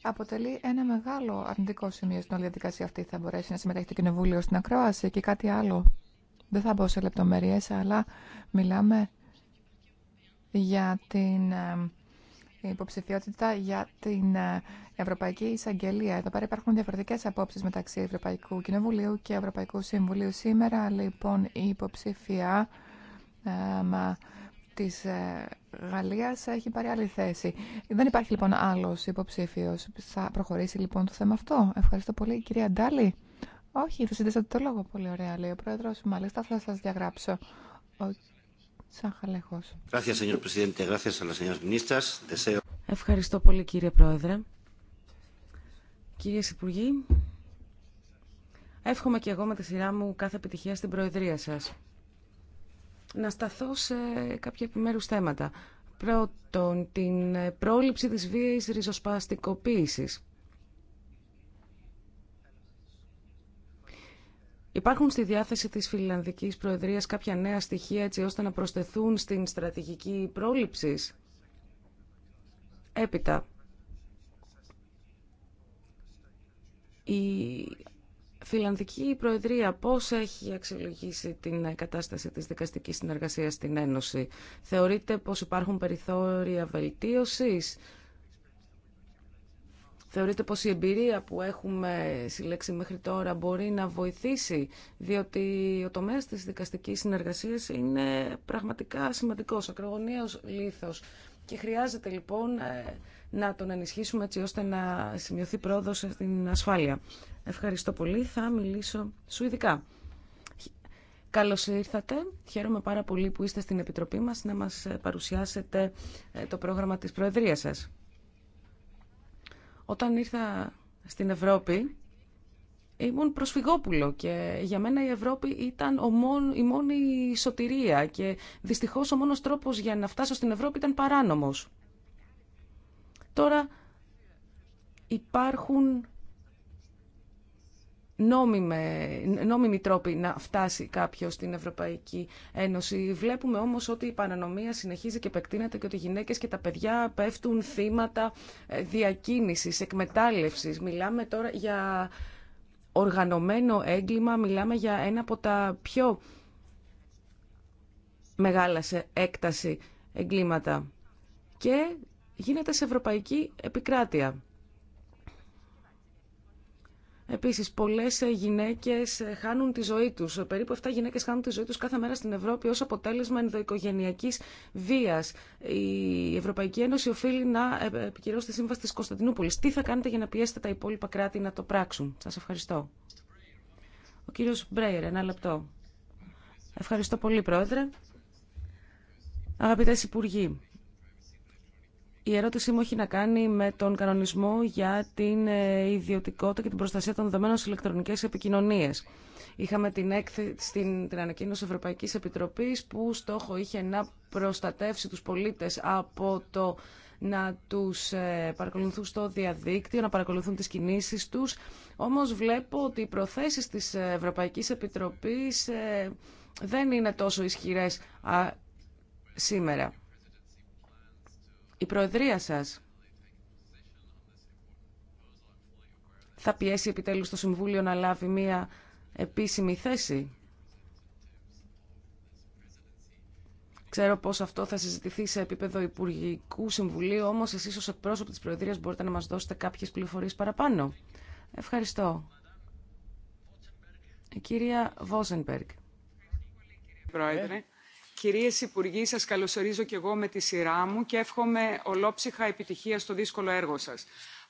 αποτελεί ένα μεγάλο αρνητικό σημείο στην όλη διαδικασία αυτή. Θα μπορέσει να συμμετέχει το Κοινοβούλιο στην Ακρόαση και κάτι άλλο. Δεν θα μπω σε λεπτομέρειε, αλλά μιλάμε για την ε, υποψηφιότητα για την ε, Ευρωπαϊκή Εισαγγελία. Εδώ πέρα υπάρχουν διαφορετικέ απόψει μεταξύ Ευρωπαϊκού Κοινοβουλίου και Ευρωπαϊκού Συμβουλίου. Σήμερα, λοιπόν, η υποψηφία ε, τη Γαλλία έχει πάρει άλλη θέση. Δεν υπάρχει λοιπόν άλλο υποψήφιος. Θα προχωρήσει λοιπόν το θέμα αυτό. Ευχαριστώ πολύ κυρία Ντάλη. Όχι, θα συντήσατε το λόγο πολύ ωραία, λέει ο πρόεδρο. Μάλιστα θα σα διαγράψω. Ο Σαχαλέχος. Ευχαριστώ πολύ κύριε Πρόεδρε. Κύριε Υπουργοί, εύχομαι και εγώ με τη σειρά μου κάθε επιτυχία στην Προεδρία σας. Να σταθώ σε κάποια επιμέρους θέματα. Πρώτον, την ε, πρόληψη της βίαιης ριζοσπαστικοποίησης. Υπάρχουν στη διάθεση της Φιλανδικής Προεδρίας κάποια νέα στοιχεία έτσι ώστε να προσθεθούν στην στρατηγική πρόληψης. Έπειτα, η Φιλανδική Προεδρία πώς έχει αξιολογήσει την κατάσταση της δικαστικής συνεργασίας στην Ένωση. Θεωρείτε πως υπάρχουν περιθώρια βελτίωσης. Θεωρείτε πως η εμπειρία που έχουμε συλλέξει μέχρι τώρα μπορεί να βοηθήσει, διότι ο τομέας της δικαστικής συνεργασίας είναι πραγματικά σημαντικός, ακρογωνίως λήθος. Και χρειάζεται λοιπόν ε, να τον ενισχύσουμε έτσι ώστε να σημειωθεί πρόοδος στην ασφάλεια. Ευχαριστώ πολύ. Θα μιλήσω σου ειδικά. Καλώς ήρθατε. Χαίρομαι πάρα πολύ που είστε στην Επιτροπή μας να μας παρουσιάσετε ε, το πρόγραμμα της Προεδρίας σας. Όταν ήρθα στην Ευρώπη, ήμουν προσφυγόπουλο και για μένα η Ευρώπη ήταν ο η μόνη σωτηρία και δυστυχώς ο μόνος τρόπος για να φτάσω στην Ευρώπη ήταν παράνομος. Τώρα υπάρχουν νόμιμε, νόμιμοι τρόποι να φτάσει κάποιο στην Ευρωπαϊκή Ένωση. Βλέπουμε όμως ότι η παρανομία συνεχίζει και επεκτείνεται και ότι οι γυναίκες και τα παιδιά πέφτουν θύματα ε, διακίνησης, εκμετάλλευσης. Μιλάμε τώρα για οργανωμένο έγκλημα, μιλάμε για ένα από τα πιο μεγάλα σε έκταση εγκλήματα. Και γίνεται σε ευρωπαϊκή επικράτεια. Επίσης, πολλές γυναίκες χάνουν τη ζωή τους. Περίπου 7 γυναίκες χάνουν τη ζωή τους κάθε μέρα στην Ευρώπη ως αποτέλεσμα ενδοοικογενειακής βίας. Η Ευρωπαϊκή Ένωση οφείλει να ε, ε, επικυρώσει τη σύμβαση της Κωνσταντινούπολης. Τι θα κάνετε για να πιέσετε τα υπόλοιπα κράτη να το πράξουν. Σας ευχαριστώ. Ο κύριος Μπρέιερ, ένα λεπτό. Ευχαριστώ πολύ, Πρόεδρε. Αγαπητές Υπουργοί, η ερώτησή μου έχει να κάνει με τον κανονισμό για την ε, ιδιωτικότητα και την προστασία των δεδομένων στις ηλεκτρονικές επικοινωνίες. Είχαμε την, έκθεση, στην, την ανακοίνωση Ευρωπαϊκής Επιτροπής που στόχο είχε να προστατεύσει τους πολίτες από το να τους ε, παρακολουθούν στο διαδίκτυο, να παρακολουθούν τις κινήσεις τους. Όμως βλέπω ότι οι προθέσεις της Ευρωπαϊκής Επιτροπής ε, δεν είναι τόσο ισχυρές σήμερα η Προεδρία σας θα πιέσει επιτέλους το Συμβούλιο να λάβει μία επίσημη θέση. Ξέρω πως αυτό θα συζητηθεί σε επίπεδο Υπουργικού Συμβουλίου, όμως εσείς ως εκπρόσωποι της Προεδρίας μπορείτε να μας δώσετε κάποιες πληροφορίες παραπάνω. Ευχαριστώ. Η κυρία Βόζενμπεργκ. Πρόεδρε, Κυρίες Υπουργοί, σας καλωσορίζω και εγώ με τη σειρά μου και εύχομαι ολόψυχα επιτυχία στο δύσκολο έργο σας.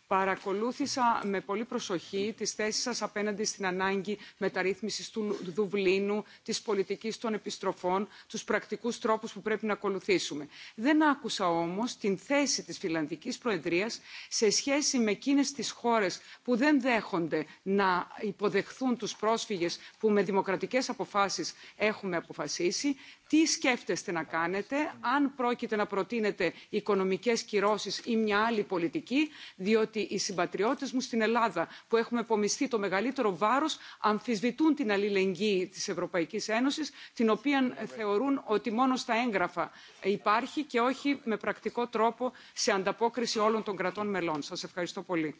Παρακολούθησα με πολύ προσοχή τις θέσεις σας απέναντι στην ανάγκη μεταρρύθμισης του Δουβλίνου, της πολιτικής των επιστροφών, τους πρακτικούς τρόπους που πρέπει να ακολουθήσουμε. Δεν άκουσα όμως την θέση της Φιλανδικής Προεδρίας σε σχέση με εκείνες τις χώρες που δεν δέχονται να υποδεχθούν τους πρόσφυγες που με δημοκρατικές αποφάσεις έχουμε αποφασίσει, τι σκέφτεστε να κάνετε αν πρόκειται να προτείνετε οικονομικές κυρώσεις ή μια άλλη πολιτική διότι οι συμπατριώτες μου στην Ελλάδα που έχουμε υπομειστεί το μεγαλύτερο βάρος αμφισβητούν την αλληλεγγύη της Ευρωπαϊκής Ένωσης την οποία θεωρούν ότι μόνο στα έγγραφα υπάρχει και όχι με πρακτικό τρόπο σε ανταπόκριση όλων των κρατών μελών. Σας ευχαριστώ πολύ.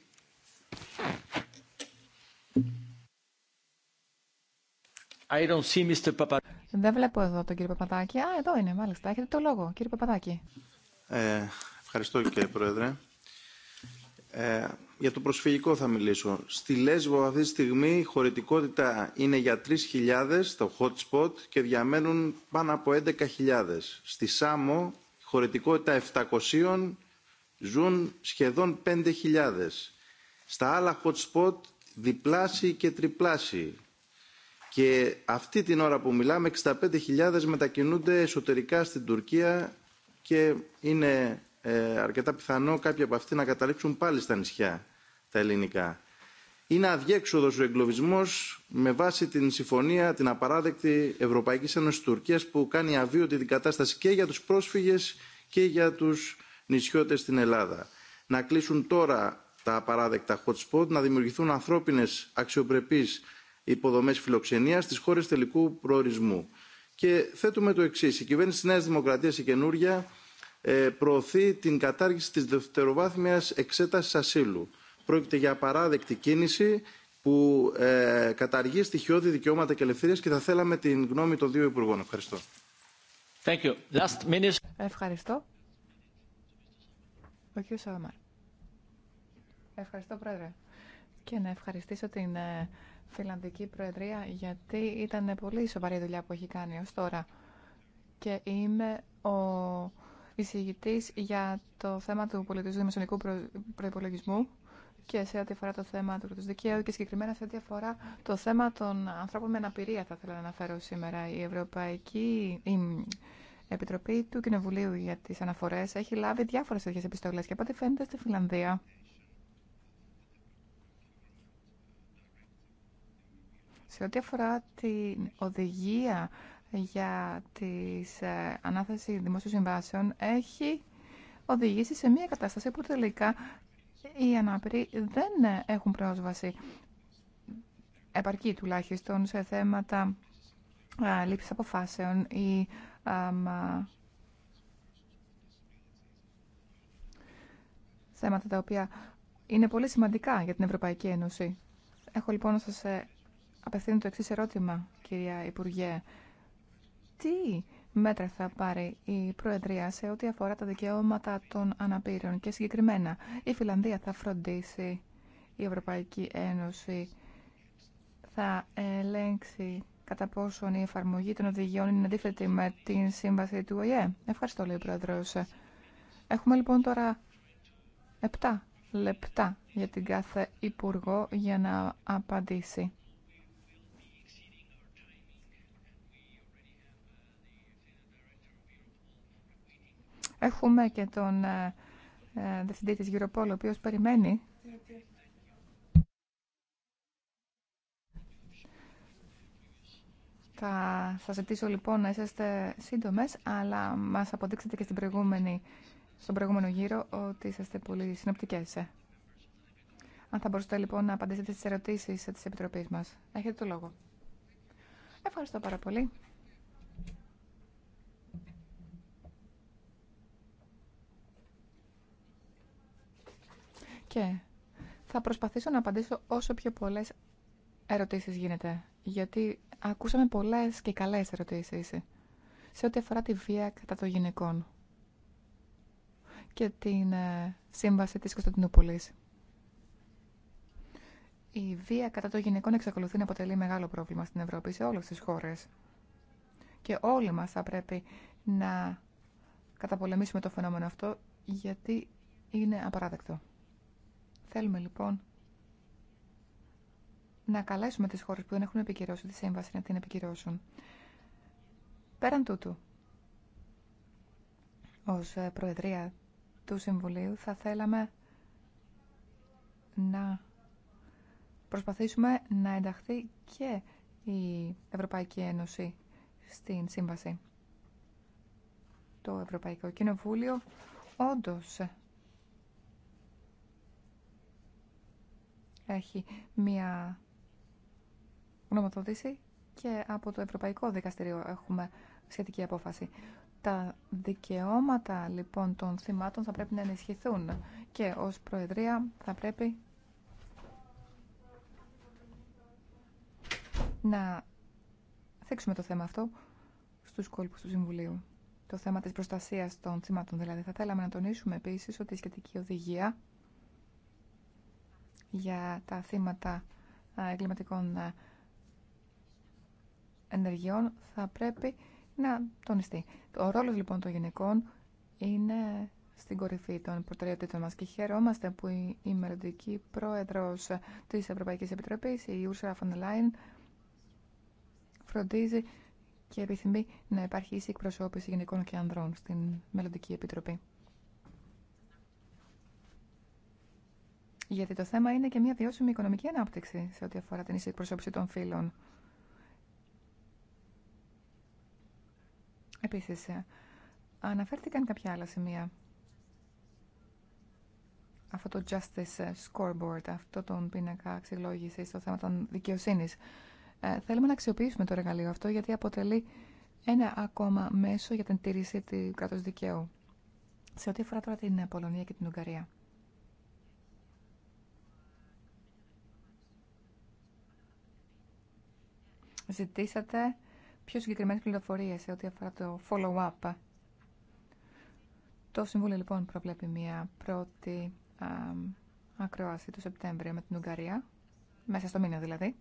Δεν βλέπω εδώ τον κύριο Παπαδάκη. Α, εδώ είναι, μάλιστα. Έχετε το λόγο, κύριε Παπαδάκη. Ε, ευχαριστώ, κύριε Πρόεδρε. Ε, για το προσφυγικό θα μιλήσω. Στη Λέσβο αυτή τη στιγμή η χωρητικότητα είναι για 3.000 το hot spot και διαμένουν πάνω από 11.000. Στη Σάμο η χωρητικότητα 700 ζουν σχεδόν 5.000. Στα άλλα hot spot διπλάσιοι και τριπλάσιοι και αυτή την ώρα που μιλάμε 65.000 μετακινούνται εσωτερικά στην Τουρκία και είναι ε, αρκετά πιθανό κάποιοι από αυτοί να καταλήξουν πάλι στα νησιά τα ελληνικά. Είναι αδιέξοδος ο εγκλωβισμός με βάση την συμφωνία, την απαράδεκτη Ευρωπαϊκή Ένωση Τουρκίας που κάνει αβίωτη την κατάσταση και για τους πρόσφυγες και για τους νησιώτες στην Ελλάδα. Να κλείσουν τώρα τα απαράδεκτα hot spot, να δημιουργηθούν ανθρώπινες αξιοπρεπείς Υποδομέ φιλοξενίας στις χώρες τελικού προορισμού. Και θέτουμε το εξή. Η κυβέρνηση τη Νέας Δημοκρατίας, η καινούρια, ε, προωθεί την κατάργηση της δευτεροβάθμιας εξέτασης ασύλου. Πρόκειται για απαράδεκτη κίνηση που ε, καταργεί στοιχειώδη δικαιώματα και ελευθερίες και θα θέλαμε την γνώμη των δύο Υπουργών. Ευχαριστώ. Thank you. Last minute. Ευχαριστώ. Ο κ. Ευχαριστώ, Πρόεδρε. Και να ευχαριστήσω την ε, Φιλανδική Προεδρία γιατί ήταν πολύ σοβαρή δουλειά που έχει κάνει ως τώρα και είμαι ο εισηγητής για το θέμα του πολιτικού δημοσιονομικού προϋπολογισμού και σε ό,τι αφορά το θέμα του κράτους δικαίου και συγκεκριμένα σε ό,τι αφορά το θέμα των ανθρώπων με αναπηρία θα ήθελα να αναφέρω σήμερα. Η Ευρωπαϊκή Επιτροπή του Κοινοβουλίου για τις Αναφορές έχει λάβει διάφορες τέτοιες επιστολές και από ό,τι φαίνεται στη Φιλανδία Σε ό,τι αφορά την οδηγία για την ε, ανάθεση δημόσιων συμβάσεων, έχει οδηγήσει σε μια κατάσταση που τελικά οι ανάπηροι δεν έχουν πρόσβαση επαρκή τουλάχιστον σε θέματα λήψη ε, λήψης αποφάσεων ή α, θέματα τα οποία είναι πολύ σημαντικά για την Ευρωπαϊκή Ένωση. Έχω λοιπόν να σας ε, απευθύνω το εξή ερώτημα, κυρία Υπουργέ. Τι μέτρα θα πάρει η Προεδρία σε ό,τι αφορά τα δικαιώματα των αναπήρων και συγκεκριμένα η Φιλανδία θα φροντίσει η Ευρωπαϊκή Ένωση θα ελέγξει κατά πόσον η εφαρμογή των οδηγιών είναι αντίθετη με την σύμβαση του ΟΗΕ. Ευχαριστώ, λέει ο Πρόεδρος. Έχουμε λοιπόν τώρα 7 λεπτά για την κάθε Υπουργό για να απαντήσει. Έχουμε και τον ε, ε, διευθυντή της Europol, ο οποίος περιμένει. Θα σας ζητήσω λοιπόν να είσαστε σύντομες, αλλά μας αποδείξετε και στην προηγούμενη, στον προηγούμενο γύρο ότι είσαστε πολύ συνοπτικές. Ε. Αν θα μπορούσατε λοιπόν να απαντήσετε στις ερωτήσεις της Επιτροπής μας. Έχετε το λόγο. Ευχαριστώ πάρα πολύ. Και θα προσπαθήσω να απαντήσω όσο πιο πολλές ερωτήσεις γίνεται. Γιατί ακούσαμε πολλές και καλές ερωτήσεις σε ό,τι αφορά τη βία κατά των γυναικών και την ε, σύμβαση της Κωνσταντινούπολης. Η βία κατά των γυναικών εξακολουθεί να αποτελεί μεγάλο πρόβλημα στην Ευρώπη, σε όλες τις χώρες. Και όλοι μας θα πρέπει να καταπολεμήσουμε το φαινόμενο αυτό, γιατί είναι απαράδεκτο. Θέλουμε λοιπόν να καλέσουμε τις χώρες που δεν έχουν επικυρώσει τη σύμβαση να την επικυρώσουν. Πέραν τούτου, ως ε, Προεδρία του Συμβουλίου θα θέλαμε να προσπαθήσουμε να ενταχθεί και η Ευρωπαϊκή Ένωση στην σύμβαση. Το Ευρωπαϊκό Κοινοβούλιο όντως έχει μία γνωματοδίση και από το Ευρωπαϊκό Δικαστήριο έχουμε σχετική απόφαση. Τα δικαιώματα λοιπόν των θυμάτων θα πρέπει να ενισχυθούν και ως Προεδρία θα πρέπει να θέξουμε το θέμα αυτό στους κόλπους του Συμβουλίου. Το θέμα της προστασίας των θυμάτων δηλαδή. Θα θέλαμε να τονίσουμε επίσης ότι η σχετική οδηγία για τα θύματα εγκληματικών ενεργειών θα πρέπει να τονιστεί. Ο ρόλος λοιπόν των γυναικών είναι στην κορυφή των προτεραιοτήτων μας και χαιρόμαστε που η μελλοντική πρόεδρος της Ευρωπαϊκής Επιτροπής, η Ursula von der Leyen, φροντίζει και επιθυμεί να υπάρχει ίση εκπροσώπηση γυναικών και ανδρών στην μελλοντική επιτροπή. Γιατί το θέμα είναι και μια βιώσιμη οικονομική ανάπτυξη σε ό,τι αφορά την ίση εκπροσώπηση των φύλων. Επίσης, ε, αναφέρθηκαν κάποια άλλα σημεία. Αυτό το Justice Scoreboard, αυτό τον πίνακα αξιολόγηση στο θέμα των δικαιοσύνης. Ε, θέλουμε να αξιοποιήσουμε το εργαλείο αυτό γιατί αποτελεί ένα ακόμα μέσο για την τήρηση του κράτους δικαίου. Σε ό,τι αφορά τώρα την Πολωνία και την Ουγγαρία. ζητήσατε πιο συγκεκριμένε πληροφορίε σε ό,τι αφορά το follow-up. Το Συμβούλιο λοιπόν προβλέπει μια πρώτη α, ακρόαση το Σεπτέμβριο με την Ουγγαρία, μέσα στο μήνα δηλαδή.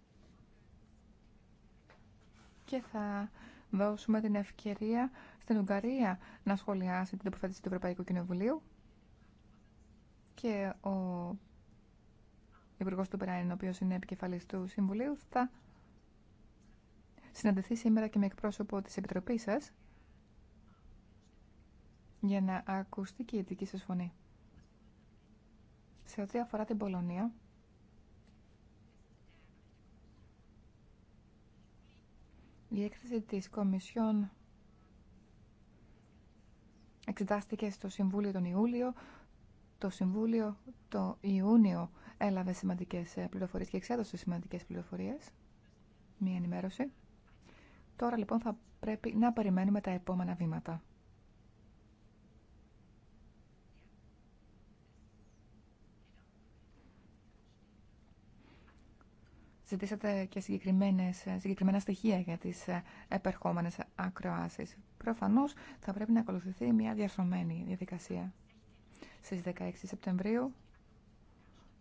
Και θα δώσουμε την ευκαιρία στην Ουγγαρία να σχολιάσει την τοποθέτηση του Ευρωπαϊκού Κοινοβουλίου και ο Υπουργό του Περάιν, ο οποίο είναι επικεφαλή του Συμβουλίου, θα συναντηθεί σήμερα και με εκπρόσωπο της Επιτροπής σας για να ακουστεί και η δική σας φωνή. Σε ό,τι αφορά την Πολωνία, η έκθεση της Κομισιόν εξετάστηκε στο Συμβούλιο τον Ιούλιο, το Συμβούλιο το Ιούνιο έλαβε σημαντικές ε, πληροφορίες και εξέδωσε σημαντικές πληροφορίες, μία ενημέρωση. Τώρα λοιπόν θα πρέπει να περιμένουμε τα επόμενα βήματα. Ζητήσατε και συγκεκριμένες, συγκεκριμένα στοιχεία για τις ε, επερχόμενες ακροάσεις. Προφανώς θα πρέπει να ακολουθηθεί μια διαρθρωμένη διαδικασία. Στις 16 Σεπτεμβρίου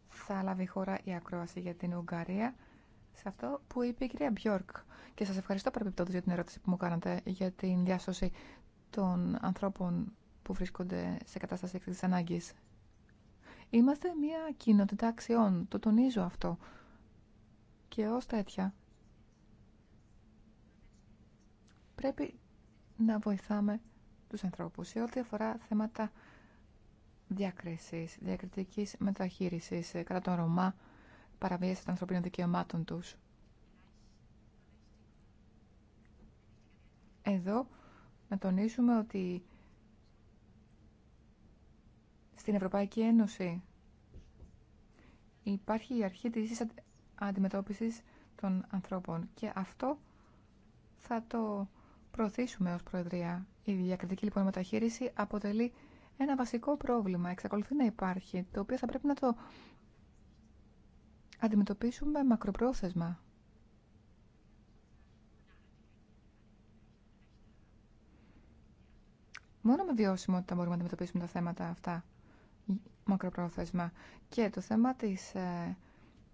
θα λάβει η χώρα η ακρόαση για την Ουγγαρία σε αυτό που είπε η κυρία Μπιόρκ. Και σας ευχαριστώ παρεμπιπτόντως για την ερώτηση που μου κάνατε για την διάσωση των ανθρώπων που βρίσκονται σε κατάσταση έκτακτη ανάγκη. Είμαστε μια κοινότητα αξιών, το τονίζω αυτό. Και ω τέτοια πρέπει να βοηθάμε τους ανθρώπους σε ό,τι αφορά θέματα διάκριση, διακριτική μεταχείριση ε, κατά τον Ρωμά, παραβίαση των ανθρωπίνων δικαιωμάτων τους. Εδώ να τονίσουμε ότι στην Ευρωπαϊκή Ένωση υπάρχει η αρχή της αντιμετώπισης των ανθρώπων και αυτό θα το προωθήσουμε ως Προεδρία. Η διακριτική λοιπόν μεταχείριση αποτελεί ένα βασικό πρόβλημα, εξακολουθεί να υπάρχει, το οποίο θα πρέπει να το αντιμετωπίσουμε μακροπρόθεσμα. Μόνο με βιώσιμότητα μπορούμε να αντιμετωπίσουμε τα θέματα αυτά μακροπρόθεσμα. Και το θέμα της ε,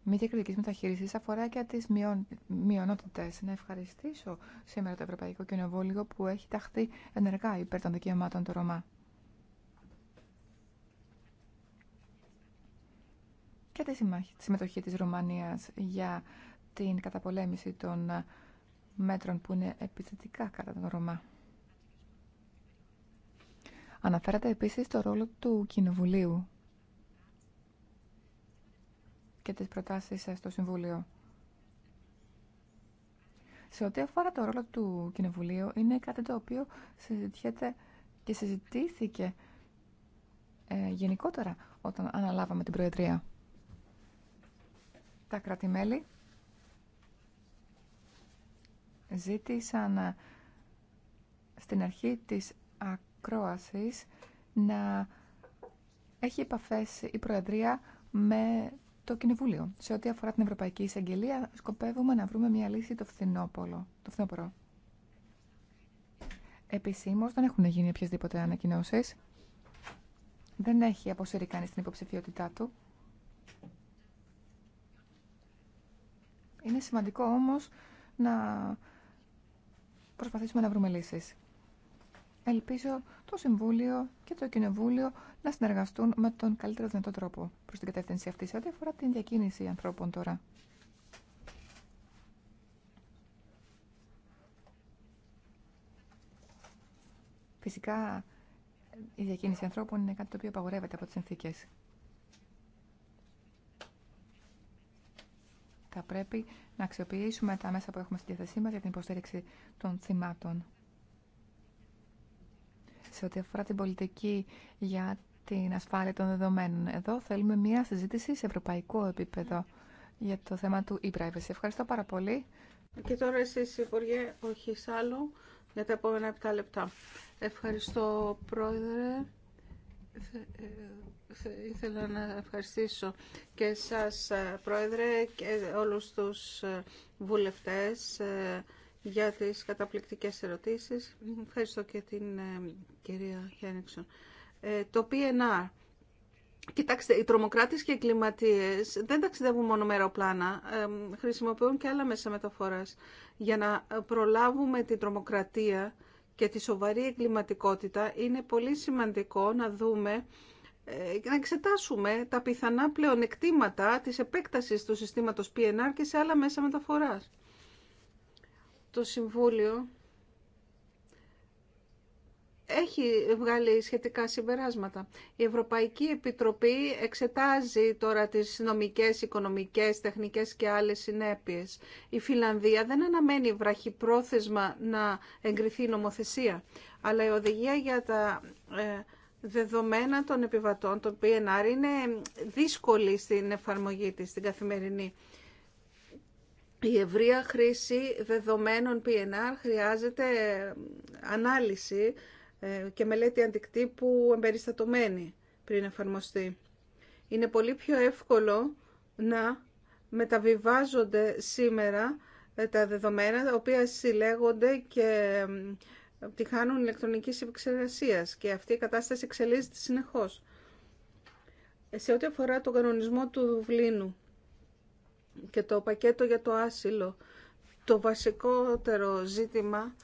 μη διακριτικής μεταχείρισης αφορά και τις μειον, μειονότητες. Να ευχαριστήσω σήμερα το Ευρωπαϊκό Κοινοβούλιο που έχει ταχθεί ενεργά υπέρ των δικαιωμάτων του Ρωμά. και τη συμμετοχή της Ρουμανίας για την καταπολέμηση των ε, μέτρων που είναι επιθετικά κατά τον Ρωμά. Αναφέρατε επίσης το ρόλο του Κοινοβουλίου και τις προτάσεις στο Συμβούλιο. Σε ό,τι αφορά το ρόλο του Κοινοβουλίου, είναι κάτι το οποίο συζητιέται και συζητήθηκε ε, γενικότερα όταν αναλάβαμε την Προεδρία τα κράτη-μέλη ζήτησαν ε, στην αρχή της ακρόασης να έχει επαφές η Προεδρία με το Κοινοβούλιο. Σε ό,τι αφορά την Ευρωπαϊκή Εισαγγελία, σκοπεύουμε να βρούμε μια λύση το φθινόπωρο. Το φθινόπωρο. Επισήμως δεν έχουν γίνει οποιασδήποτε ανακοινώσει. Δεν έχει αποσύρει κανείς την υποψηφιότητά του. Είναι σημαντικό όμως να προσπαθήσουμε να βρούμε λύσεις. Ελπίζω το Συμβούλιο και το Κοινοβούλιο να συνεργαστούν με τον καλύτερο δυνατό τρόπο προς την κατεύθυνση αυτή σε ό,τι αφορά την διακίνηση ανθρώπων τώρα. Φυσικά η διακίνηση ανθρώπων είναι κάτι το οποίο απαγορεύεται από τις συνθήκες. θα πρέπει να αξιοποιήσουμε τα μέσα που έχουμε στη διάθεσή μας για την υποστήριξη των θυμάτων. Σε ό,τι αφορά την πολιτική για την ασφάλεια των δεδομένων, εδώ θέλουμε μια συζήτηση σε ευρωπαϊκό επίπεδο για το θέμα του e-privacy. Ευχαριστώ πάρα πολύ. Και τώρα εσείς, Υπουργέ, όχι άλλο, για τα επόμενα 7 λεπτά. Ευχαριστώ, Πρόεδρε. Ε, ήθελα να ευχαριστήσω και σας ε, Πρόεδρε, και όλους τους ε, βουλευτές για τις καταπληκτικές ερωτήσεις. Ευχαριστώ και την κυρία Χένιξον. Το PNR. Κοιτάξτε, οι τρομοκράτες και οι κλιματίες δεν ταξιδεύουν μόνο με αεροπλάνα, χρησιμοποιούν και άλλα μέσα μεταφοράς για να προλάβουμε την τρομοκρατία και τη σοβαρή εγκληματικότητα, είναι πολύ σημαντικό να δούμε ε, να εξετάσουμε τα πιθανά πλεονεκτήματα της επέκτασης του συστήματος PNR και σε άλλα μέσα μεταφοράς. Το Συμβούλιο έχει βγάλει σχετικά συμπεράσματα. Η Ευρωπαϊκή Επιτροπή εξετάζει τώρα τις νομικές, οικονομικές, τεχνικές και άλλες συνέπειες. Η Φιλανδία δεν αναμένει βραχυπρόθεσμα να εγκριθεί νομοθεσία, αλλά η οδηγία για τα ε, δεδομένα των επιβατών, των PNR, είναι δύσκολη στην εφαρμογή της, στην καθημερινή. Η ευρεία χρήση δεδομένων PNR χρειάζεται ε, ανάλυση ε, και μελέτη αντικτύπου εμπεριστατωμένη πριν εφαρμοστεί. Είναι πολύ πιο εύκολο να μεταβιβάζονται σήμερα ε, τα δεδομένα τα οποία συλλέγονται και ε, χάνουν ηλεκτρονικής επεξεργασίας και αυτή η κατάσταση εξελίσσεται συνεχώς. Σε ό,τι αφορά τον κανονισμό του Δουβλίνου και το πακέτο για το άσυλο, το βασικότερο ζήτημα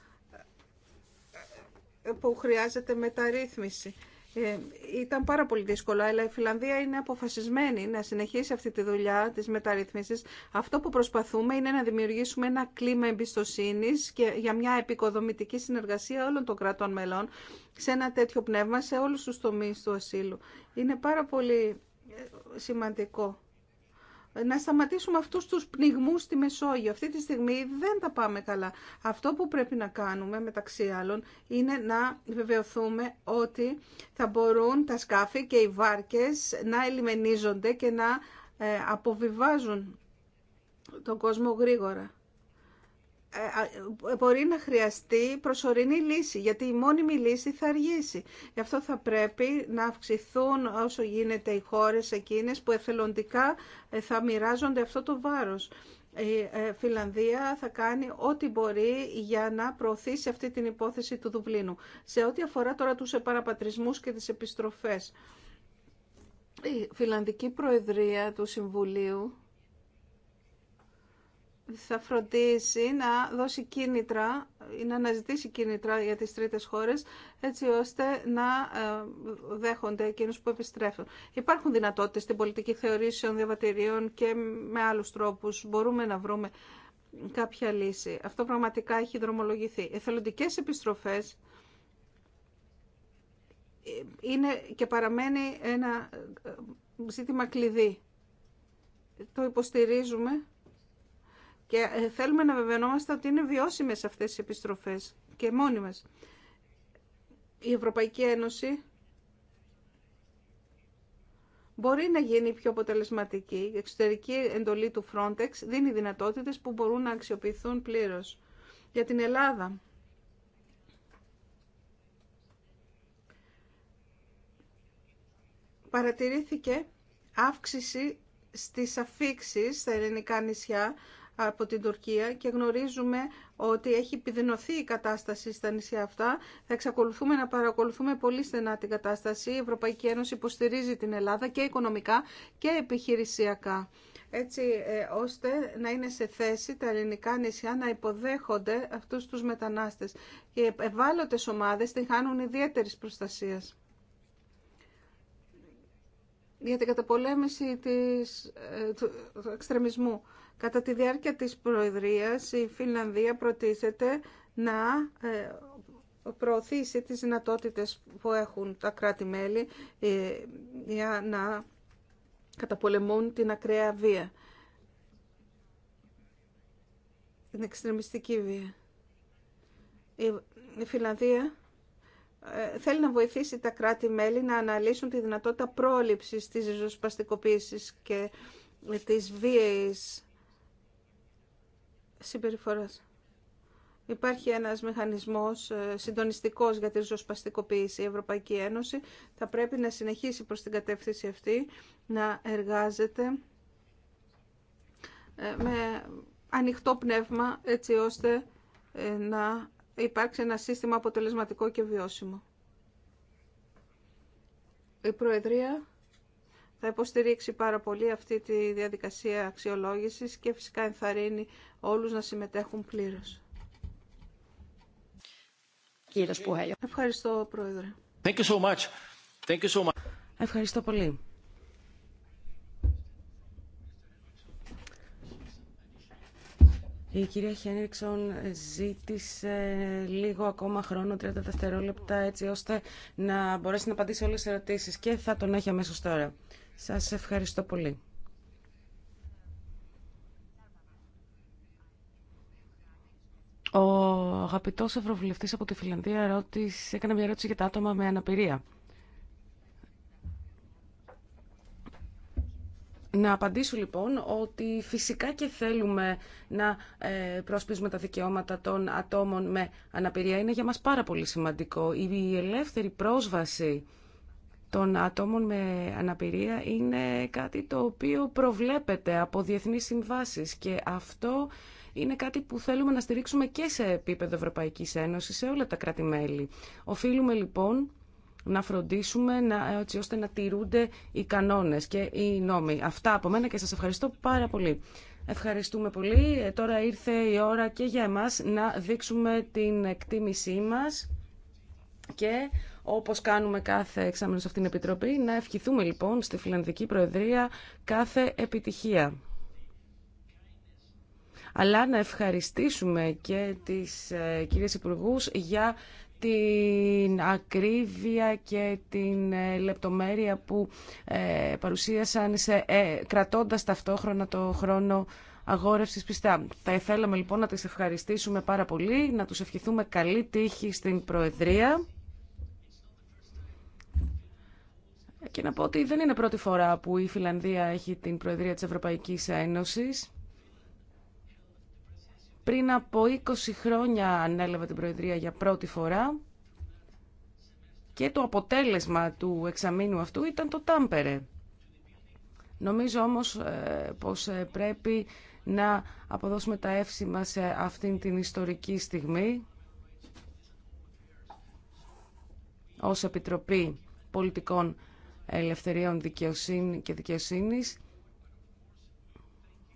που χρειάζεται μεταρρύθμιση. Ε, ήταν πάρα πολύ δύσκολο, αλλά η Φιλανδία είναι αποφασισμένη να συνεχίσει αυτή τη δουλειά της μεταρρύθμισης. Αυτό που προσπαθούμε είναι να δημιουργήσουμε ένα κλίμα εμπιστοσύνης και για μια επικοδομητική συνεργασία όλων των κρατών μελών σε ένα τέτοιο πνεύμα σε όλους τους τομείς του ασύλου. Είναι πάρα πολύ ε, σημαντικό να σταματήσουμε αυτούς τους πνιγμούς στη Μεσόγειο. Αυτή τη στιγμή δεν τα πάμε καλά. Αυτό που πρέπει να κάνουμε μεταξύ άλλων είναι να βεβαιωθούμε ότι θα μπορούν τα σκάφη και οι βάρκες να ελιμενίζονται και να ε, αποβιβάζουν τον κόσμο γρήγορα. Ε, ε, μπορεί να χρειαστεί προσωρινή λύση, γιατί η μόνιμη λύση θα αργήσει. Γι' αυτό θα πρέπει να αυξηθούν όσο γίνεται οι χώρες εκείνες που εθελοντικά ε, θα μοιράζονται αυτό το βάρος. Η Φιλανδία θα κάνει ό,τι μπορεί για να προωθήσει αυτή την υπόθεση του Δουβλίνου. Σε ό,τι αφορά τώρα τους επαναπατρισμούς και τις επιστροφές. Η Φιλανδική Προεδρία του Συμβουλίου θα φροντίσει να δώσει κίνητρα ή να αναζητήσει κίνητρα για τις τρίτες χώρες έτσι ώστε να ε, δέχονται εκείνους που επιστρέφουν. Υπάρχουν δυνατότητες στην πολιτική θεωρήσεων διαβατηρίων και με άλλους τρόπους μπορούμε να βρούμε κάποια λύση. Αυτό πραγματικά έχει δρομολογηθεί. Εθελοντικές επιστροφές είναι και παραμένει ένα ε, ζήτημα κλειδί. Το υποστηρίζουμε και ε, θέλουμε να βεβαινόμαστε ότι είναι βιώσιμες αυτές οι επιστροφές και μόνιμες. Η Ευρωπαϊκή Ένωση μπορεί να γίνει πιο αποτελεσματική. Η εξωτερική εντολή του Frontex δίνει δυνατότητες που μπορούν να αξιοποιηθούν πλήρως. Για την Ελλάδα, παρατηρήθηκε αύξηση στις αφήξεις στα ελληνικά νησιά από την Τουρκία και γνωρίζουμε ότι έχει επιδεινωθεί η κατάσταση στα νησιά αυτά. Θα εξακολουθούμε να παρακολουθούμε πολύ στενά την κατάσταση. Η Ευρωπαϊκή Ένωση υποστηρίζει την Ελλάδα και οικονομικά και επιχειρησιακά έτσι ε, ώστε να είναι σε θέση τα ελληνικά νησιά να υποδέχονται αυτούς τους μετανάστες. Οι ευάλωτες ομάδες την χάνουν ιδιαίτερη προστασία. Για την καταπολέμηση της, ε, του εξτρεμισμού Κατά τη διάρκεια της Προεδρίας η Φινλανδία προτίθεται να ε, προωθήσει τις δυνατότητες που έχουν τα κράτη-μέλη ε, για να καταπολεμούν την ακραία βία, την εξτρεμιστική βία. Η Φιλανδία ε, θέλει να βοηθήσει τα κράτη-μέλη να αναλύσουν τη δυνατότητα πρόληψης της ζωσπαστικοποίησης και της βίαιης συμπεριφοράς. Υπάρχει ένας μηχανισμός ε, συντονιστικός για τη ριζοσπαστικοποίηση. Η Ευρωπαϊκή Ένωση θα πρέπει να συνεχίσει προς την κατεύθυνση αυτή, να εργάζεται ε, με ανοιχτό πνεύμα, έτσι ώστε ε, να υπάρξει ένα σύστημα αποτελεσματικό και βιώσιμο. Η Προεδρία θα υποστηρίξει πάρα πολύ αυτή τη διαδικασία αξιολόγησης και φυσικά ενθαρρύνει όλους να συμμετέχουν πλήρως. Ευχαριστώ, Πρόεδρε. Thank you so much. Thank you so much. Ευχαριστώ πολύ. Η κυρία Χένριξον ζήτησε λίγο ακόμα χρόνο, 30 δευτερόλεπτα, έτσι ώστε να μπορέσει να απαντήσει όλες τις ερωτήσεις και θα τον έχει αμέσως τώρα. Σας ευχαριστώ πολύ. Ο αγαπητό Ευρωβουλευτή από τη Φιλανδία ρώτησε, έκανε μια ερώτηση για τα άτομα με αναπηρία. Να απαντήσω λοιπόν ότι φυσικά και θέλουμε να ε, προσπίζουμε τα δικαιώματα των ατόμων με αναπηρία. Είναι για μας πάρα πολύ σημαντικό. Η ελεύθερη πρόσβαση των ατόμων με αναπηρία είναι κάτι το οποίο προβλέπεται από διεθνείς συμβάσεις και αυτό είναι κάτι που θέλουμε να στηρίξουμε και σε επίπεδο Ευρωπαϊκής Ένωσης, σε όλα τα κράτη-μέλη. Οφείλουμε λοιπόν να φροντίσουμε να, έτσι ώστε να τηρούνται οι κανόνες και οι νόμοι. Αυτά από μένα και σας ευχαριστώ πάρα πολύ. Ευχαριστούμε πολύ. Ε, τώρα ήρθε η ώρα και για εμάς να δείξουμε την εκτίμησή μας και όπως κάνουμε κάθε εξάμεινο σε αυτήν την Επιτροπή. Να ευχηθούμε λοιπόν στη Φιλανδική Προεδρία κάθε επιτυχία. Αλλά να ευχαριστήσουμε και τις ε, κυρίες Υπουργούς για την ακρίβεια και την ε, λεπτομέρεια που ε, παρουσίασαν σε, ε, κρατώντας ταυτόχρονα το χρόνο αγόρευσης πιστά. Θα ήθελαμε λοιπόν να τις ευχαριστήσουμε πάρα πολύ, να τους ευχηθούμε καλή τύχη στην Προεδρία. και να πω ότι δεν είναι πρώτη φορά που η Φιλανδία έχει την Προεδρία της Ευρωπαϊκής Ένωσης. Πριν από 20 χρόνια ανέλαβε την Προεδρία για πρώτη φορά και το αποτέλεσμα του εξαμήνου αυτού ήταν το Τάμπερε. Νομίζω όμως ε, πως ε, πρέπει να αποδώσουμε τα εύσημα σε αυτήν την ιστορική στιγμή ως Επιτροπή Πολιτικών Ελευθεριών Δικαιοσύνη και Δικαιοσύνης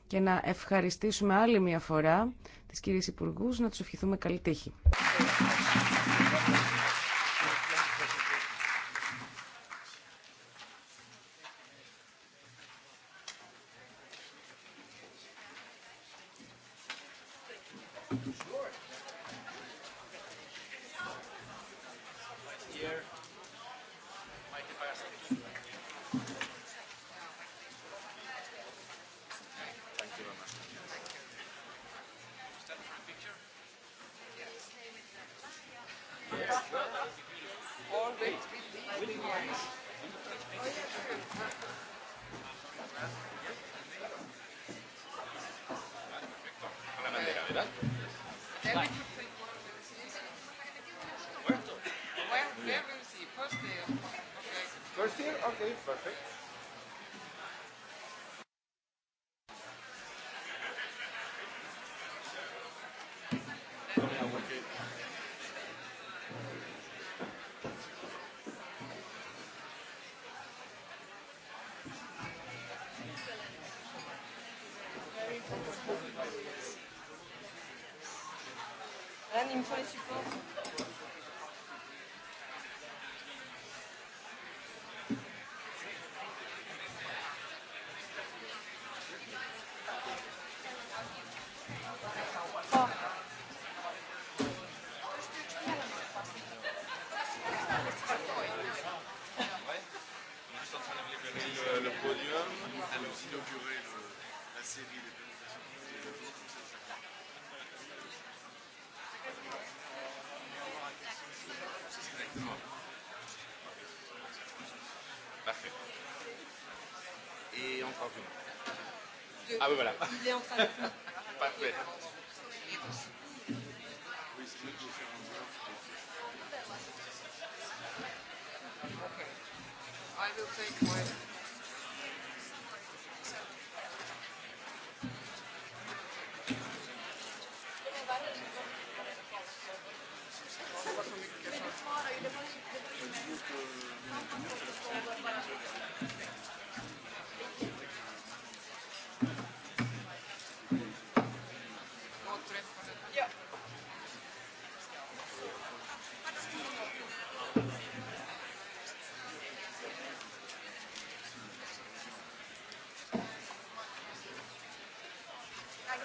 και να ευχαριστήσουμε άλλη μια φορά τις κυρίες Υπουργούς, να τους ευχηθούμε καλή τύχη. Anne, il me faut les supports. Ah oui, voilà. Il est en train de Parfait. I will take my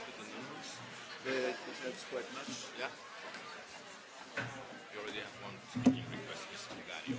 bit with the numbers? It helps quite much. Yeah. You already have one speaking request, Mr. Vigario.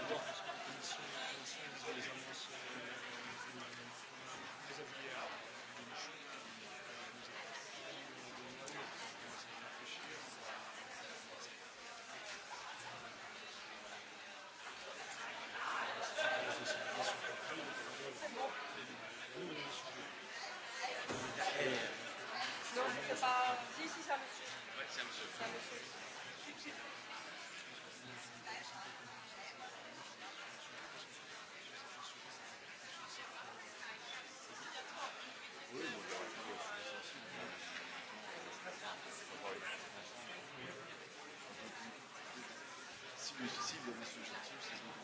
plus d'aller sur ce type, c'est qu'on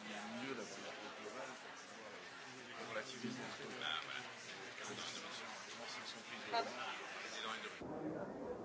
mieux la politique globale pour relativiser un peu la dimension, de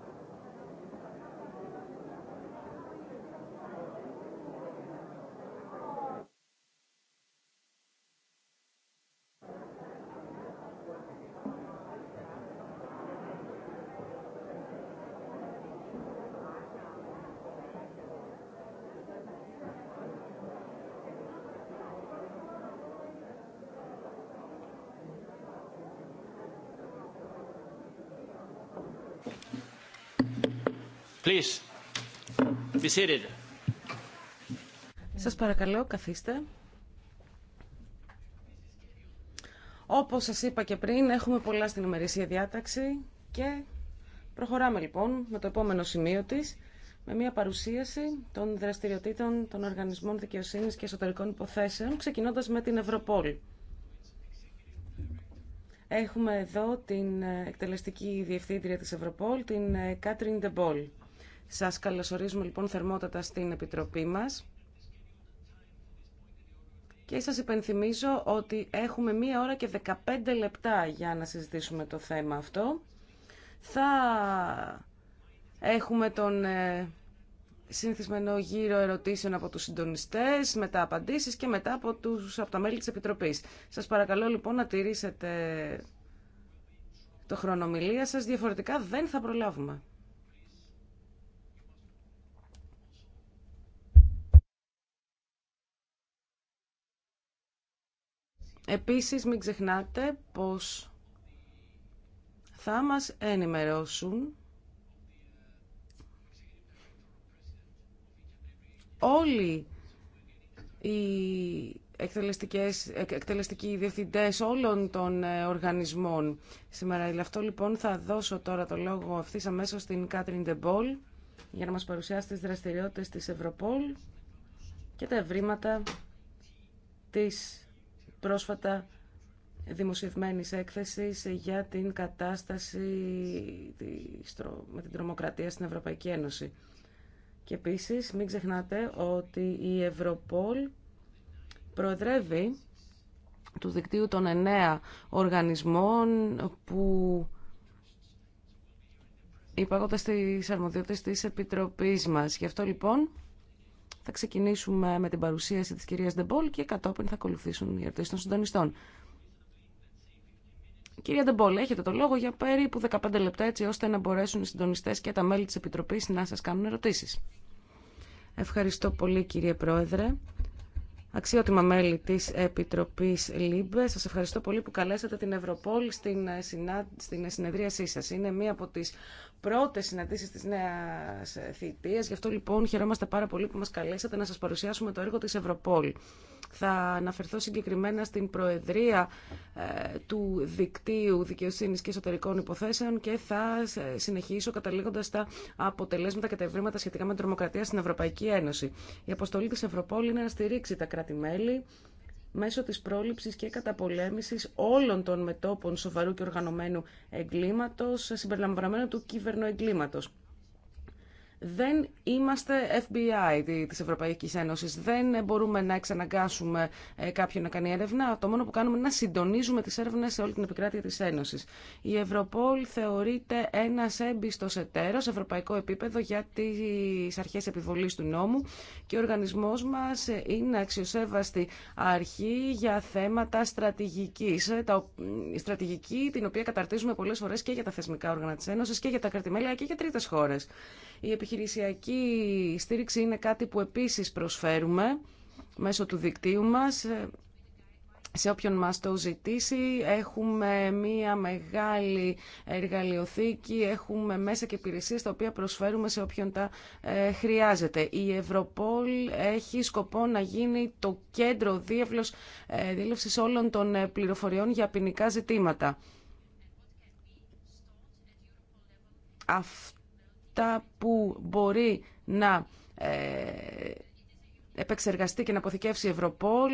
Please, Σας παρακαλώ, καθίστε. Όπως σας είπα και πριν, έχουμε πολλά στην ημερήσια διάταξη και προχωράμε λοιπόν με το επόμενο σημείο της, με μια παρουσίαση των δραστηριοτήτων των Οργανισμών Δικαιοσύνης και Εσωτερικών Υποθέσεων, ξεκινώντας με την Ευρωπόλ. Έχουμε εδώ την ε, εκτελεστική διευθύντρια της Ευρωπόλ, την Κάτριν ε, Ντεμπόλ. Σας καλωσορίζουμε λοιπόν θερμότατα στην Επιτροπή μας. Και σας υπενθυμίζω ότι έχουμε μία ώρα και 15 λεπτά για να συζητήσουμε το θέμα αυτό. Θα έχουμε τον ε, συνηθισμένο γύρο ερωτήσεων από τους συντονιστές, μετά απαντήσεις και μετά από, τους, από τα μέλη της Επιτροπής. Σας παρακαλώ λοιπόν να τηρήσετε το χρονομιλία σας, διαφορετικά δεν θα προλάβουμε. Επίσης μην ξεχνάτε πως θα μας ενημερώσουν όλοι οι εκτελεστικές, εκτελεστικοί διευθυντές όλων των ε, οργανισμών σήμερα. Γι' αυτό λοιπόν θα δώσω τώρα το λόγο αυτή αμέσως στην Κάτριν Ντεμπόλ για να μας παρουσιάσει τις δραστηριότητες της Ευρωπόλ και τα ευρήματα της πρόσφατα δημοσιευμένης έκθεσης για την κατάσταση με την τρομοκρατία στην Ευρωπαϊκή Ένωση. Και επίσης μην ξεχνάτε ότι η Ευρωπόλ προεδρεύει του δικτύου των εννέα οργανισμών που υπάγονται στις αρμοδιότητες της Επιτροπής μας. Γι' αυτό λοιπόν θα ξεκινήσουμε με την παρουσίαση της κυρίας Ντεμπόλ και κατόπιν θα ακολουθήσουν οι ερωτήσεις των συντονιστών. Κυρία Ντεμπόλ, έχετε το λόγο για περίπου 15 λεπτά έτσι ώστε να μπορέσουν οι συντονιστές και τα μέλη της Επιτροπής να σας κάνουν ερωτήσεις. Ευχαριστώ πολύ κύριε Πρόεδρε. Αξιότιμα μέλη της Επιτροπής ΛΥΜΠΕ, σας ευχαριστώ πολύ που καλέσατε την Ευρωπόλ στην, ε, συνεδρίασή σας. Είναι μία από τις Πρώτε συναντήσει τη νέα θητεία. Γι' αυτό λοιπόν χαιρόμαστε πάρα πολύ που μα καλέσατε να σα παρουσιάσουμε το έργο τη Ευρωπόλ. Θα αναφερθώ συγκεκριμένα στην Προεδρία ε, του Δικτύου Δικαιοσύνης και Εσωτερικών Υποθέσεων και θα ε, συνεχίσω καταλήγοντα τα αποτελέσματα και τα ευρήματα σχετικά με την τρομοκρατία στην Ευρωπαϊκή Ένωση. Η αποστολή της Ευρωπόλη είναι να στηρίξει τα κράτη-μέλη μέσω της πρόληψης και καταπολέμησης όλων των μετόπων σοβαρού και οργανωμένου εγκλήματος, συμπεριλαμβανομένου του κυβερνοεγκλήματος δεν είμαστε FBI της Ευρωπαϊκής Ένωσης. Δεν μπορούμε να εξαναγκάσουμε ε, κάποιον να κάνει έρευνα. Το μόνο που κάνουμε είναι να συντονίζουμε τις έρευνες σε όλη την επικράτεια της Ένωσης. Η Ευρωπόλ θεωρείται ένας έμπιστος εταίρος ευρωπαϊκό επίπεδο για τις αρχές επιβολής του νόμου και ο οργανισμός μας είναι αξιοσέβαστη αρχή για θέματα στρατηγικής. Η ε, στρατηγική την οποία καταρτίζουμε πολλές φορές και για τα θεσμικά όργανα της Ένωσης και για τα κρατημέλια και για τρίτες χώρες. Η επιχειρησιακή στήριξη είναι κάτι που επίσης προσφέρουμε μέσω του δικτύου μας. Σε όποιον μας το ζητήσει έχουμε μία μεγάλη εργαλειοθήκη, έχουμε μέσα και υπηρεσίε τα οποία προσφέρουμε σε όποιον τα ε, χρειάζεται. Η Ευρωπόλ έχει σκοπό να γίνει το κέντρο δίευλος ε, όλων των ε, πληροφοριών για ποινικά ζητήματα. Αυτό αυτά που μπορεί να ε, επεξεργαστεί και να αποθηκεύσει η Ευρωπόλ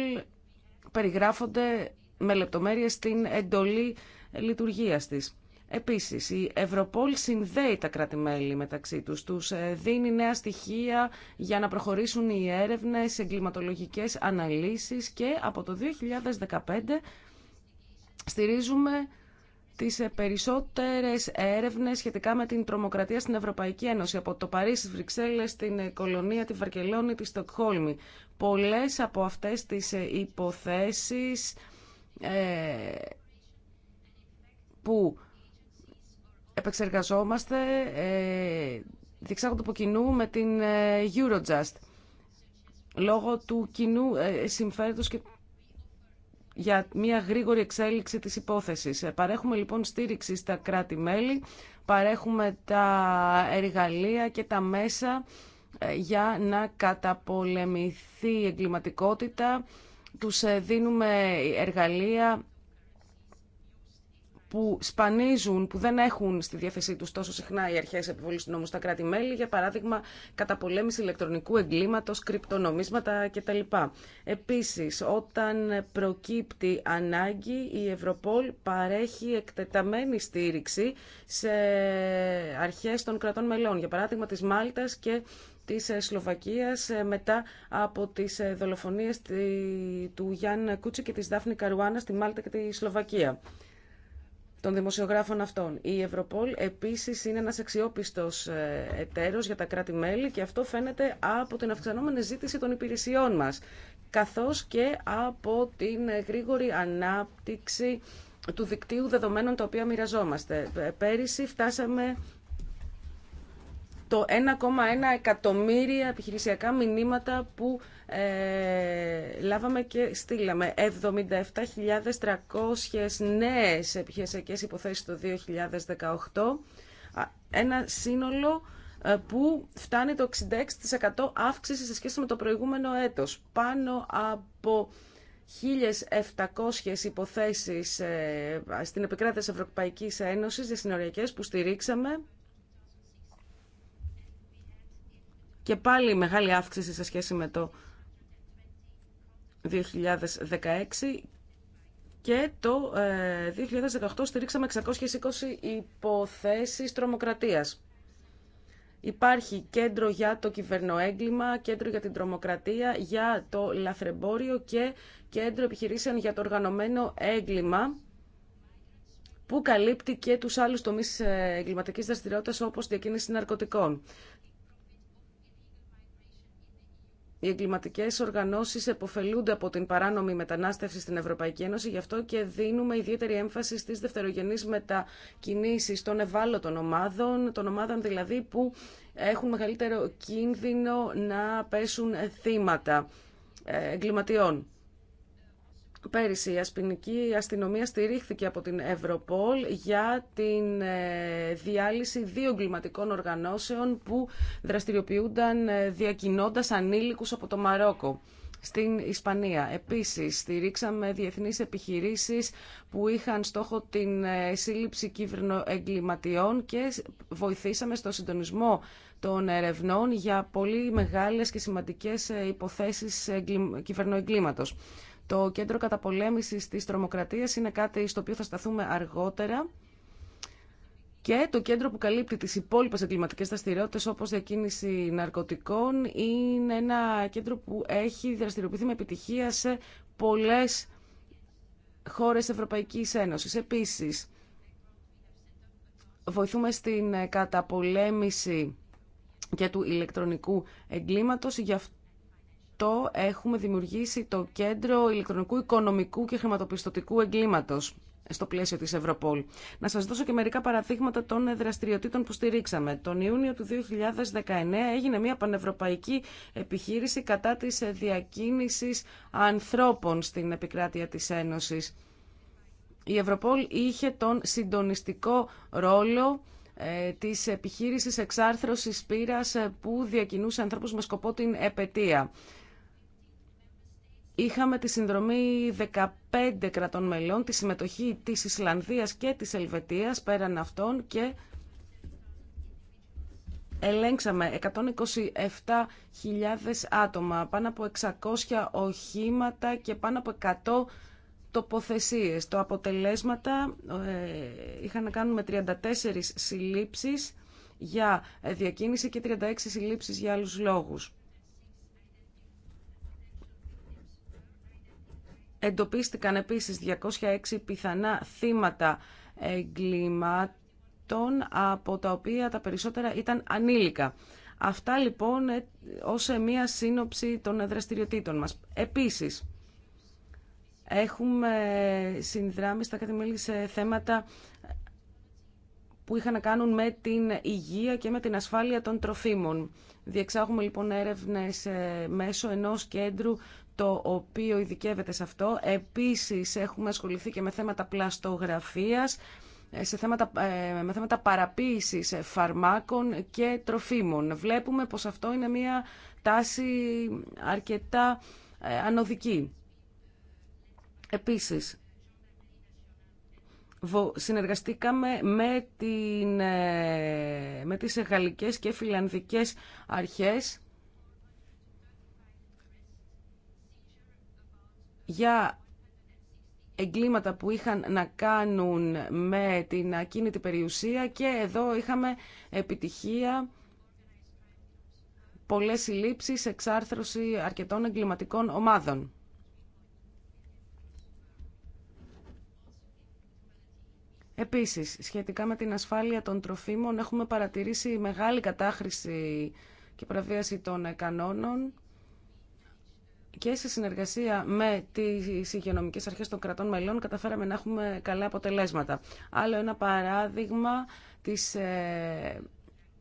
περιγράφονται με λεπτομέρειες στην εντολή λειτουργίας της. Επίσης, η Ευρωπόλ συνδέει τα κράτη-μέλη μεταξύ τους, τους ε, δίνει νέα στοιχεία για να προχωρήσουν οι έρευνες, εγκληματολογικές αναλύσεις και από το 2015 στηρίζουμε τις ε, περισσότερες έρευνες σχετικά με την τρομοκρατία στην Ευρωπαϊκή Ένωση, από το Παρίσι, τις Βρυξέλλες, την ε, Κολονία, τη Βαρκελόνη, τη Στοκχόλμη. Πολλές από αυτές τις ε, υποθέσεις που επεξεργαζόμαστε διεξάγονται από κοινού με την Eurojust λόγω του κοινού συμφέροντος και για μια γρήγορη εξέλιξη της υπόθεσης. Παρέχουμε λοιπόν στήριξη στα κράτη-μέλη, παρέχουμε τα εργαλεία και τα μέσα ε, για να καταπολεμηθεί η εγκληματικότητα. Τους ε, δίνουμε εργαλεία που σπανίζουν, που δεν έχουν στη διάθεσή του τόσο συχνά οι αρχέ επιβολής του νόμου στα κράτη-μέλη, για παράδειγμα καταπολέμηση ηλεκτρονικού εγκλήματο, κρυπτονομίσματα κτλ. Επίση, όταν προκύπτει ανάγκη, η Ευρωπόλ παρέχει εκτεταμένη στήριξη σε αρχέ των κρατών μελών, για παράδειγμα τη Μάλτα και της Σλοβακίας μετά από τις δολοφονίες του Γιάννη Κούτση και της Δάφνη Καρουάνα στη Μάλτα και τη Σλοβακία των δημοσιογράφων αυτών. Η Ευρωπόλ επίσης είναι ένας αξιόπιστος ε, εταίρος για τα κράτη-μέλη και αυτό φαίνεται από την αυξανόμενη ζήτηση των υπηρεσιών μας, καθώς και από την ε, γρήγορη ανάπτυξη του δικτύου δεδομένων τα οποία μοιραζόμαστε. Ε, πέρυσι φτάσαμε το 1,1 εκατομμύρια επιχειρησιακά μηνύματα που ε, λάβαμε και στείλαμε. 77.300 νέες επιχειρησιακές υποθέσεις το 2018. Ένα σύνολο ε, που φτάνει το 66% αύξηση σε σχέση με το προηγούμενο έτος. Πάνω από 1.700 υποθέσεις ε, στην επικράτηση Ευρωπαϊκής Ένωσης, διασυνοριακές, που στηρίξαμε και πάλι μεγάλη αύξηση σε σχέση με το 2016 και το 2018 ε, στηρίξαμε 620 υποθέσεις τρομοκρατίας. Υπάρχει κέντρο για το κυβερνοέγκλημα, κέντρο για την τρομοκρατία, για το λαθρεμπόριο και κέντρο επιχειρήσεων για το οργανωμένο έγκλημα που καλύπτει και τους άλλους τομείς ε, εγκληματικής δραστηριότητας όπως διακίνηση ναρκωτικών. Οι εγκληματικέ οργανώσει επωφελούνται από την παράνομη μετανάστευση στην Ευρωπαϊκή Ένωση, γι' αυτό και δίνουμε ιδιαίτερη έμφαση στι δευτερογενεί μετακινήσει των ευάλωτων ομάδων, των ομάδων δηλαδή που έχουν μεγαλύτερο κίνδυνο να πέσουν θύματα ε, εγκληματιών. Πέρυσι η ασπινική αστυνομία στηρίχθηκε από την Ευρωπόλ για την ε, διάλυση δύο εγκληματικών οργανώσεων που δραστηριοποιούνταν ε, διακινώντας ανήλικους από το Μαρόκο στην Ισπανία. Επίσης, στηρίξαμε διεθνείς επιχειρήσεις που είχαν στόχο την ε, σύλληψη κυβερνοεγκληματιών και βοηθήσαμε στο συντονισμό των ερευνών για πολύ μεγάλες και σημαντικές υποθέσεις κυβερνοεγκλήματος. Το κέντρο καταπολέμησης της τρομοκρατίας είναι κάτι στο οποίο θα σταθούμε αργότερα και το κέντρο που καλύπτει τις υπόλοιπες εγκληματικές δραστηριότητες όπως διακίνηση ναρκωτικών είναι ένα κέντρο που έχει δραστηριοποιηθεί με επιτυχία σε πολλές χώρες Ευρωπαϊκής Ένωσης. Επίσης, βοηθούμε στην καταπολέμηση και του ηλεκτρονικού εγκλήματος. Γι' αυτό το έχουμε δημιουργήσει το Κέντρο Ηλεκτρονικού Οικονομικού και Χρηματοπιστωτικού Εγκλήματος στο πλαίσιο της Ευρωπόλ. Να σας δώσω και μερικά παραδείγματα των δραστηριοτήτων που στηρίξαμε. Τον Ιούνιο του 2019 έγινε μια πανευρωπαϊκή επιχείρηση κατά της διακίνησης ανθρώπων στην επικράτεια της Ένωσης. Η Ευρωπόλ είχε τον συντονιστικό ρόλο ε, της επιχείρησης εξάρθρωσης πύρας ε, που διακινούσε ανθρώπους με σκοπό την επαιτία. Είχαμε τη συνδρομή 15 κρατών μελών, τη συμμετοχή της Ισλανδίας και της Ελβετίας πέραν αυτών και ελέγξαμε 127.000 άτομα, πάνω από 600 οχήματα και πάνω από 100 τοποθεσίες. Το αποτελέσματα ε, είχαν να κάνουν με 34 συλλήψεις για διακίνηση και 36 συλλήψεις για άλλους λόγους. Εντοπίστηκαν επίσης 206 πιθανά θύματα εγκλημάτων, από τα οποία τα περισσότερα ήταν ανήλικα. Αυτά λοιπόν ε, ως ε, μία σύνοψη των δραστηριοτήτων μας. Επίσης, έχουμε συνδράμει στα κατημέλη σε θέματα που είχαν να κάνουν με την υγεία και με την ασφάλεια των τροφίμων. Διεξάγουμε λοιπόν έρευνες ε, μέσω ενός κέντρου το οποίο ειδικεύεται σε αυτό. Επίσης έχουμε ασχοληθεί και με θέματα πλαστογραφίας, ε, σε θέματα, ε, με θέματα παραποίησης φαρμάκων και τροφίμων. Βλέπουμε πως αυτό είναι μια τάση αρκετά ε, ανωδική. Επίσης, συνεργαστήκαμε με, την, με τις γαλλικές και φιλανδικές αρχές για εγκλήματα που είχαν να κάνουν με την ακίνητη περιουσία και εδώ είχαμε επιτυχία πολλές συλλήψεις, εξάρθρωση αρκετών εγκληματικών ομάδων. Επίσης, σχετικά με την ασφάλεια των τροφίμων, έχουμε παρατηρήσει μεγάλη κατάχρηση και παραβίαση των κανόνων και σε συνεργασία με τις υγειονομικέ αρχές των κρατών μελών καταφέραμε να έχουμε καλά αποτελέσματα. Άλλο ένα παράδειγμα της ε,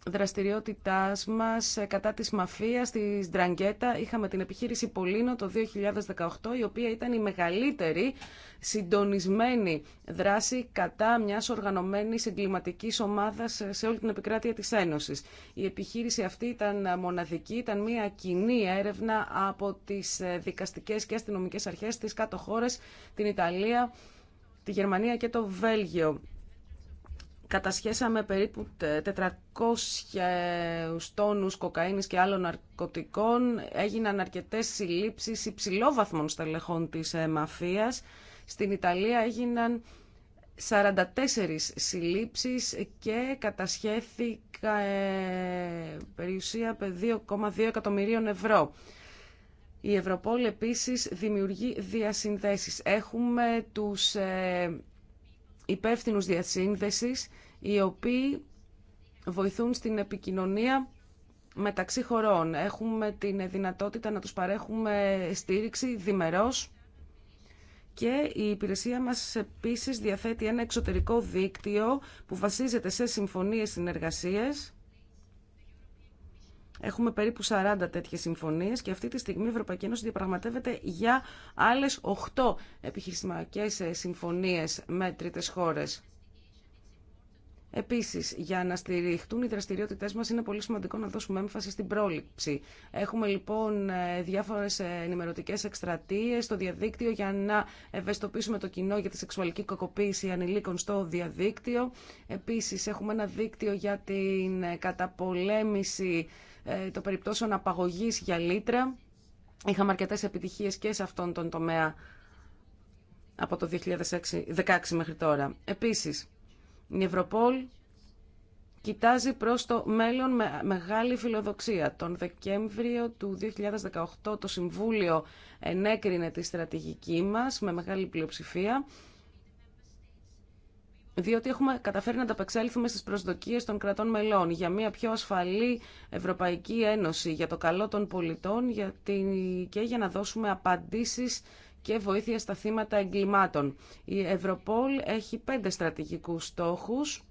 δραστηριότητάς μας κατά της μαφίας, της Ντραγκέτα. Είχαμε την επιχείρηση Πολίνο το 2018, η οποία ήταν η μεγαλύτερη συντονισμένη δράση κατά μιας οργανωμένης εγκληματικής ομάδας σε όλη την επικράτεια της Ένωσης. Η επιχείρηση αυτή ήταν μοναδική, ήταν μια κοινή έρευνα από τις δικαστικές και αστυνομικές αρχές της κάτω χώρες, την Ιταλία, τη Γερμανία και το Βέλγιο κατασχέσαμε περίπου 400 τόνους κοκαίνης και άλλων ναρκωτικών. Έγιναν αρκετές συλλήψεις υψηλόβαθμων στελεχών της ε, μαφίας. Στην Ιταλία έγιναν 44 συλλήψεις και κατασχέθηκα ε, περιουσία 2,2 εκατομμυρίων ευρώ. Η Ευρωπόλ επίσης δημιουργεί διασυνδέσεις. Έχουμε τους ε, υπεύθυνους διασύνδεσης, οι οποίοι βοηθούν στην επικοινωνία μεταξύ χωρών. Έχουμε την δυνατότητα να τους παρέχουμε στήριξη διμερώς και η υπηρεσία μας επίσης διαθέτει ένα εξωτερικό δίκτυο που βασίζεται σε συμφωνίες συνεργασίες Έχουμε περίπου 40 τέτοιες συμφωνίες και αυτή τη στιγμή η Ευρωπαϊκή Ένωση διαπραγματεύεται για άλλες 8 επιχειρηματικές ε, συμφωνίες με τρίτες χώρες. Επίση, για να στηριχτούν οι δραστηριότητέ μα, είναι πολύ σημαντικό να δώσουμε έμφαση στην πρόληψη. Έχουμε λοιπόν ε, διάφορε ενημερωτικέ εκστρατείε στο διαδίκτυο για να ευαισθητοποιήσουμε το κοινό για τη σεξουαλική κακοποίηση ανηλίκων στο διαδίκτυο. Επίση, έχουμε ένα δίκτυο για την ε, καταπολέμηση ε, το περιπτώσεων απαγωγή για λίτρα. Είχαμε αρκετέ επιτυχίες και σε αυτόν τον τομέα από το 2016 μέχρι τώρα. Επίσης, η Ευρωπόλ κοιτάζει προς το μέλλον με μεγάλη φιλοδοξία. Τον Δεκέμβριο του 2018 το Συμβούλιο ενέκρινε τη στρατηγική μας με μεγάλη πλειοψηφία διότι έχουμε καταφέρει να ανταπεξέλθουμε στις προσδοκίες των κρατών μελών για μια πιο ασφαλή Ευρωπαϊκή Ένωση, για το καλό των πολιτών για την... και για να δώσουμε απαντήσεις και βοήθεια στα θύματα εγκλημάτων. Η Ευρωπόλ έχει πέντε στρατηγικούς στόχους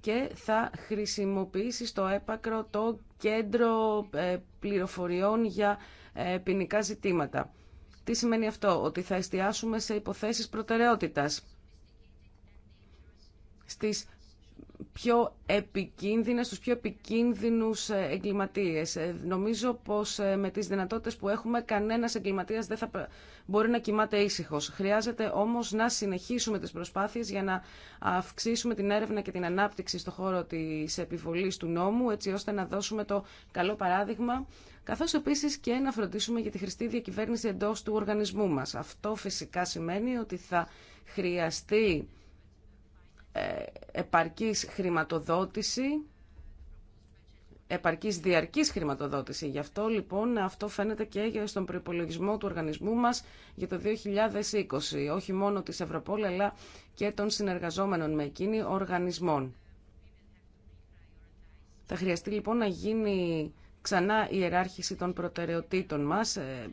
και θα χρησιμοποιήσει στο έπακρο το κέντρο ε, πληροφοριών για ε, ποινικά ζητήματα. Τι σημαίνει αυτό, ότι θα εστιάσουμε σε υποθέσεις προτεραιότητας στις πιο επικίνδυνες, στους πιο επικίνδυνους ε, εγκληματίες. Ε, νομίζω πως ε, με τις δυνατότητες που έχουμε κανένας εγκληματίας δεν θα μπορεί να κοιμάται ήσυχο. Χρειάζεται όμως να συνεχίσουμε τις προσπάθειες για να αυξήσουμε την έρευνα και την ανάπτυξη στον χώρο της επιβολής του νόμου, έτσι ώστε να δώσουμε το καλό παράδειγμα, καθώ επίση και να φροντίσουμε για τη χρηστή διακυβέρνηση εντό του οργανισμού μα. Αυτό φυσικά σημαίνει ότι θα χρειαστεί ε, επαρκής χρηματοδότηση, επαρκής διαρκής χρηματοδότηση. Γι' αυτό λοιπόν αυτό φαίνεται και στον προϋπολογισμό του οργανισμού μας για το 2020, όχι μόνο της Ευρωπόλ αλλά και των συνεργαζόμενων με εκείνη οργανισμών. Θα χρειαστεί λοιπόν να γίνει ξανά η ιεράρχηση των προτεραιοτήτων μας ε,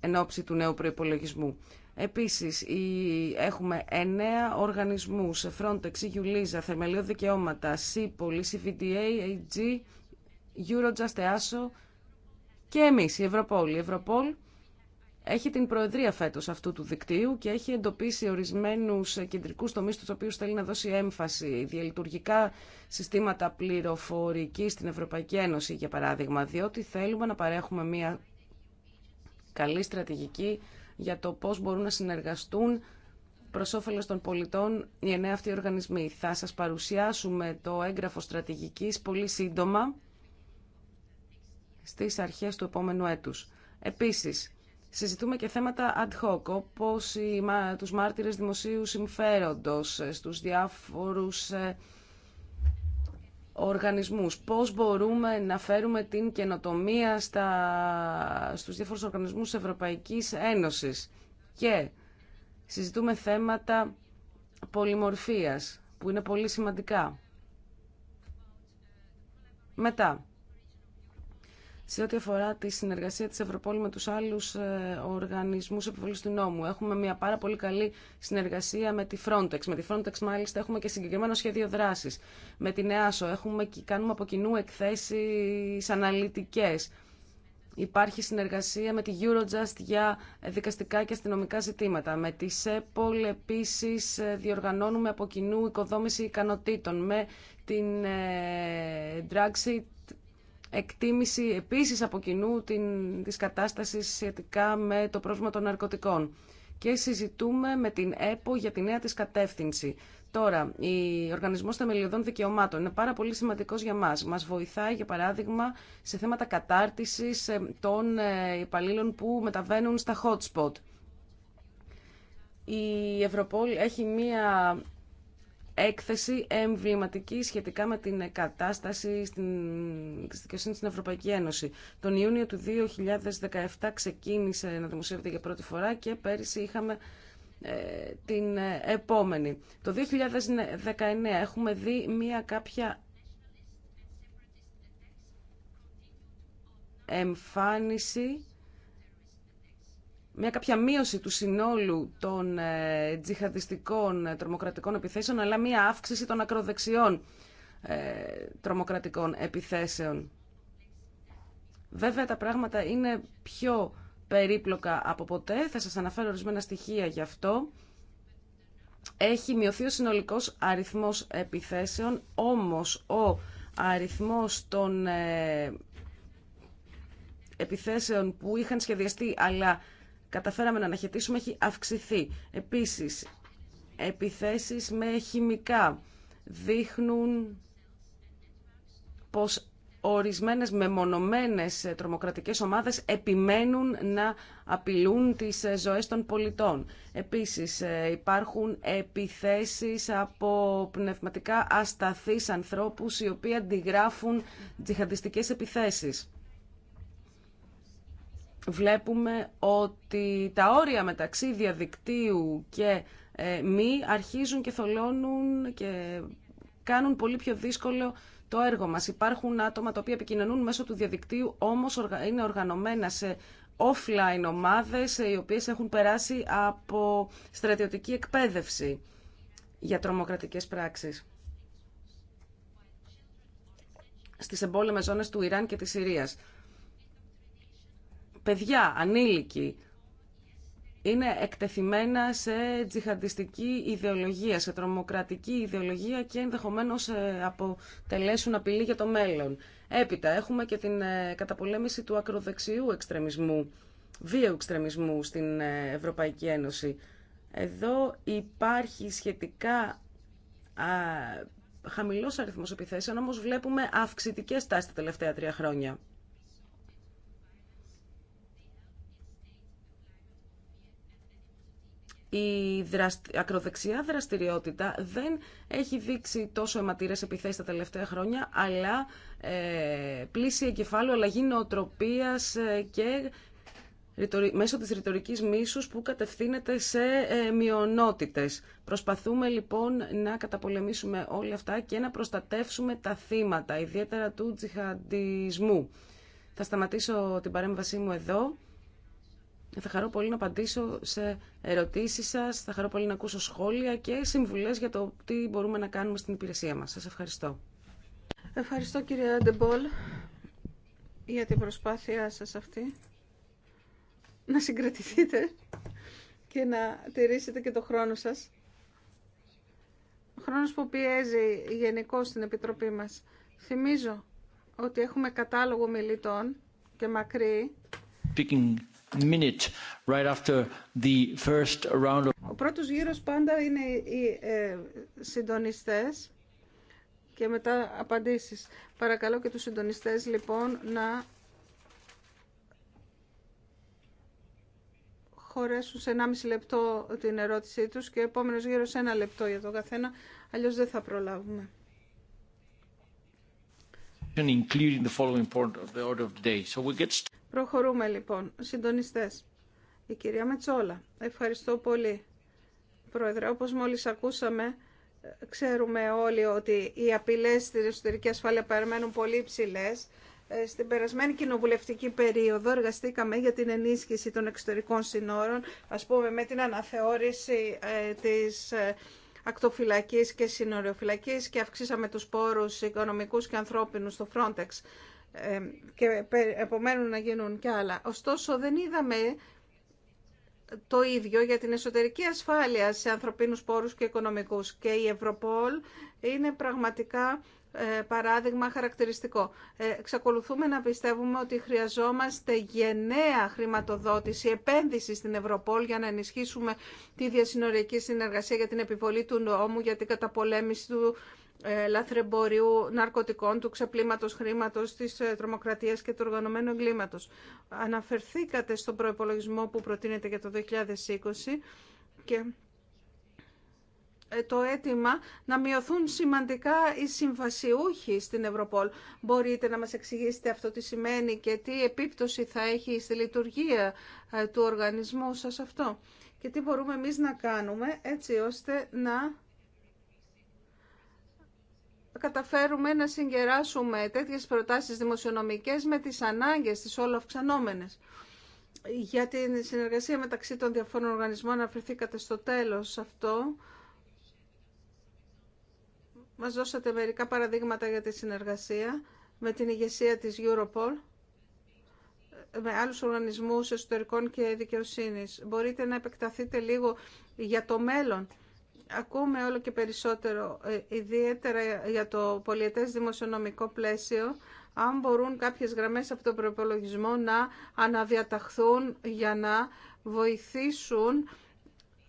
εν ώψη του νέου προϋπολογισμού. Επίσης, έχουμε εννέα οργανισμούς, Frontex, Euliza, Θεμελιώδη Δικαιώματα, CIPOL, CVDA, AG, Eurojust, EASO και εμείς, η Ευρωπόλ. Η Ευρωπόλ έχει την προεδρία φέτος αυτού του δικτύου και έχει εντοπίσει ορισμένους κεντρικούς τομείς στους οποίους θέλει να δώσει έμφαση. Διαλειτουργικά συστήματα πληροφορική στην Ευρωπαϊκή Ένωση, για παράδειγμα, διότι θέλουμε να παρέχουμε μια καλή στρατηγική για το πώς μπορούν να συνεργαστούν προ όφελο των πολιτών οι εννέα αυτοί οργανισμοί. Θα σας παρουσιάσουμε το έγγραφο στρατηγικής πολύ σύντομα στις αρχές του επόμενου έτους. Επίσης, συζητούμε και θέματα ad hoc, όπω του τους μάρτυρες δημοσίου συμφέροντος, ε, στους διάφορους ε, οργανισμούς, πώς μπορούμε να φέρουμε την καινοτομία στα, στους διάφορους οργανισμούς Ευρωπαϊκής Ένωσης. Και συζητούμε θέματα πολυμορφίας, που είναι πολύ σημαντικά. Μετά, σε ό,τι αφορά τη συνεργασία της Ευρωπόλου με τους άλλους ε, οργανισμούς επιβολής του νόμου. Έχουμε μια πάρα πολύ καλή συνεργασία με τη Frontex. Με τη Frontex μάλιστα έχουμε και συγκεκριμένο σχέδιο δράσης. Με την ΕΑΣΟ έχουμε, κάνουμε από κοινού εκθέσεις αναλυτικές. Υπάρχει συνεργασία με τη Eurojust για δικαστικά και αστυνομικά ζητήματα. Με τη ΣΕΠΟΛ επίσης ε, διοργανώνουμε από κοινού οικοδόμηση ικανοτήτων. Με την ε, εκτίμηση επίσης από κοινού την, της κατάστασης σχετικά με το πρόβλημα των ναρκωτικών. Και συζητούμε με την ΕΠΟ για τη νέα της κατεύθυνση. Τώρα, ο Οργανισμός Θεμελιωδών Δικαιωμάτων είναι πάρα πολύ σημαντικός για μας. Μας βοηθάει, για παράδειγμα, σε θέματα κατάρτισης ε, των ε, υπαλλήλων που μεταβαίνουν στα hotspot. Η Ευρωπόλη έχει μία έκθεση εμβληματική σχετικά με την κατάσταση στην, δικαιοσύνη στην Ευρωπαϊκή Ένωση. Τον Ιούνιο του 2017 ξεκίνησε να δημοσιεύεται για πρώτη φορά και πέρυσι είχαμε ε, την ε, επόμενη. Το 2019 έχουμε δει μία κάποια εμφάνιση μια κάποια μείωση του συνόλου των ε, τζιχαδιστικών ε, τρομοκρατικών επιθέσεων, αλλά μια αύξηση των ακροδεξιών ε, τρομοκρατικών επιθέσεων. Βέβαια τα πράγματα είναι πιο περίπλοκα από ποτέ. Θα σας αναφέρω ορισμένα στοιχεία γι' αυτό. Έχει μειωθεί ο συνολικός αριθμός επιθέσεων, όμως ο αριθμός των επιθέσεων που είχαν σχεδιαστεί αλλά καταφέραμε να αναχαιτήσουμε έχει αυξηθεί. Επίσης, επιθέσεις με χημικά δείχνουν πως ορισμένες μεμονωμένες τρομοκρατικές ομάδες επιμένουν να απειλούν τις ε, ζωές των πολιτών. Επίσης ε, υπάρχουν επιθέσεις από πνευματικά ασταθείς ανθρώπους οι οποίοι αντιγράφουν τζιχαντιστικές επιθέσεις βλέπουμε ότι τα όρια μεταξύ διαδικτύου και ε, μη αρχίζουν και θολώνουν και κάνουν πολύ πιο δύσκολο το έργο μας. Υπάρχουν άτομα τα οποία επικοινωνούν μέσω του διαδικτύου, όμως είναι οργανωμένα σε offline ομάδες ε, οι οποίες έχουν περάσει από στρατιωτική εκπαίδευση για τρομοκρατικές πράξεις στις εμπόλεμες ζώνες του Ιράν και της Συρίας παιδιά, ανήλικοι, είναι εκτεθειμένα σε τζιχαντιστική ιδεολογία, σε τρομοκρατική ιδεολογία και ενδεχομένως ε, αποτελέσουν απειλή για το μέλλον. Έπειτα έχουμε και την ε, καταπολέμηση του ακροδεξιού εξτρεμισμού, βίαιου εξτρεμισμού στην ε, Ευρωπαϊκή Ένωση. Εδώ υπάρχει σχετικά χαμηλός αριθμός επιθέσεων, όμως βλέπουμε αυξητικές τάσεις τα τελευταία τρία χρόνια. η ακροδεξιά δραστηριότητα δεν έχει δείξει τόσο αιματηρές επιθέσεις τα τελευταία χρόνια, αλλά ε, πλήση εγκεφάλου, αλλαγή νοοτροπίας ε, και μέσω της ρητορική μίσους που κατευθύνεται σε ε, Προσπαθούμε λοιπόν να καταπολεμήσουμε όλα αυτά και να προστατεύσουμε τα θύματα, ιδιαίτερα του τζιχαντισμού. Θα σταματήσω την παρέμβασή μου εδώ. Θα χαρώ πολύ να απαντήσω σε ερωτήσεις σας, θα χαρώ πολύ να ακούσω σχόλια και συμβουλές για το τι μπορούμε να κάνουμε στην υπηρεσία μας. Σας ευχαριστώ. Ευχαριστώ κύριε Ντεμπόλ για την προσπάθειά σας αυτή να συγκρατηθείτε και να τηρήσετε και το χρόνο σας. Ο χρόνος που πιέζει γενικώ στην Επιτροπή μας. Θυμίζω ότι έχουμε κατάλογο μιλητών και μακρύ right after the first round of... Ο πρώτος γύρος πάντα είναι οι ε, συντονιστές και μετά απαντήσεις. Παρακαλώ και τους συντονιστές λοιπόν να χωρέσουν σε 1,5 λεπτό την ερώτησή τους και ο επόμενος γύρος ένα λεπτό για τον καθένα, αλλιώς δεν θα προλάβουμε. Including the following point of the order of the day. So we get Προχωρούμε λοιπόν. Συντονιστές. Η κυρία Μετσόλα. Ευχαριστώ πολύ. Πρόεδρε, όπως μόλις ακούσαμε, ξέρουμε όλοι ότι οι απειλές στην εσωτερική ασφάλεια παραμένουν πολύ ψηλέ. Ε, στην περασμένη κοινοβουλευτική περίοδο εργαστήκαμε για την ενίσχυση των εξωτερικών συνόρων, ας πούμε με την αναθεώρηση ε, της ε, ακτοφυλακής και συνοριοφυλακής και αυξήσαμε τους πόρους οικονομικούς και ανθρώπινους στο Frontex και επομένουν να γίνουν κι άλλα. Ωστόσο, δεν είδαμε το ίδιο για την εσωτερική ασφάλεια σε ανθρωπίνους πόρους και οικονομικούς. Και η Ευρωπόλ είναι πραγματικά ε, παράδειγμα χαρακτηριστικό. Ε, εξακολουθούμε να πιστεύουμε ότι χρειαζόμαστε γενναία χρηματοδότηση, επένδυση στην Ευρωπόλ για να ενισχύσουμε τη διασυνοριακή συνεργασία για την επιβολή του νόμου, για την καταπολέμηση του ε, λαθρεμπορίου ναρκωτικών, του ξεπλήματος χρήματος, της ε, τρομοκρατίας και του οργανωμένου εγκλήματος. Αναφερθήκατε στον προϋπολογισμό που προτείνεται για το 2020 και ε, το αίτημα να μειωθούν σημαντικά οι συμβασιούχοι στην Ευρωπόλ. Μπορείτε να μας εξηγήσετε αυτό τι σημαίνει και τι επίπτωση θα έχει στη λειτουργία του οργανισμού σας αυτό και τι μπορούμε εμείς να κάνουμε έτσι ώστε να καταφέρουμε να συγκεράσουμε τέτοιες προτάσεις δημοσιονομικές με τις ανάγκες της όλο αυξανόμενες. Για την συνεργασία μεταξύ των διαφόρων οργανισμών αναφερθήκατε στο τέλος αυτό. Μας δώσατε μερικά παραδείγματα για τη συνεργασία με την ηγεσία της Europol, με άλλους οργανισμούς εσωτερικών και δικαιοσύνης. Μπορείτε να επεκταθείτε λίγο για το μέλλον Ακούμε όλο και περισσότερο, ε, ιδιαίτερα για το πολιετές δημοσιονομικό πλαίσιο, αν μπορούν κάποιες γραμμές από τον προπολογισμό να αναδιαταχθούν για να βοηθήσουν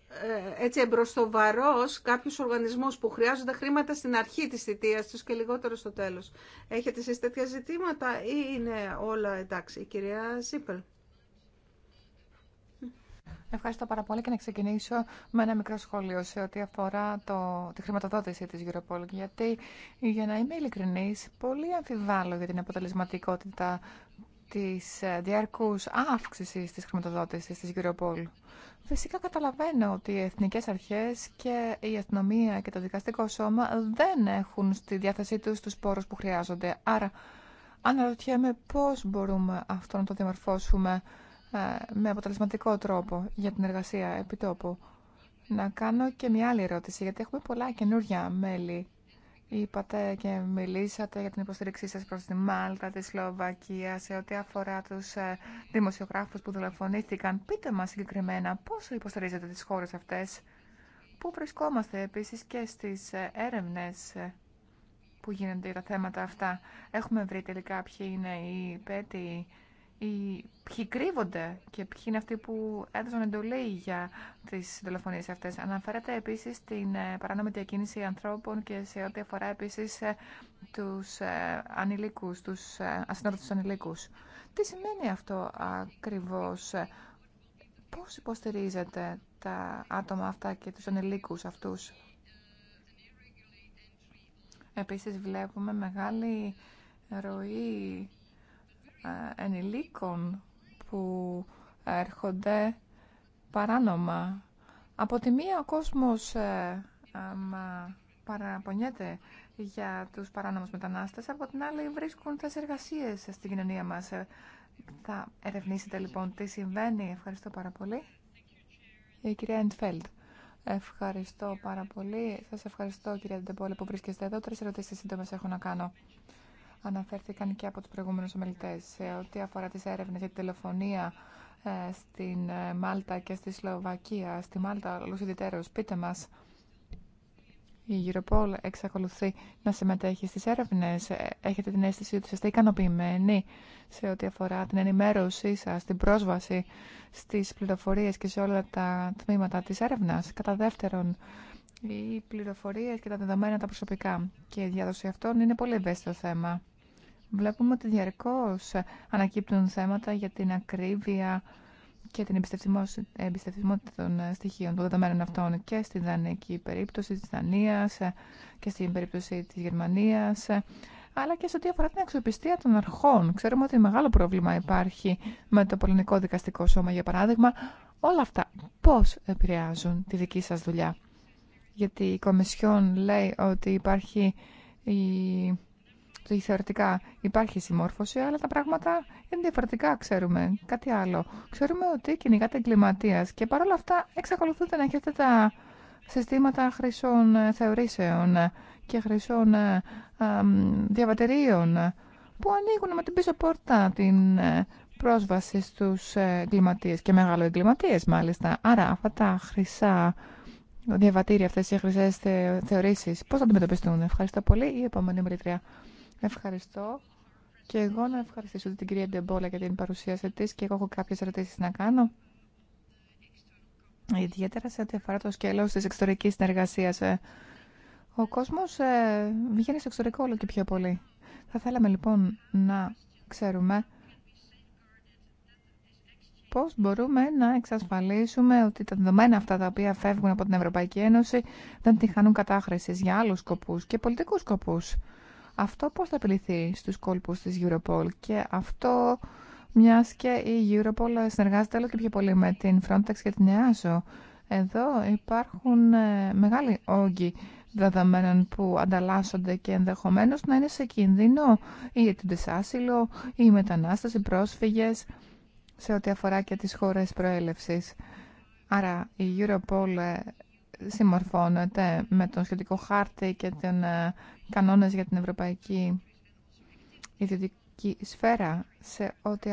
ε, έτσι εμπροστοβαρός κάποιους οργανισμούς που χρειάζονται χρήματα στην αρχή της θητείας τους και λιγότερο στο τέλος. Έχετε εσείς τέτοια ζητήματα ή είναι όλα εντάξει, η κυρία Σίπελ. Ευχαριστώ πάρα πολύ και να ξεκινήσω με ένα μικρό σχόλιο σε ό,τι αφορά το, τη χρηματοδότηση της Europol. Γιατί, για να είμαι ειλικρινής, πολύ αμφιβάλλω για την αποτελεσματικότητα της ε, διαρκούς αύξησης της χρηματοδότησης της Europol. Φυσικά καταλαβαίνω ότι οι εθνικές αρχές και η αστυνομία και το δικαστικό σώμα δεν έχουν στη διάθεσή τους τους πόρους που χρειάζονται. Άρα, αναρωτιέμαι πώς μπορούμε αυτό να το διαμορφώσουμε ε, με αποτελεσματικό τρόπο για την εργασία επιτόπου. Να κάνω και μια άλλη ερώτηση, γιατί έχουμε πολλά καινούργια μέλη. Είπατε και μιλήσατε για την υποστήριξή σας προς τη Μάλτα, τη Σλοβακία, σε ό,τι αφορά τους ε, δημοσιογράφους που δολοφονήθηκαν. Πείτε μας συγκεκριμένα πώς υποστηρίζετε τις χώρες αυτές. Πού βρισκόμαστε επίσης και στις ε, έρευνες που γίνονται για τα θέματα αυτά. Έχουμε βρει τελικά ποιοι είναι οι πέτοι οι, ποιοι κρύβονται και ποιοι είναι αυτοί που έδωσαν εντολή για τι δολοφονίε αυτές. Αναφέρεται επίσης στην ε, παράνομη διακίνηση ανθρώπων και σε ό,τι αφορά επίσης ε, τους ε, ανηλίκους, τους ασυνόδευτους ανηλίκους. Τι σημαίνει αυτό ακριβώς, πώς υποστηρίζεται τα άτομα αυτά και τους ανηλίκους αυτούς. Επίσης βλέπουμε μεγάλη ροή ε, ενηλίκων που έρχονται παράνομα. Από τη μία ο κόσμος ε, παραπονιέται για τους παράνομους μετανάστες, από την άλλη βρίσκουν τις εργασίες στην κοινωνία μας. Ε, θα ερευνήσετε λοιπόν τι συμβαίνει. Ευχαριστώ πάρα πολύ. Η κυρία Εντφέλτ. Ευχαριστώ πάρα πολύ. σας ευχαριστώ, κυρία Ντεμπόλη, που βρίσκεστε εδώ. Τρεις ερωτήσεις σύντομες έχω να κάνω αναφέρθηκαν και από τους προηγούμενους ομιλητές σε ό,τι αφορά τις έρευνες για τη τηλεφωνία ε, στην ε, Μάλτα και στη Σλοβακία. Στη Μάλτα, όλους ιδιαίτερους, πείτε μας. Η Europol εξακολουθεί να συμμετέχει στις έρευνες. Ε, έχετε την αίσθηση ότι είστε ικανοποιημένοι σε ό,τι αφορά την ενημέρωσή σας, την πρόσβαση στις πληροφορίες και σε όλα τα τμήματα της έρευνας. Κατά δεύτερον, οι πληροφορίες και τα δεδομένα τα προσωπικά και η διάδοση αυτών είναι πολύ ευαίσθητο θέμα. Βλέπουμε ότι διαρκώς ανακύπτουν θέματα για την ακρίβεια και την εμπιστευτισμότητα των ε, στοιχείων των δεδομένων αυτών και στη δανεική περίπτωση της Δανίας ε, και στην περίπτωση της Γερμανίας ε, αλλά και σε ό,τι αφορά την αξιοπιστία των αρχών. Ξέρουμε ότι μεγάλο πρόβλημα υπάρχει με το Πολωνικό Δικαστικό Σώμα, για παράδειγμα. Όλα αυτά πώς επηρεάζουν τη δική σας δουλειά. Γιατί η Κομισιόν λέει ότι υπάρχει η ότι θεωρητικά υπάρχει συμμόρφωση, αλλά τα πράγματα είναι διαφορετικά, ξέρουμε. Κάτι άλλο. Ξέρουμε ότι κυνηγάται εγκληματία και παρόλα αυτά εξακολουθούνται να έχετε τα συστήματα χρυσών ε, θεωρήσεων και χρυσών ε, διαβατηρίων που ανοίγουν με την πίσω πόρτα την ε, πρόσβαση στους εγκληματίε και μεγάλο εγκληματίε μάλιστα. Άρα αυτά τα χρυσά διαβατήρια αυτές οι χρυσές θεωρήσεις πώς θα αντιμετωπιστούν. Ευχαριστώ πολύ. Η επόμενη μελητρία. Ευχαριστώ. Και εγώ να ευχαριστήσω την κυρία Ντεμπόλα για την παρουσίαση τη και εγώ έχω κάποιε ερωτήσει να κάνω. Ιδιαίτερα σε ό,τι αφορά το σκέλο τη εξωτερική συνεργασία. Ε. Ο κόσμο ε, βγαίνει στο εξωτερικό όλο και πιο πολύ. Θα θέλαμε λοιπόν να ξέρουμε πώς μπορούμε να εξασφαλίσουμε ότι τα δεδομένα αυτά τα οποία φεύγουν από την Ευρωπαϊκή Ένωση δεν τυχάνουν κατάχρηση για άλλους σκοπούς και πολιτικούς σκοπούς. Αυτό πώς θα επιληθεί στους κόλπους της Europol και αυτό μιας και η Europol συνεργάζεται όλο και πιο πολύ με την Frontex και την EASO. Εδώ υπάρχουν ε, μεγάλοι όγκοι δεδομένων που ανταλλάσσονται και ενδεχομένως να είναι σε κίνδυνο ή την τεσάσυλο ή μετανάστευση μετανάστες, πρόσφυγες σε ό,τι αφορά και τις χώρες προέλευσης. Άρα η Europol ε, συμμορφώνεται με τον σχετικό χάρτη και τον ε, κανόνες για την ευρωπαϊκή ιδιωτική σφαίρα σε ό,τι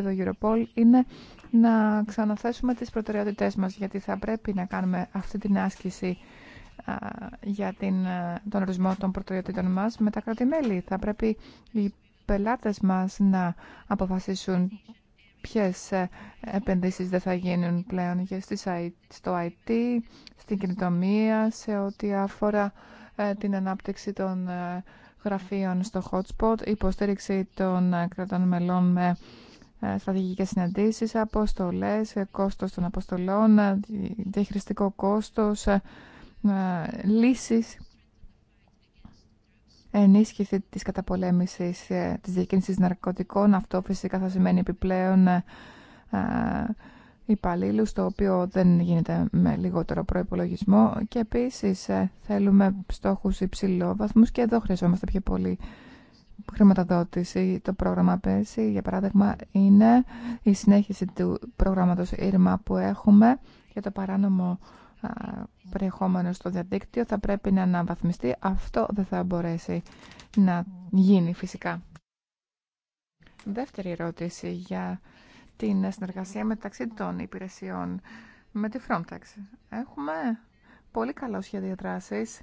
Εδώ Europol είναι να ξαναθέσουμε τις προτεραιότητές μας γιατί θα πρέπει να κάνουμε αυτή την άσκηση για την, τον ορισμό των προτεραιότητων μας με τα κρατη Θα πρέπει οι πελάτες μας να αποφασίσουν ποιες ε, επενδύσεις δεν θα γίνουν πλέον στο IT, στην κινητομία, σε ό,τι αφορά ε, την ανάπτυξη των ε, γραφείων στο hotspot, υποστήριξη των κρατών μελών με ε, στρατηγικές συναντήσεις, αποστολές, ε, κόστος των αποστολών, ε, διαχειριστικό κόστος, λύσεις ενίσχυση της καταπολέμησης της διακίνησης ναρκωτικών. Αυτό φυσικά θα σημαίνει επιπλέον υπαλλήλου, το οποίο δεν γίνεται με λιγότερο προϋπολογισμό. Και επίσης θέλουμε στόχους υψηλόβαθμους και εδώ χρειαζόμαστε πιο πολύ χρηματοδότηση το πρόγραμμα πέρσι, για παράδειγμα, είναι η συνέχιση του προγράμματος Ήρμα που έχουμε για το παράνομο περιεχόμενο στο διαδίκτυο θα πρέπει να αναβαθμιστεί. Αυτό δεν θα μπορέσει να γίνει φυσικά. Δεύτερη ερώτηση για την συνεργασία μεταξύ των υπηρεσιών με τη Frontex. Έχουμε πολύ καλό σχέδιο δράσης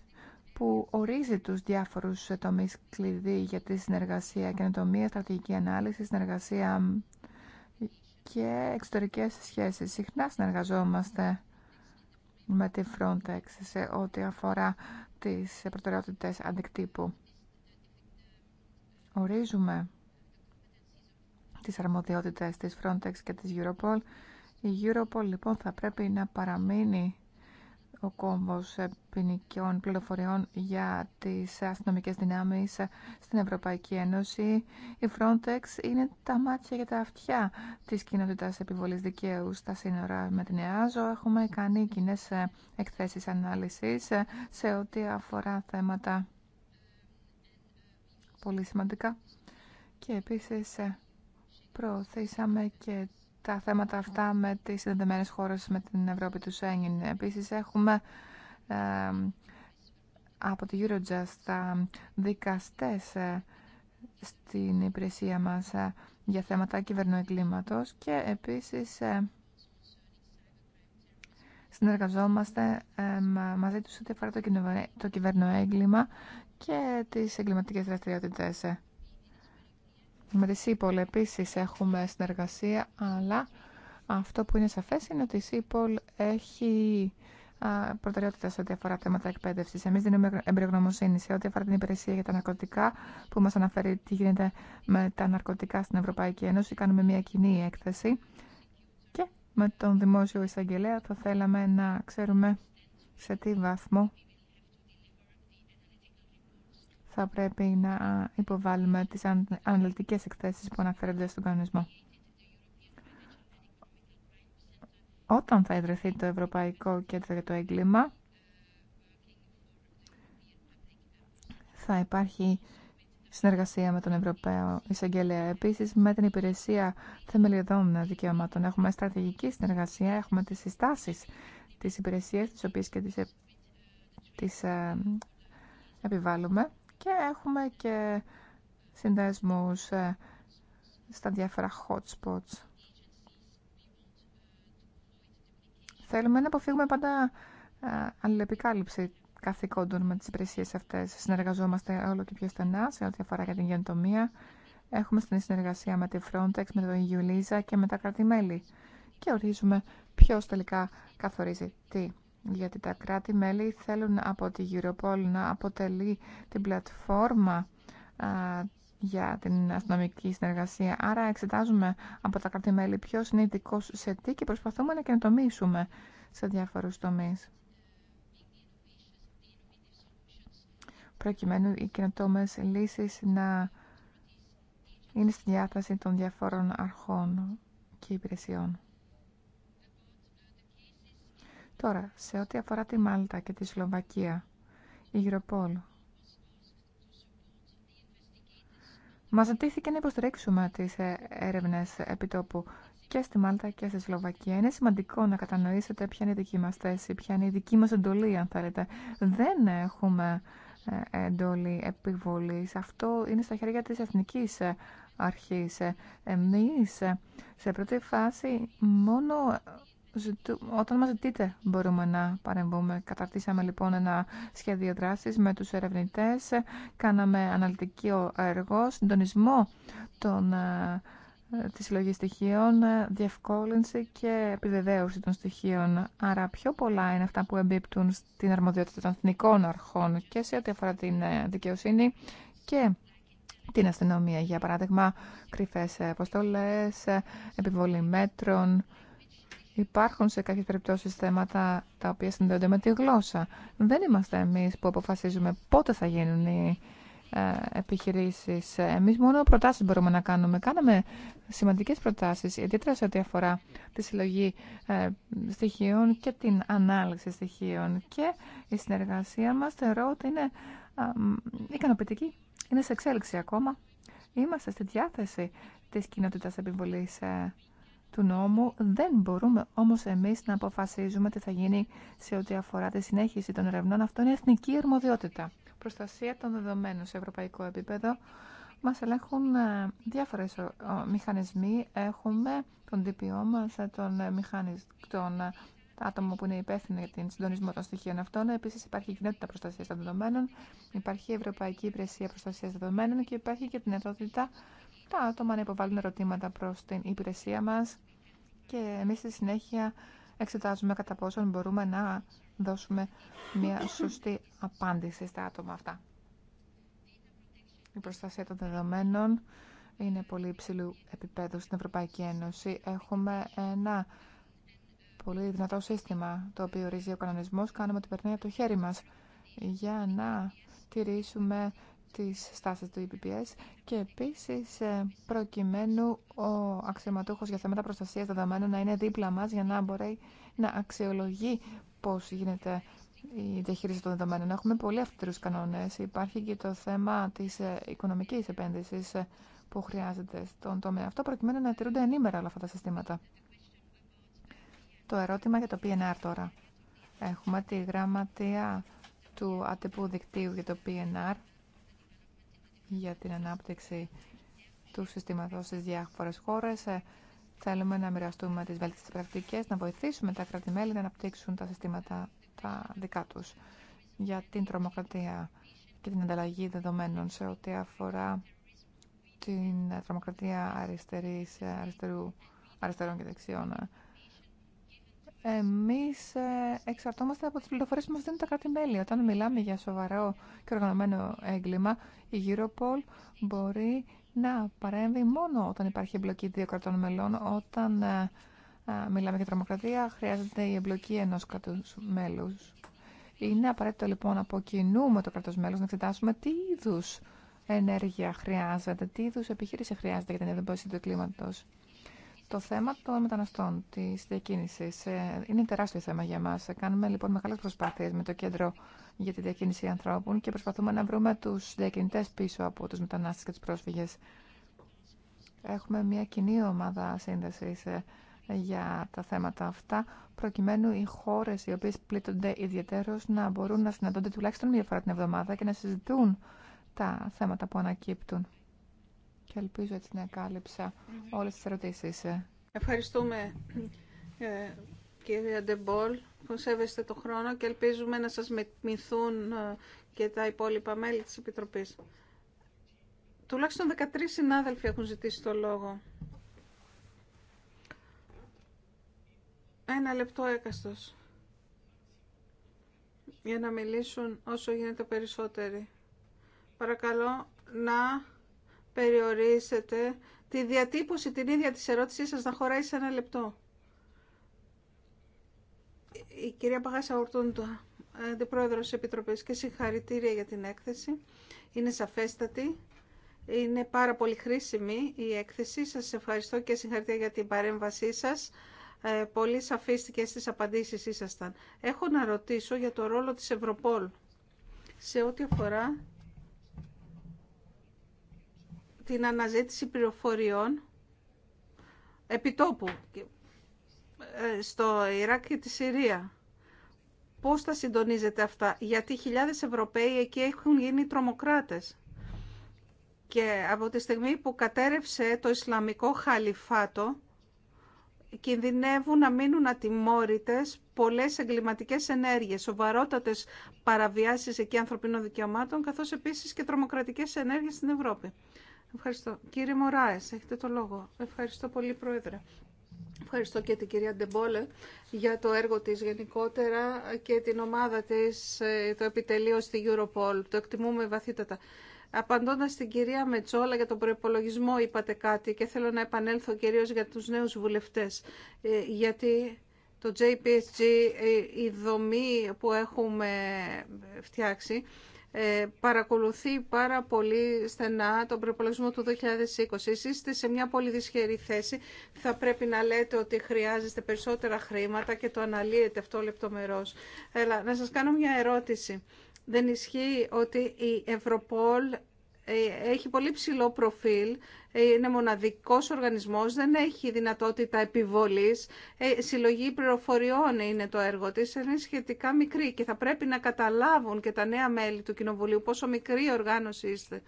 που ορίζει τους διάφορους τομείς κλειδί για τη συνεργασία, καινοτομία, στρατηγική ανάλυση, συνεργασία και εξωτερικές σχέσεις. Συχνά συνεργαζόμαστε με τη Frontex σε ό,τι αφορά τις προτεραιότητες αντικτύπου. Ορίζουμε τις αρμοδιότητες της Frontex και της Europol. Η Europol λοιπόν θα πρέπει να παραμείνει ο κόμβος ποινικών πληροφοριών για τις αστυνομικές δυνάμεις στην Ευρωπαϊκή Ένωση. Η Frontex είναι τα μάτια για τα αυτιά της κοινότητας επιβολής δικαίου στα σύνορα με την ΕΑΖΟ. Έχουμε κάνει κοινέ εκθέσεις ανάλυσης σε ό,τι αφορά θέματα πολύ σημαντικά. Και επίσης προωθήσαμε και τα θέματα αυτά με τις συνδεδεμένες χώρες με την Ευρώπη του Σέγγιν. Επίσης έχουμε από τη Eurojust τα δικαστές ε, στην υπηρεσία μας ε, για θέματα κυβερνοεγκλήματος και επίσης ε, συνεργαζόμαστε μαζί τους ότι αφορά το κυβερνοέγκλημα και τις εγκληματικές δραστηριότητες. Με τη ΣΥΠΟΛ επίσης έχουμε συνεργασία, αλλά αυτό που είναι σαφές είναι ότι η ΣΥΠΟΛ έχει προτεραιότητα σε ό,τι αφορά θέματα εκπαίδευση. Εμεί δίνουμε εμπειρογνωμοσύνη σε ό,τι αφορά την υπηρεσία για τα ναρκωτικά, που μα αναφέρει τι γίνεται με τα ναρκωτικά στην Ευρωπαϊκή Ένωση. Κάνουμε μια κοινή έκθεση. Και με τον δημόσιο εισαγγελέα θα θέλαμε να ξέρουμε σε τι βαθμό θα πρέπει να υποβάλουμε τις αναλυτικές εκθέσεις που αναφέρονται στον κανονισμό. Όταν θα ιδρυθεί το Ευρωπαϊκό Κέντρο για το Έγκλημα, θα υπάρχει συνεργασία με τον Ευρωπαίο Εισαγγελέα. Επίση, με την Υπηρεσία Θεμελιωδών Δικαιωμάτων έχουμε στρατηγική συνεργασία, έχουμε τι συστάσει τη υπηρεσία, τι οποίε και τι ε, επιβάλλουμε και έχουμε και συνδέσμους ε, στα διάφορα hotspots. Θέλουμε να αποφύγουμε πάντα ε, αλληλεπικάλυψη καθηκόντων με τις υπηρεσίε αυτές. Συνεργαζόμαστε όλο και πιο στενά σε ό,τι αφορά για την γενοτομία. Έχουμε στην συνεργασία με τη Frontex, με το Ιουλίζα και με τα κρατημέλη. Και ορίζουμε ποιος τελικά καθορίζει τι γιατί τα κράτη-μέλη θέλουν από τη Europol να αποτελεί την πλατφόρμα για την αστυνομική συνεργασία. Άρα εξετάζουμε από τα κράτη-μέλη ποιος είναι ειδικό σε τι και προσπαθούμε να καινοτομήσουμε σε διάφορους τομείς. Προκειμένου οι καινοτόμες λύσεις να είναι στη διάθεση των διαφόρων αρχών και υπηρεσιών. Τώρα, σε ό,τι αφορά τη Μάλτα και τη Σλοβακία, η Γεροπόλου. Μας ζητήθηκε να υποστηρίξουμε τις ε, έρευνες επιτόπου και στη Μάλτα και στη Σλοβακία. Είναι σημαντικό να κατανοήσετε ποια είναι η δική μας θέση, ποια είναι η δική μας εντολή, αν θέλετε. Δεν έχουμε ε, εντολή επιβολής. Αυτό είναι στα χέρια της εθνικής ε, αρχής. Εμείς, σε πρώτη φάση, μόνο όταν μας ζητείτε μπορούμε να παρεμβούμε. Καταρτήσαμε λοιπόν ένα σχέδιο δράσης με τους ερευνητές, κάναμε αναλυτικό έργο, συντονισμό των, ε, της συλλογής στοιχείων, διευκόλυνση και επιβεβαίωση των στοιχείων. Άρα πιο πολλά είναι αυτά που εμπίπτουν στην αρμοδιότητα των εθνικών αρχών και σε ό,τι αφορά την ε, δικαιοσύνη και την αστυνομία, για παράδειγμα, κρυφές αποστολές, επιβολή μέτρων, Υπάρχουν σε κάποιες περιπτώσεις θέματα τα οποία συνδέονται με τη γλώσσα. Δεν είμαστε εμείς που αποφασίζουμε πότε θα γίνουν οι ε, επιχειρήσεις. Εμείς μόνο προτάσεις μπορούμε να κάνουμε. Κάναμε σημαντικές προτάσεις, ιδιαίτερα σε ό,τι αφορά τη συλλογή ε, στοιχείων και την ανάλυση στοιχείων. Και η συνεργασία μας θεωρώ ότι είναι ικανοποιητική. Είναι σε εξέλιξη ακόμα. Είμαστε στη διάθεση της κοινότητας επιβολής ε, του νόμου. Δεν μπορούμε όμως εμείς να αποφασίζουμε τι θα γίνει σε ό,τι αφορά τη συνέχιση των ερευνών. Αυτό είναι εθνική αρμοδιότητα. Προστασία των δεδομένων σε ευρωπαϊκό επίπεδο. Μας ελέγχουν ε, διάφορες ε, μηχανισμοί. Έχουμε τον DPO μας, ε, τον, μηχανισμό τον άτομο που είναι υπεύθυνο για την συντονισμό των στοιχείων αυτών. Επίση, υπάρχει η κοινότητα προστασία των δεδομένων, υπάρχει η Ευρωπαϊκή Υπηρεσία Προστασία Δεδομένων και υπάρχει και την ενότητα τα άτομα να υποβάλουν ερωτήματα προς την υπηρεσία μας και εμείς στη συνέχεια εξετάζουμε κατά πόσον μπορούμε να δώσουμε μια σωστή απάντηση στα άτομα αυτά. Η προστασία των δεδομένων είναι πολύ υψηλού επίπεδου στην Ευρωπαϊκή Ένωση. Έχουμε ένα πολύ δυνατό σύστημα το οποίο ορίζει ο κανονισμός. Κάνουμε ότι περνάει από το χέρι μας για να τηρήσουμε της στάσεις του EPPS και επίσης ε, προκειμένου ο αξιωματούχος για θέματα προστασίας δεδομένων να είναι δίπλα μας για να μπορεί να αξιολογεί πώς γίνεται η διαχείριση των δεδομένων. Έχουμε πολύ αυστηρούς κανόνες. Υπάρχει και το θέμα της ε, οικονομικής επένδυσης ε, που χρειάζεται στον τομέα αυτό προκειμένου να τηρούνται ενήμερα όλα αυτά τα συστήματα. Το ερώτημα για το PNR τώρα. Έχουμε τη γραμματεία του ατυπού δικτύου για το PNR για την ανάπτυξη του συστήματος στις διάφορες χώρες. Ε, θέλουμε να μοιραστούμε τις βέλτιστες πρακτικές, να βοηθήσουμε τα κράτη-μέλη να αναπτύξουν τα συστήματα τα δικά τους για την τρομοκρατία και την ανταλλαγή δεδομένων σε ό,τι αφορά την τρομοκρατία αριστερής, αριστερού, αριστερών και δεξιών εμείς ε, εξαρτώμαστε από τι πληροφορίε που μας δίνουν τα κράτη-μέλη. Όταν μιλάμε για σοβαρό και οργανωμένο έγκλημα, η Europol μπορεί να παρέμβει μόνο όταν υπάρχει εμπλοκή δύο κρατών μελών. Όταν ε, ε, μιλάμε για τρομοκρατία, χρειάζεται η εμπλοκή ενό κράτου μέλου. Είναι απαραίτητο λοιπόν από κοινού το κράτο μέλο να εξετάσουμε τι είδου ενέργεια χρειάζεται, τι είδου επιχείρηση χρειάζεται για την εντοπίση του κλίματος. Το θέμα των μεταναστών, τη διακίνηση, ε, είναι τεράστιο θέμα για μα. Κάνουμε λοιπόν μεγάλε προσπάθειε με το κέντρο για τη διακίνηση ανθρώπων και προσπαθούμε να βρούμε του διακινητέ πίσω από του μετανάστε και του πρόσφυγε. Έχουμε μια κοινή ομάδα σύνδεση ε, για τα θέματα αυτά, προκειμένου οι χώρε οι οποίε πλήττονται ιδιαίτερω να μπορούν να συναντώνται τουλάχιστον μία φορά την εβδομάδα και να συζητούν τα θέματα που ανακύπτουν και ελπίζω έτσι να κάλυψα όλες τις ερωτήσεις. Ευχαριστούμε ε, κύριε Αντεμπόλ που σέβεστε το χρόνο και ελπίζουμε να σας μυθούν ε, και τα υπόλοιπα μέλη της Επιτροπής. Τουλάχιστον 13 συνάδελφοι έχουν ζητήσει το λόγο. Ένα λεπτό έκαστος για να μιλήσουν όσο γίνεται περισσότεροι. Παρακαλώ να περιορίσετε τη διατύπωση την ίδια της ερώτησής σας να χωράει σε ένα λεπτό. Η κυρία Παγάσα Ορτούντου, αντιπρόεδρος της Επιτροπής και συγχαρητήρια για την έκθεση. Είναι σαφέστατη. Είναι πάρα πολύ χρήσιμη η έκθεση. Σας ευχαριστώ και συγχαρητήρια για την παρέμβασή σας. Ε, πολύ σαφίστηκε και στις απαντήσεις ήσασταν. Έχω να ρωτήσω για το ρόλο της Ευρωπόλ σε ό,τι αφορά την αναζήτηση πληροφοριών επιτόπου ε, στο Ιράκ και τη Συρία. Πώς θα συντονίζετε αυτά, γιατί χιλιάδες Ευρωπαίοι εκεί έχουν γίνει τρομοκράτες. Και από τη στιγμή που κατέρευσε το Ισλαμικό Χαλιφάτο, κινδυνεύουν να μείνουν ατιμόρυτες πολλές εγκληματικές ενέργειες, σοβαρότατες παραβιάσεις εκεί ανθρωπίνων δικαιωμάτων, καθώς επίσης και τρομοκρατικές ενέργειες στην Ευρώπη. Ευχαριστώ. Κύριε Μωράε, έχετε το λόγο. Ευχαριστώ πολύ, Πρόεδρε. Ευχαριστώ και την κυρία Ντεμπόλε για το έργο της γενικότερα και την ομάδα της, ε, το επιτελείο στη Europol. Το εκτιμούμε βαθύτατα. Απαντώντα στην κυρία Μετσόλα για τον προπολογισμό, είπατε κάτι και θέλω να επανέλθω κυρίω για του νέου βουλευτέ. Ε, γιατί το JPSG, ε, η δομή που έχουμε φτιάξει, ε, παρακολουθεί πάρα πολύ στενά τον προπολογισμό του 2020. Εσείς είστε σε μια πολύ δυσχερή θέση. Θα πρέπει να λέτε ότι χρειάζεστε περισσότερα χρήματα και το αναλύετε αυτό λεπτομερώς. Έλα, να σας κάνω μια ερώτηση. Δεν ισχύει ότι η Ευρωπόλ ε, έχει πολύ ψηλό προφίλ, ε, είναι μοναδικός οργανισμός, δεν έχει δυνατότητα επιβολής. Ε, συλλογή πληροφοριών είναι το έργο της, είναι σχετικά μικρή και θα πρέπει να καταλάβουν και τα νέα μέλη του Κοινοβουλίου πόσο μικρή οργάνωση είστε.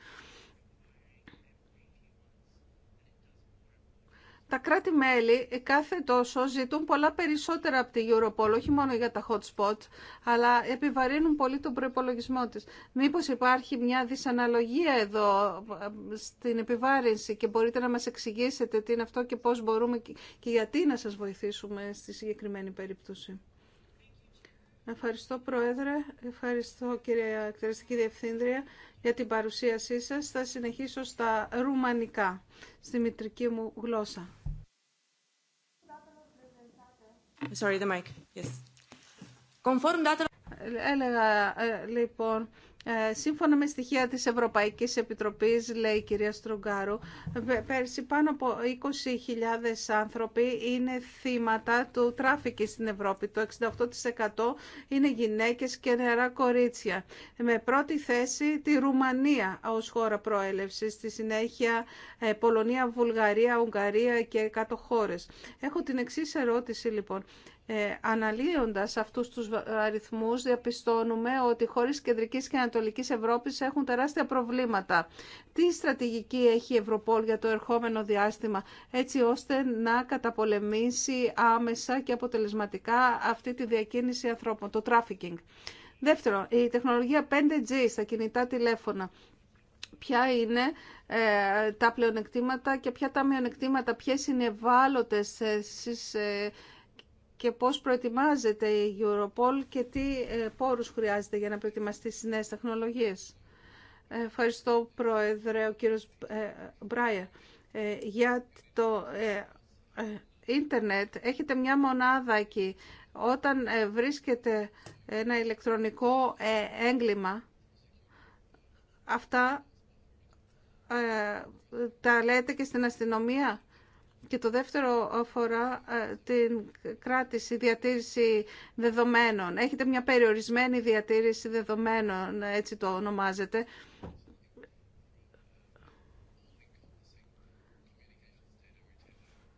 τα κράτη-μέλη κάθε τόσο ζητούν πολλά περισσότερα από τη Europol, όχι μόνο για τα hot spots, αλλά επιβαρύνουν πολύ τον προπολογισμό τη. Μήπω υπάρχει μια δυσαναλογία εδώ ε, στην επιβάρυνση και μπορείτε να μα εξηγήσετε τι είναι αυτό και πώ μπορούμε και γιατί να σας βοηθήσουμε στη συγκεκριμένη περίπτωση. Ευχαριστώ Πρόεδρε, ευχαριστώ κυρία Εκτελεστική Διευθύντρια για την παρουσίασή σας. Θα συνεχίσω στα ρουμανικά, στη μητρική μου γλώσσα. Sorry, the mic. Yes. Conform datelor... Έλεγα, λοιπόν, ε, σύμφωνα με στοιχεία της Ευρωπαϊκής Επιτροπής, λέει η κυρία Στρογκάρου, πέρσι πάνω από 20.000 άνθρωποι είναι θύματα του τράφικη στην Ευρώπη. Το 68% είναι γυναίκες και νεαρά κορίτσια. Με πρώτη θέση τη Ρουμανία ως χώρα προέλευσης, στη συνέχεια ε, Πολωνία, Βουλγαρία, Ουγγαρία και κάτω χώρες. Έχω την εξή ερώτηση λοιπόν. Ε, αναλύοντας αυτούς τους αριθμούς διαπιστώνουμε ότι χωρίς χώρες κεντρικής και ανατολικής Ευρώπης έχουν τεράστια προβλήματα. Τι στρατηγική έχει η Ευρωπόλ για το ερχόμενο διάστημα έτσι ώστε να καταπολεμήσει άμεσα και αποτελεσματικά αυτή τη διακίνηση ανθρώπων, το trafficking. Δεύτερον, η τεχνολογία 5G στα κινητά τηλέφωνα. Ποια είναι ε, τα πλεονεκτήματα και ποια τα μειονεκτήματα, ποιες είναι ευάλωτες στις και πώς προετοιμάζεται η Europol και τι ε, πόρους χρειάζεται για να προετοιμαστεί στις νέες τεχνολογίες. Ε, ευχαριστώ, Πρόεδρε, ο κύριος ε, Μπράιερ. Για το ίντερνετ έχετε μια μονάδα εκεί. Όταν βρίσκεται ένα ηλεκτρονικό έγκλημα, αυτά τα λέτε και στην αστυνομία και το δεύτερο αφορά ε, την κράτηση, διατήρηση δεδομένων. Έχετε μια περιορισμένη διατήρηση δεδομένων, έτσι το ονομάζετε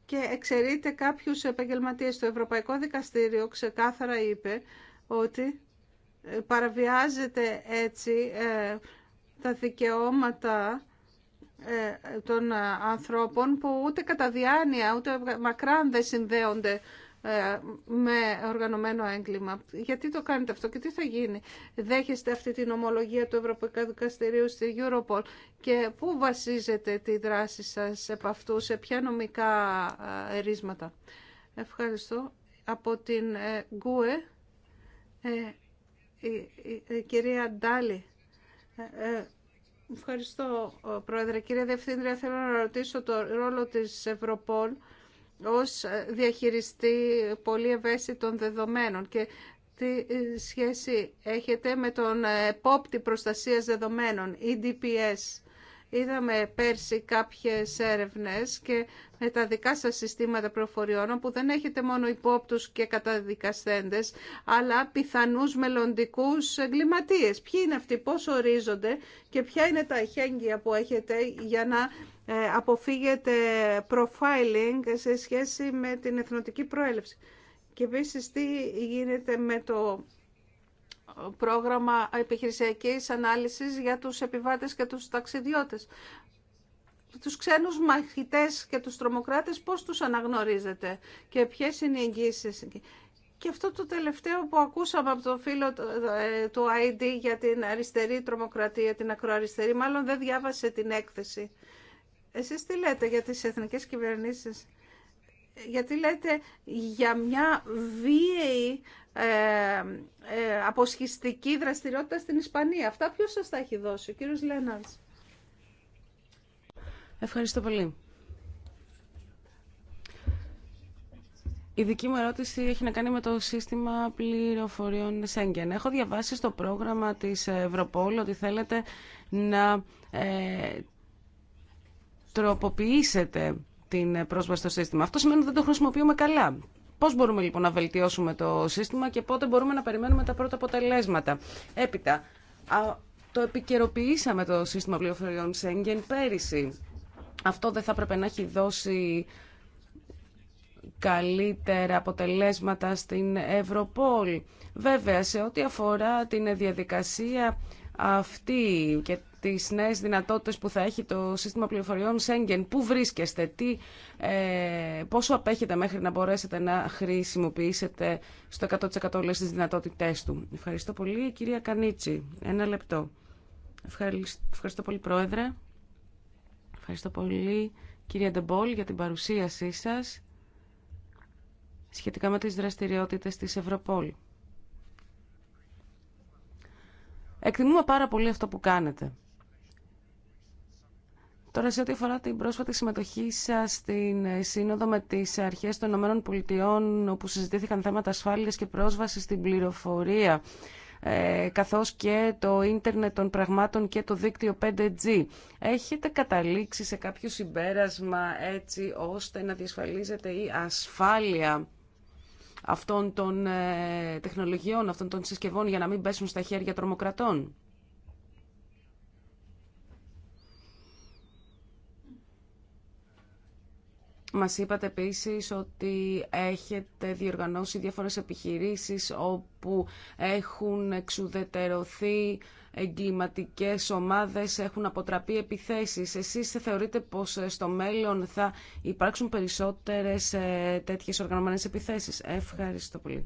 Και εξαιρείται κάποιους επαγγελματίες. Το Ευρωπαϊκό Δικαστήριο ξεκάθαρα είπε ότι ε, παραβιάζεται έτσι ε, τα δικαιώματα ε, των ε, ανθρώπων που ούτε κατά διάνοια, ούτε μακράν δεν συνδέονται ε, με οργανωμένο έγκλημα. Γιατί το κάνετε αυτό και τι θα γίνει. Δέχεστε αυτή την ομολογία του Ευρωπαϊκού Δικαστηρίου στη Europol και πού βασίζετε τη δράση σας επ' αυτού, σε ποια νομικά ερίσματα. Ευχαριστώ. Από την Γκουε, η κυρία Ντάλη. Ευχαριστώ, Πρόεδρε. Κύριε Διευθύντρια, θέλω να ρωτήσω το ρόλο της Ευρωπόλ ως διαχειριστή πολύ ευαίσθητων δεδομένων και τι σχέση έχετε με τον επόπτη προστασίας δεδομένων, EDPS. Είδαμε πέρσι κάποιες έρευνες και με τα δικά σας συστήματα προφοριών, που δεν έχετε μόνο υπόπτους και καταδικαστέντες αλλά πιθανούς μελλοντικούς εγκληματίες. Ποιοι είναι αυτοί, πώς ορίζονται και ποια είναι τα εχέγγυα που έχετε για να ε, αποφύγετε profiling σε σχέση με την εθνοτική προέλευση. Και επίση τι γίνεται με το πρόγραμμα επιχειρησιακής ανάλυσης για τους επιβάτες και τους ταξιδιώτες. Τους ξένους μαχητές και τους τρομοκράτες πώς τους αναγνωρίζετε και ποιες είναι οι εγγύσεις. Και αυτό το τελευταίο που ακούσαμε από το φίλο ε, του ID για την αριστερή τρομοκρατία, την ακροαριστερή, μάλλον δεν διάβασε την έκθεση. Εσείς τι λέτε για τις εθνικές κυβερνήσεις. Γιατί λέτε για μια βίαιη ε, ε, αποσχιστική δραστηριότητα στην Ισπανία. Αυτά ποιος σας τα έχει δώσει, ο κύριος Λέναρτς. Ευχαριστώ πολύ. Η δική μου ερώτηση έχει να κάνει με το σύστημα πληροφοριών Σέγγεν. Έχω διαβάσει στο πρόγραμμα της Ευρωπόλου ότι θέλετε να ε, τροποποιήσετε την πρόσβαση στο σύστημα. Αυτό σημαίνει ότι δεν το χρησιμοποιούμε καλά. Πώς μπορούμε λοιπόν να βελτιώσουμε το σύστημα και πότε μπορούμε να περιμένουμε τα πρώτα αποτελέσματα. Έπειτα, το επικαιροποιήσαμε το σύστημα πληροφοριών Σέγγεν πέρυσι. Αυτό δεν θα έπρεπε να έχει δώσει καλύτερα αποτελέσματα στην Ευρωπόλ. Βέβαια, σε ό,τι αφορά την διαδικασία αυτή και τι νέε δυνατότητε που θα έχει το σύστημα πληροφοριών Σέγγεν. Πού βρίσκεστε, τι, ε, πόσο απέχετε μέχρι να μπορέσετε να χρησιμοποιήσετε στο 100% όλε τις δυνατότητές του. Ευχαριστώ πολύ, κυρία Κανίτσι. Ένα λεπτό. Ευχαριστώ πολύ, Πρόεδρε. Ευχαριστώ πολύ, κυρία Ντεμπόλ, για την παρουσίασή σας σχετικά με τι δραστηριότητε τη Ευρωπόλη. Εκτιμούμε πάρα πολύ αυτό που κάνετε. Τώρα σε ό,τι αφορά την πρόσφατη συμμετοχή σας στην Σύνοδο με τι αρχέ των ΗΠΑ όπου συζητήθηκαν θέματα ασφάλειας και πρόσβαση στην πληροφορία ε, καθώς και το ίντερνετ των πραγμάτων και το δίκτυο 5G. Έχετε καταλήξει σε κάποιο συμπέρασμα έτσι ώστε να διασφαλίζετε η ασφάλεια αυτών των ε, τεχνολογιών, αυτών των συσκευών για να μην πέσουν στα χέρια τρομοκρατών. Μας είπατε επίσης ότι έχετε διοργανώσει διάφορες επιχειρήσεις όπου έχουν εξουδετερωθεί εγκληματικές ομάδες, έχουν αποτραπεί επιθέσεις. Εσείς θεωρείτε πως στο μέλλον θα υπάρξουν περισσότερες ε, τέτοιες οργανωμένες επιθέσεις. Ευχαριστώ πολύ.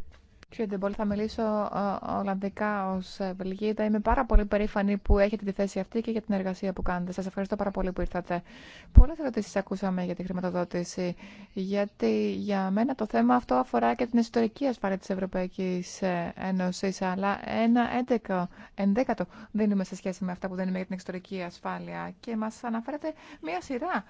Κύριε Ντεμπόλ, θα μιλήσω ε, Ολλανδικά ω ε, Βελγίδα. Είμαι πάρα πολύ περήφανη που έχετε τη θέση αυτή και για την εργασία που κάνετε. Σα ευχαριστώ πάρα πολύ που ήρθατε. Πολλέ ερωτήσει ακούσαμε για τη χρηματοδότηση, γιατί για μένα το θέμα αυτό αφορά και την ιστορική ασφάλεια τη Ευρωπαϊκή ε, Ένωση. Αλλά ένα έντεκο, ενδέκατο δίνουμε σε σχέση με αυτά που δίνουμε για την ιστορική ασφάλεια. Και μα αναφέρετε μία σειρά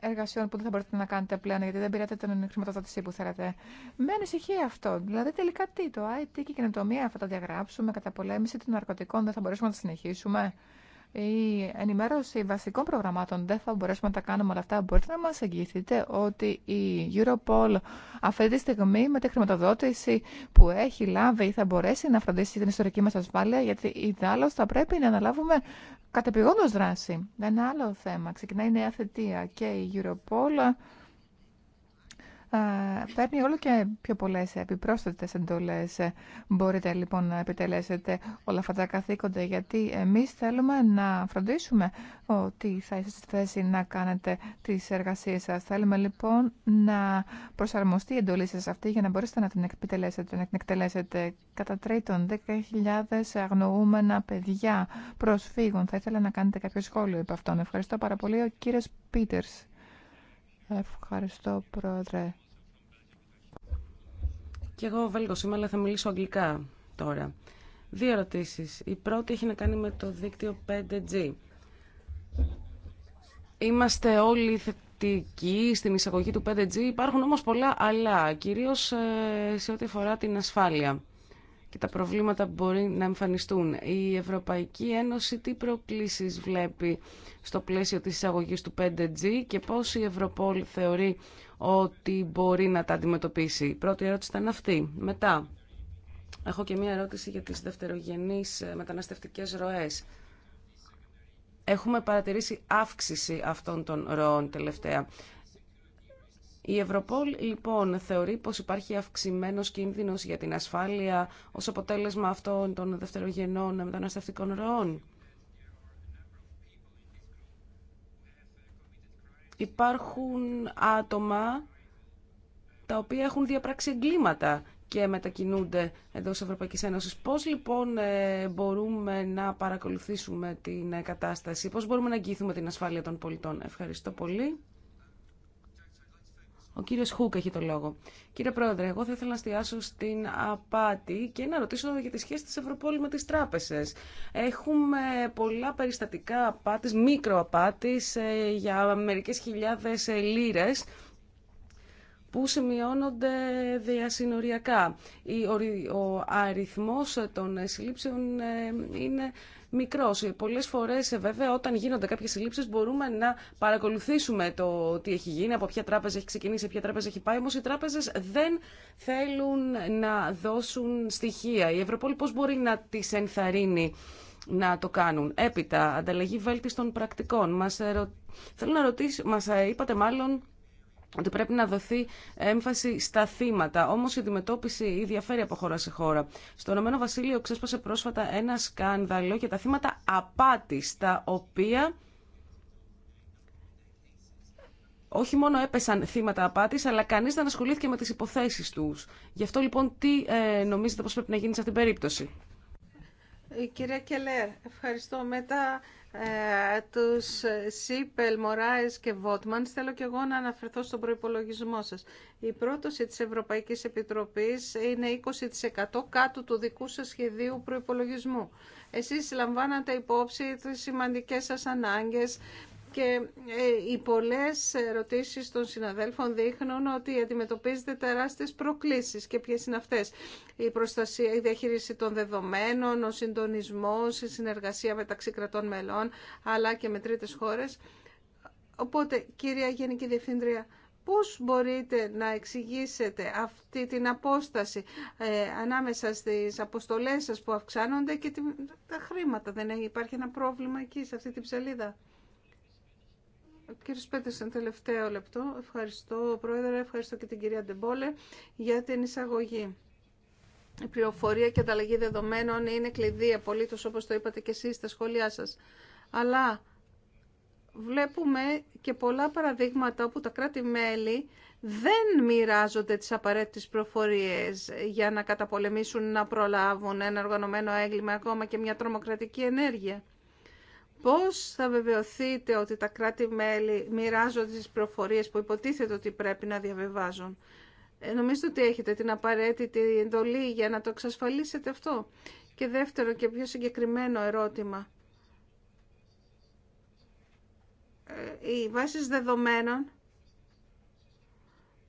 εργασιών που δεν θα μπορείτε να κάνετε πλέον, γιατί δεν πήρατε την χρηματοδότηση που θέλετε. Με ανησυχεί αυτό. Δηλαδή, τελικά τι, το IT και η Κοινοτομία θα τα διαγράψουμε, κατά πολέμηση των ναρκωτικών δεν θα μπορέσουμε να τα συνεχίσουμε. Η ενημέρωση βασικών προγραμμάτων δεν θα μπορέσουμε να τα κάνουμε όλα αυτά. Μπορείτε να μα εγγυηθείτε ότι η Europol αυτή τη στιγμή με τη χρηματοδότηση που έχει λάβει θα μπορέσει να φροντίσει την ιστορική Ένα ασφάλεια γιατί ιδάλω θα πρέπει να αναλάβουμε κατεπηγόντω δράση. Ένα άλλο θέμα. Ξεκινάει η νέα θετία και η Europol ε, παίρνει όλο και πιο πολλές επιπρόσθετες εντολές. Μπορείτε λοιπόν να επιτελέσετε όλα αυτά τα καθήκοντα γιατί εμείς θέλουμε να φροντίσουμε ότι θα είστε στη θέση να κάνετε τις εργασίες σας. Θέλουμε λοιπόν να προσαρμοστεί η εντολή σας αυτή για να μπορέσετε να την επιτελέσετε, να την εκτελέσετε. Κατά τρίτον, 10.000 αγνοούμενα παιδιά προσφύγων. Θα ήθελα να κάνετε κάποιο σχόλιο από αυτόν. Ευχαριστώ πάρα πολύ. Ο κύριος Πίτερς. Ευχαριστώ, Πρόεδρε. Και εγώ Βέλγο είμαι, αλλά θα μιλήσω αγγλικά τώρα. Δύο ερωτήσεις. Η πρώτη έχει να κάνει με το δίκτυο 5G. Είμαστε όλοι θετικοί στην εισαγωγή του 5G, υπάρχουν όμως πολλά αλλά, κυρίως ε, σε ό,τι αφορά την ασφάλεια και τα προβλήματα που μπορεί να εμφανιστούν. Η Ευρωπαϊκή Ένωση τι προκλήσεις βλέπει στο πλαίσιο της εισαγωγή του 5G και πώς η Ευρωπόλ θεωρεί ότι μπορεί να τα αντιμετωπίσει. Η πρώτη ερώτηση ήταν αυτή. Μετά, έχω και μία ερώτηση για τις δευτερογενείς ε, μεταναστευτικές ροές. Έχουμε παρατηρήσει αύξηση αυτών των ροών τελευταία. Η Ευρωπόλ λοιπόν θεωρεί πως υπάρχει αυξημένος κίνδυνος για την ασφάλεια ως αποτέλεσμα αυτών των δευτερογενών μεταναστευτικών ροών. Υπάρχουν άτομα τα οποία έχουν διαπράξει εγκλήματα και μετακινούνται εντό Ευρωπαϊκή Ένωση. Πώς, λοιπόν ε, μπορούμε να παρακολουθήσουμε την κατάσταση, πώς μπορούμε να αγγίθουμε την ασφάλεια των πολιτών. Ευχαριστώ πολύ. Ο κύριο Χούκ έχει το λόγο. Κύριε Πρόεδρε, εγώ θα ήθελα να εστιάσω στην απάτη και να ρωτήσω για τη σχέση τη Ευρωπόλη με τις τράπεζες. Έχουμε πολλά περιστατικά απάτης, μικροαπάτης ε, για μερικές χιλιάδες ε, λίρε που σημειώνονται διασυνοριακά. Ο αριθμός των ε, συλλήψεων είναι Μικρό. Πολλές φορές ε, βέβαια όταν γίνονται κάποιε συλλήψει, μπορούμε να παρακολουθήσουμε το τι έχει γίνει, από ποια τράπεζα έχει ξεκινήσει, ποια τράπεζα έχει πάει, ομω οι τράπεζε δεν θέλουν να δώσουν στοιχεία. Η Ευρωπόλη πώ μπορεί να τι ενθαρρύνει να το κάνουν. Έπειτα, ανταλλαγή βέλτιστων πρακτικών. Θέλω να ρωτήσω, μα ε, είπατε μάλλον ότι πρέπει να δοθεί έμφαση στα θύματα. Όμω η αντιμετώπιση διαφέρει από χώρα σε χώρα. Στο Ηνωμένο Βασίλειο ξέσπασε πρόσφατα ένα σκάνδαλο για τα θύματα απάτη, τα οποία όχι μόνο έπεσαν θύματα απάτης, αλλά κανείς δεν ασχολήθηκε με τις υποθέσεις τους. Γι' αυτό λοιπόν τι ε, νομίζετε πώς πρέπει να γίνει σε αυτήν την περίπτωση. Ε, κυρία Κελέρ, ευχαριστώ. Μετά ε, τους Σίπελ, Μωράες και Βότμαν, θέλω και εγώ να αναφερθώ στον προϋπολογισμό σας. Η πρόταση της Ευρωπαϊκής Επιτροπής είναι 20% κάτω του δικού σας σχεδίου προϋπολογισμού. Εσείς λαμβάνατε υπόψη τις σημαντικές σας ανάγκες, και ε, οι πολλές ερωτήσεις των συναδέλφων δείχνουν ότι αντιμετωπίζετε τεράστιες προκλήσεις και ποιες είναι αυτές. Η προστασία, η διαχείριση των δεδομένων, ο συντονισμός, η συνεργασία μεταξύ κρατών μελών αλλά και με τρίτες χώρες. Οπότε, κυρία Γενική Διευθύντρια, πώς μπορείτε να εξηγήσετε αυτή την απόσταση ε, ανάμεσα στις αποστολές σας που αυξάνονται και τα χρήματα. Δεν υπάρχει ένα πρόβλημα εκεί σε αυτή την ψελίδα. Κύριε κύριος σαν τελευταίο λεπτό. Ευχαριστώ, Πρόεδρε, ευχαριστώ και την κυρία Ντεμπόλε για την εισαγωγή. Η πληροφορία και ανταλλαγή δεδομένων είναι κλειδί απολύτω όπως το είπατε και εσείς στα σχόλιά σας. Αλλά βλέπουμε και πολλά παραδείγματα όπου τα κράτη-μέλη δεν μοιράζονται τις απαραίτητες προφορίες για να καταπολεμήσουν, να προλάβουν ένα οργανωμένο έγκλημα, ακόμα και μια τρομοκρατική ενέργεια. Πώς θα βεβαιωθείτε ότι τα κράτη-μέλη μοιράζονται τις προφορίες που υποτίθεται ότι πρέπει να διαβιβάζουν. Ε, νομίζω ότι έχετε την απαραίτητη εντολή για να το εξασφαλίσετε αυτό. Και δεύτερο και πιο συγκεκριμένο ερώτημα. Ε, οι βάσεις δεδομένων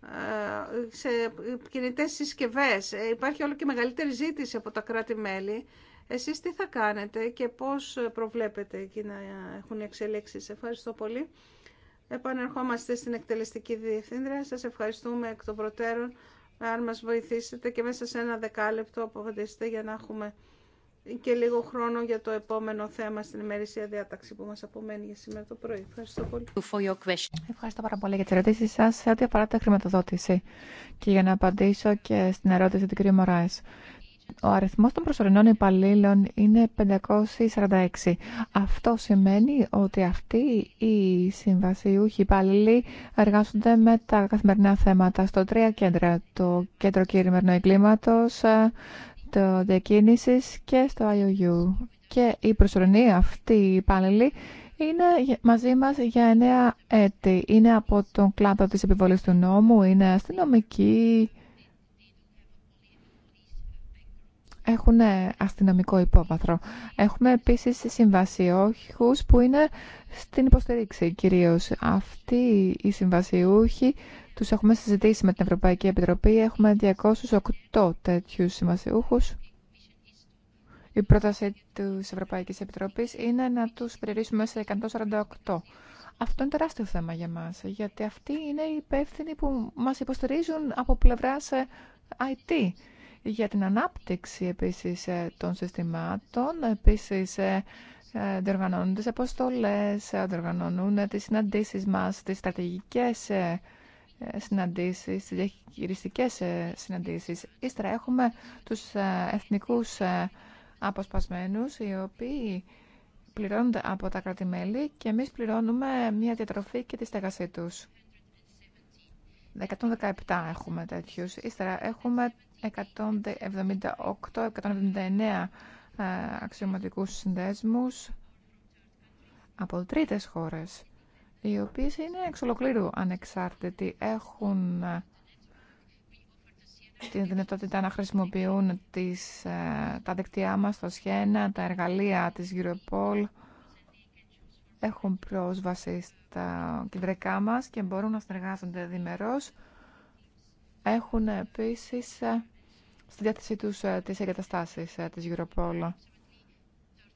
ε, σε κινητές συσκευές. Ε, υπάρχει όλο και μεγαλύτερη ζήτηση από τα κράτη-μέλη εσείς τι θα κάνετε και πώς προβλέπετε εκεί να έχουν Σε Ευχαριστώ πολύ. Επανερχόμαστε στην εκτελεστική διευθύντρια. Σας ευχαριστούμε εκ των προτέρων αν μας βοηθήσετε και μέσα σε ένα δεκάλεπτο αποφαντήσετε για να έχουμε και λίγο χρόνο για το επόμενο θέμα στην ημερήσια διάταξη που μας απομένει για σήμερα το πρωί. Ευχαριστώ πολύ. Ευχαριστώ πάρα πολύ για τις ερωτήσεις σας σε ό,τι αφορά τα χρηματοδότηση και για να απαντήσω και στην ερώτηση του κ. Μωράης. Ο αριθμός των προσωρινών υπαλλήλων είναι 546. Αυτό σημαίνει ότι αυτοί οι συμβασιούχοι υπαλλήλοι εργάζονται με τα καθημερινά θέματα στο τρία κέντρα. Το Κέντρο κυριμερνό εγκλήματος, το Διακίνησης και στο IOU. Και οι προσωρινοί αυτοί οι υπάλληλοι είναι μαζί μας για εννέα έτη. Είναι από τον κλάδο της επιβολής του νόμου, είναι αστυνομικοί, έχουν αστυνομικό υπόβαθρο. Έχουμε επίσης συμβασιούχους που είναι στην υποστηρίξη κυρίως. Αυτοί οι συμβασιούχοι τους έχουμε συζητήσει με την Ευρωπαϊκή Επιτροπή. Έχουμε 208 τέτοιους συμβασιούχους. Η πρόταση της Ευρωπαϊκής Επιτροπής είναι να τους περιορίσουμε σε 148. Αυτό είναι τεράστιο θέμα για μας, γιατί αυτοί είναι οι υπεύθυνοι που μας υποστηρίζουν από πλευράς ε, IT για την ανάπτυξη επίσης ε, των συστημάτων, επίσης ε, ε, διοργανώνουν τις αποστολές, διοργανώνουν τις συναντήσεις μας, τις στρατηγικές συναντήσεις, τις διαχειριστικές συναντήσεις. Ύστερα έχουμε τους εθνικούς αποσπασμένους, οι οποίοι πληρώνονται από τα κρατημέλη και εμείς πληρώνουμε μια διατροφή και τη στέγασή τους. 117 έχουμε τέτοιους. Ύστερα έχουμε 178-179 ε, αξιωματικούς συνδέσμους από τρίτες χώρες, οι οποίες είναι εξ ολοκλήρου ανεξάρτητοι, έχουν ε, τη δυνατότητα να χρησιμοποιούν τις, ε, τα δικτυά μας, στο ΣΧΕΝΑ, τα εργαλεία της Europol, έχουν πρόσβαση στα κεντρικά μας και μπορούν να συνεργάζονται διμερώς έχουν επίσης ε, στη διάθεσή τους ε, τις εγκαταστάσεις ε, της Europol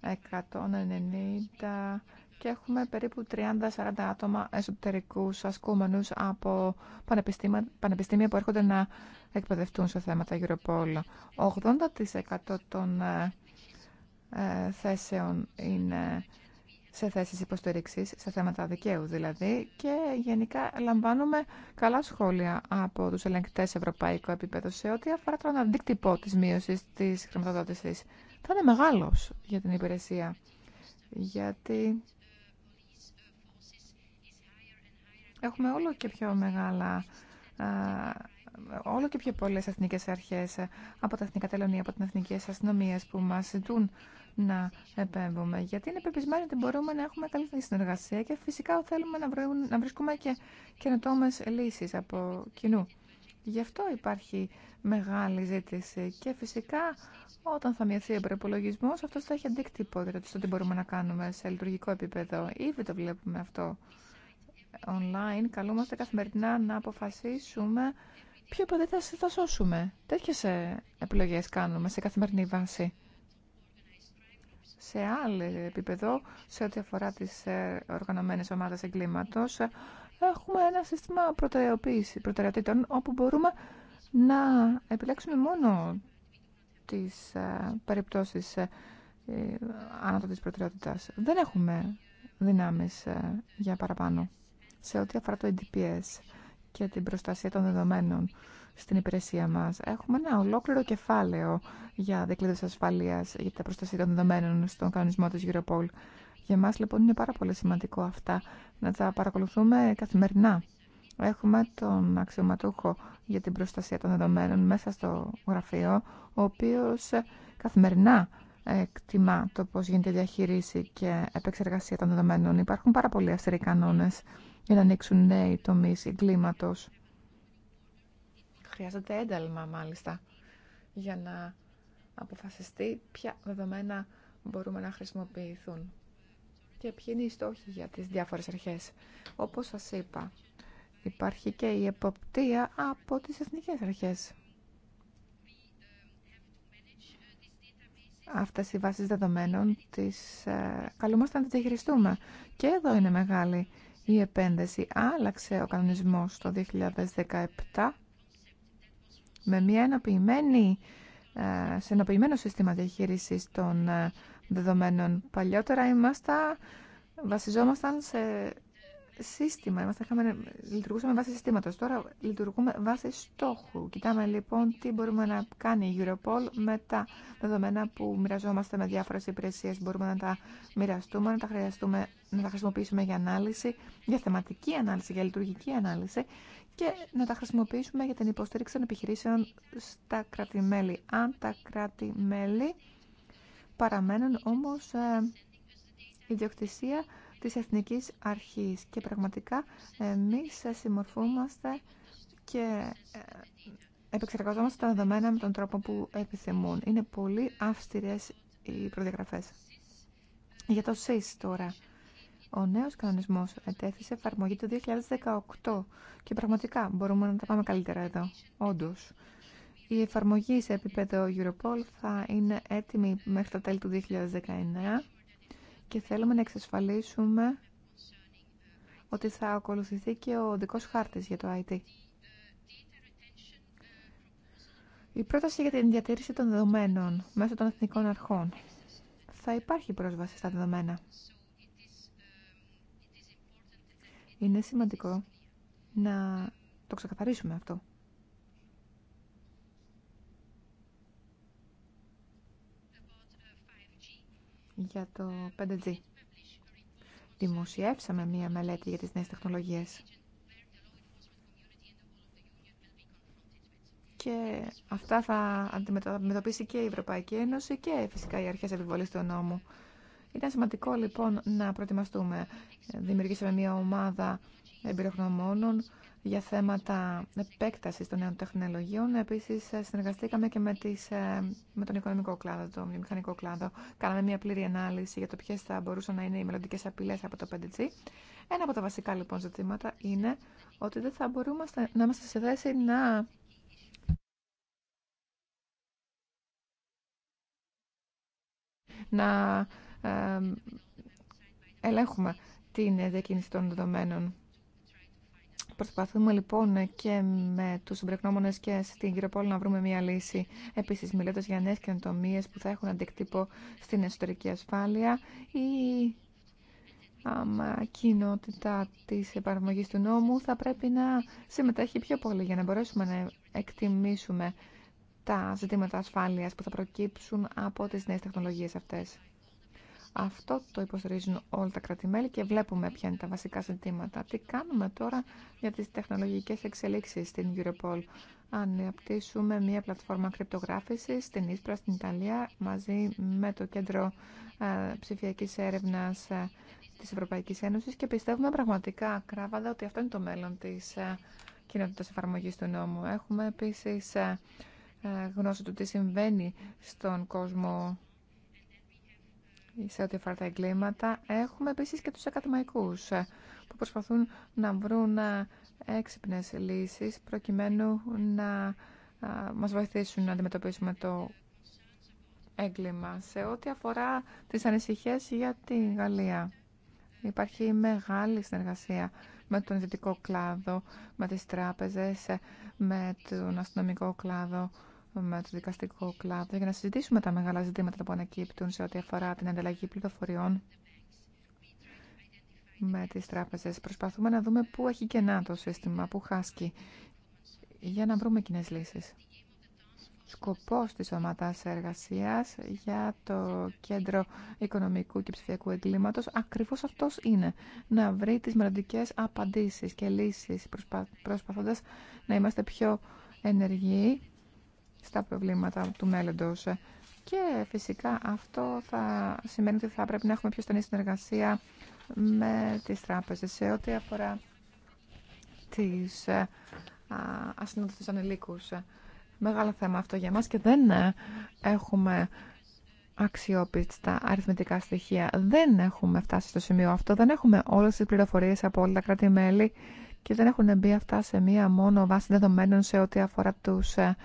190 και έχουμε περίπου 30-40 άτομα εσωτερικούς ασκούμενους από πανεπιστήμια, πανεπιστήμια που έρχονται να εκπαιδευτούν σε θέματα Europol. 80% των θέσεων είναι σε θέσεις υποστηρίξης σε θέματα δικαίου δηλαδή και γενικά λαμβάνουμε καλά σχόλια από τους ελεγκτές ευρωπαϊκού επίπεδου σε ό,τι αφορά τον αντίκτυπο της μείωσης της χρηματοδότησης. Θα είναι μεγάλος για την υπηρεσία γιατί έχουμε όλο και πιο μεγάλα όλο και πιο πολλέ εθνικέ αρχέ ε, από τα εθνικά τελωνία, από την εθνική αστυνομίες που μα ζητούν να επέμβουμε. Γιατί είναι πεπισμένοι ότι μπορούμε να έχουμε καλύτερη συνεργασία και φυσικά θέλουμε να, να βρίσκουμε και καινοτόμε λύσει από κοινού. Γι' αυτό υπάρχει μεγάλη ζήτηση και φυσικά όταν θα μειωθεί ο προπολογισμό, αυτό θα έχει αντίκτυπο για δηλαδή το τι μπορούμε να κάνουμε σε λειτουργικό επίπεδο. Ήδη το βλέπουμε αυτό online. Καλούμαστε καθημερινά να αποφασίσουμε ποιο ποτέ θα, θα σώσουμε. Τέτοιες ε, επιλογές κάνουμε σε καθημερινή βάση. Σε άλλο επίπεδο, σε ό,τι αφορά τις ε, οργανωμένες ομάδες εγκλήματος, ε, έχουμε ένα σύστημα προτεραιοτήτων όπου μπορούμε να επιλέξουμε μόνο τις περιπτώσεις άνω της προτεραιότητας. Δεν έχουμε δυνάμεις για παραπάνω σε ό,τι αφορά το EDPS και την προστασία των δεδομένων στην υπηρεσία μα. Έχουμε ένα ολόκληρο κεφάλαιο για δικλείδε ασφαλεία για την προστασία των δεδομένων στον κανονισμό τη Europol. Για εμά, λοιπόν είναι πάρα πολύ σημαντικό αυτά να τα παρακολουθούμε καθημερινά. Έχουμε τον αξιωματούχο για την προστασία των δεδομένων μέσα στο γραφείο, ο οποίος καθημερινά εκτιμά το πώς γίνεται διαχείριση και επεξεργασία των δεδομένων. Υπάρχουν πάρα πολλοί αυστηροί κανόνες για να ανοίξουν νέοι τομείς εγκλήματος. Χρειάζεται ένταλμα μάλιστα για να αποφασιστεί ποια δεδομένα μπορούμε να χρησιμοποιηθούν και ποιοι είναι οι στόχοι για τις διάφορες αρχές. Όπως σας είπα, υπάρχει και η εποπτεία από τις εθνικές αρχές. Αυτές οι βάσεις δεδομένων τις ε, καλούμαστε να τις διαχειριστούμε. Και εδώ είναι μεγάλη η επένδυση. Άλλαξε ο κανονισμός το 2017 με μια ε, σε ενοποιημένο σύστημα διαχείρισης των ε, δεδομένων. Παλιότερα είμαστε, βασιζόμασταν σε σύστημα, είμαστε, είχαμε, λειτουργούσαμε βάσει συστήματος. Τώρα λειτουργούμε βάσει στόχου. Κοιτάμε λοιπόν τι μπορούμε να κάνει η Europol με τα δεδομένα που μοιραζόμαστε με διάφορες υπηρεσίες. Μπορούμε να τα μοιραστούμε, να τα χρειαστούμε να τα χρησιμοποιήσουμε για ανάλυση, για θεματική ανάλυση, για λειτουργική ανάλυση και να τα χρησιμοποιήσουμε για την υποστήριξη των επιχειρήσεων στα κράτη-μέλη. Αν τα κράτη-μέλη παραμένουν όμως ε, ιδιοκτησία της Εθνικής Αρχής και πραγματικά εμείς ε, συμμορφούμαστε και ε, επεξεργαζόμαστε τα δεδομένα με τον τρόπο που επιθυμούν. Είναι πολύ αυστηρές οι προδιαγραφές. Για το ΣΥΣ τώρα. Ο νέος κανονισμός ετέθησε εφαρμογή το 2018 και πραγματικά μπορούμε να τα πάμε καλύτερα εδώ, όντως. Η εφαρμογή σε επίπεδο Europol θα είναι έτοιμη μέχρι τα τέλη του 2019 και θέλουμε να εξασφαλίσουμε ότι θα ακολουθηθεί και ο δικός χάρτης για το IT. Η πρόταση για την διατήρηση των δεδομένων μέσω των εθνικών αρχών. Θα υπάρχει πρόσβαση στα δεδομένα Είναι σημαντικό να το ξεκαθαρίσουμε αυτό. Για το 5G. Δημοσιεύσαμε μία μελέτη για τις νέες τεχνολογίες. Και αυτά θα αντιμετωπίσει και η Ευρωπαϊκή Ένωση και φυσικά οι αρχές επιβολής του νόμου. Ήταν σημαντικό λοιπόν να προετοιμαστούμε. Δημιουργήσαμε μια ομάδα εμπειροχνομόνων για θέματα επέκτασης των νέων τεχνολογιών. Επίσης, συνεργαστήκαμε και με, τις, ε, με τον οικονομικό κλάδο, τον μηχανικό κλάδο. Κάναμε μια πλήρη ανάλυση για το ποιες θα μπορούσαν να είναι οι μελλοντικέ απειλές από το 5G. Ένα από τα βασικά λοιπόν ζητήματα είναι ότι δεν θα μπορούμε να είμαστε σε θέση να να ελέγχουμε την διακίνηση των δεδομένων. Προσπαθούμε λοιπόν και με τους συμπρεκνόμονες και στην Κυροπόλη να βρούμε μια λύση. Επίσης μιλώντας για νέες καινοτομίε που θα έχουν αντικτύπο στην εσωτερική ασφάλεια ή άμα κοινότητα της επαρμογής του νόμου θα πρέπει να συμμετέχει πιο πολύ για να μπορέσουμε να εκτιμήσουμε τα ζητήματα ασφάλειας που θα προκύψουν από τις νέες τεχνολογίες αυτές. Αυτό το υποστηρίζουν όλα τα κρατημέλη και βλέπουμε ποια είναι τα βασικά ζητήματα. Τι κάνουμε τώρα για τις τεχνολογικές εξελίξεις στην Europol. Αναπτύσσουμε μια πλατφόρμα κρυπτογράφηση στην Ίσπρα, στην Ιταλία, μαζί με το Κέντρο ε, Ψηφιακής Έρευνας ε, της Ευρωπαϊκής Ένωσης και πιστεύουμε πραγματικά κράβαδα, ότι αυτό είναι το μέλλον της ε, κοινότητας εφαρμογής του νόμου. Έχουμε επίσης γνώση του τι συμβαίνει στον κόσμο σε ό,τι αφορά τα εγκλήματα. Έχουμε επίσης και τους ακαδημαϊκούς ε, που προσπαθούν να βρουν ε, έξυπνες λύσεις προκειμένου να ε, μας βοηθήσουν να αντιμετωπίσουμε το έγκλημα. Σε ό,τι αφορά τις ανησυχίες για τη Γαλλία, υπάρχει μεγάλη συνεργασία με τον δυτικό κλάδο, με τις τράπεζες, με τον αστυνομικό κλάδο με το δικαστικό κλάδο για να συζητήσουμε τα μεγάλα ζητήματα που ανακύπτουν σε ό,τι αφορά την ανταλλαγή πληροφοριών με τις τράπεζες. Προσπαθούμε να δούμε πού έχει κενά το σύστημα, πού χάσκει, για να βρούμε κοινέ λύσεις. Σκοπός της ομάδας εργασίας για το Κέντρο Οικονομικού και Ψηφιακού Εγκλήματος ακριβώς αυτός είναι να βρει τις μελλοντικέ απαντήσεις και λύσεις προσπαθώντας να είμαστε πιο ενεργοί στα προβλήματα του μέλλοντος. Και φυσικά αυτό θα σημαίνει ότι θα πρέπει να έχουμε πιο στενή συνεργασία με τις τράπεζες σε ό,τι αφορά τις ε, ασυνόδευτους ανελίκους. Μεγάλο θέμα αυτό για μας και δεν ε, έχουμε αξιόπιστα αριθμητικά στοιχεία. Δεν έχουμε φτάσει στο σημείο αυτό, δεν έχουμε όλες τις πληροφορίες από όλα τα κράτη-μέλη και δεν έχουν μπει αυτά σε μία μόνο βάση δεδομένων σε ό,τι αφορά τους ε,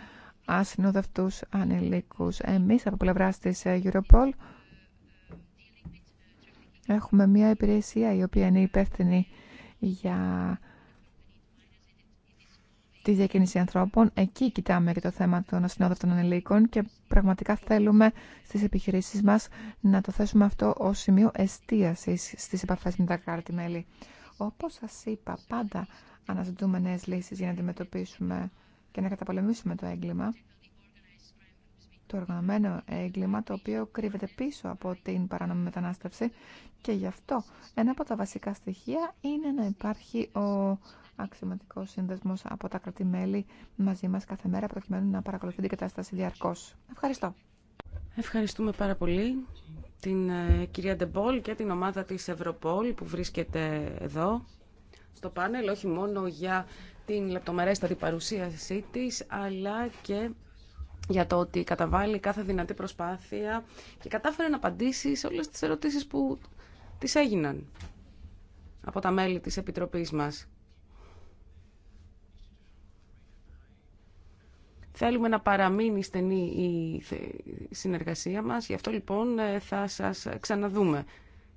ασυνόδευτου ανηλίκου. Εμεί, από πλευρά τη ε, Europol έχουμε μια υπηρεσία η οποία είναι υπεύθυνη για τη διακίνηση ανθρώπων. Εκεί κοιτάμε και το θέμα των ασυνόδευτων ανηλίκων και πραγματικά θέλουμε στις επιχειρήσεις μας να το θέσουμε αυτό ως σημείο εστίασης στις επαφές με τα κράτη-μέλη. Όπως σας είπα, πάντα αναζητούμε νέες λύσεις για να αντιμετωπίσουμε και να καταπολεμήσουμε το έγκλημα, το οργανωμένο έγκλημα το οποίο κρύβεται πίσω από την παράνομη μετανάστευση και γι' αυτό ένα από τα βασικά στοιχεία είναι να υπάρχει ο αξιωματικός σύνδεσμο από τα κρατημέλη μαζί μας κάθε μέρα προκειμένου να παρακολουθεί την κατάσταση διαρκώ. Ευχαριστώ. Ευχαριστούμε πάρα πολύ την ε, κυρία Ντεμπόλ και την ομάδα της Ευρωπόλ που βρίσκεται εδώ στο πάνελ, όχι μόνο για την λεπτομερέστατη παρουσίασή της, αλλά και για το ότι καταβάλει κάθε δυνατή προσπάθεια και κατάφερε να απαντήσει σε όλες τις ερωτήσεις που της έγιναν από τα μέλη της Επιτροπής μας. Θέλουμε να παραμείνει στενή η συνεργασία μας, γι' αυτό λοιπόν ε, θα σας ξαναδούμε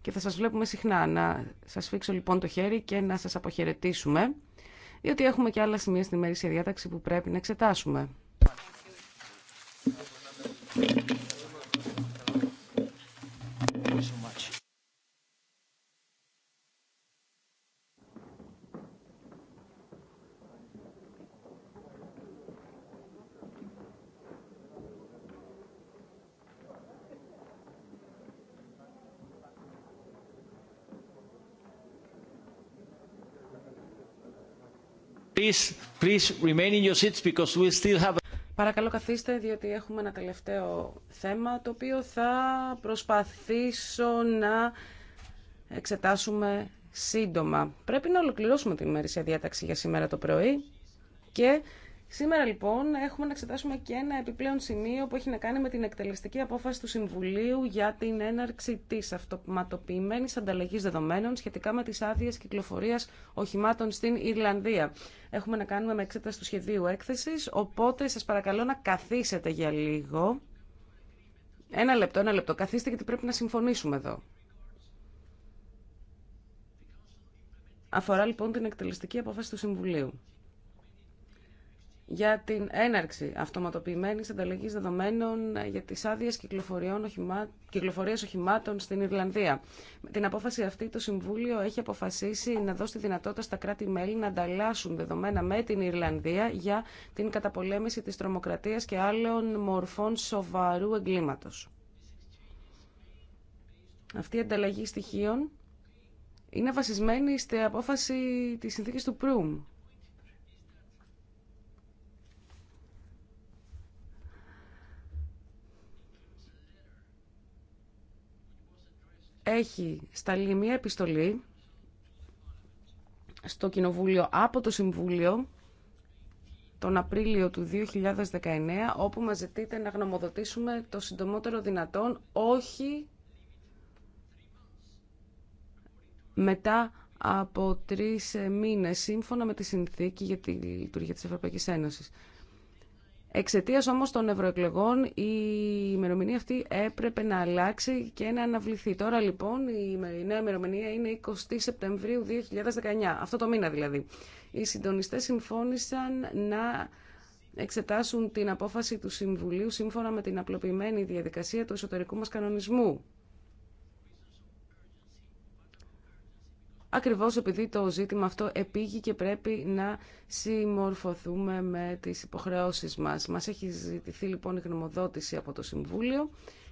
και θα σας βλέπουμε συχνά. Να σας φίξω λοιπόν το χέρι και να σας αποχαιρετήσουμε διότι έχουμε και άλλα σημεία στην ημερήσια διάταξη που πρέπει να εξετάσουμε. Παρακαλώ καθίστε διότι έχουμε ένα τελευταίο θέμα το οποίο θα προσπαθήσω να εξετάσουμε σύντομα. Πρέπει να ολοκληρώσουμε την ημερήσια διάταξη για σήμερα το πρωί και Σήμερα λοιπόν έχουμε να εξετάσουμε και ένα επιπλέον σημείο που έχει να κάνει με την εκτελεστική απόφαση του Συμβουλίου για την έναρξη τη αυτοματοποιημένη ανταλλαγή δεδομένων σχετικά με τι άδειε κυκλοφορία οχημάτων στην Ιρλανδία. Έχουμε να κάνουμε με εξέταση του σχεδίου έκθεση. οπότε σα παρακαλώ να καθίσετε για λίγο. Ένα λεπτό, ένα λεπτό. Καθίστε γιατί πρέπει να συμφωνήσουμε εδώ. Αφορά λοιπόν την εκτελεστική απόφαση του Συμβουλίου για την έναρξη αυτοματοποιημένης ανταλλαγής δεδομένων για τις άδειες οχημά... κυκλοφορίας οχημάτων στην Ιρλανδία. Με την απόφαση αυτή το Συμβούλιο έχει αποφασίσει να δώσει δυνατότητα στα κράτη-μέλη να ανταλλάσσουν δεδομένα με την Ιρλανδία για την καταπολέμηση της τρομοκρατίας και άλλων μορφών σοβαρού εγκλήματος. Αυτή η ανταλλαγή στοιχείων είναι βασισμένη στην απόφαση της συνθήκης του Προύμ έχει σταλεί μια επιστολή στο Κοινοβούλιο από το Συμβούλιο τον Απρίλιο του 2019, όπου μας ζητείτε να γνωμοδοτήσουμε το συντομότερο δυνατόν, όχι μετά από τρεις μήνες, σύμφωνα με τη συνθήκη για τη λειτουργία της Ευρωπαϊκής Ένωσης. Εξαιτία όμω των ευρωεκλογών η ημερομηνία αυτή έπρεπε να αλλάξει και να αναβληθεί. Τώρα λοιπόν η νέα ημερομηνία είναι 20 Σεπτεμβρίου 2019, αυτό το μήνα δηλαδή. Οι συντονιστέ συμφώνησαν να εξετάσουν την απόφαση του Συμβουλίου σύμφωνα με την απλοποιημένη διαδικασία του εσωτερικού μα κανονισμού Ακριβώ επειδή το ζήτημα αυτό επήγει και πρέπει να συμμορφωθούμε με τι υποχρεώσει μα. Μα έχει ζητηθεί λοιπόν η γνωμοδότηση από το Συμβούλιο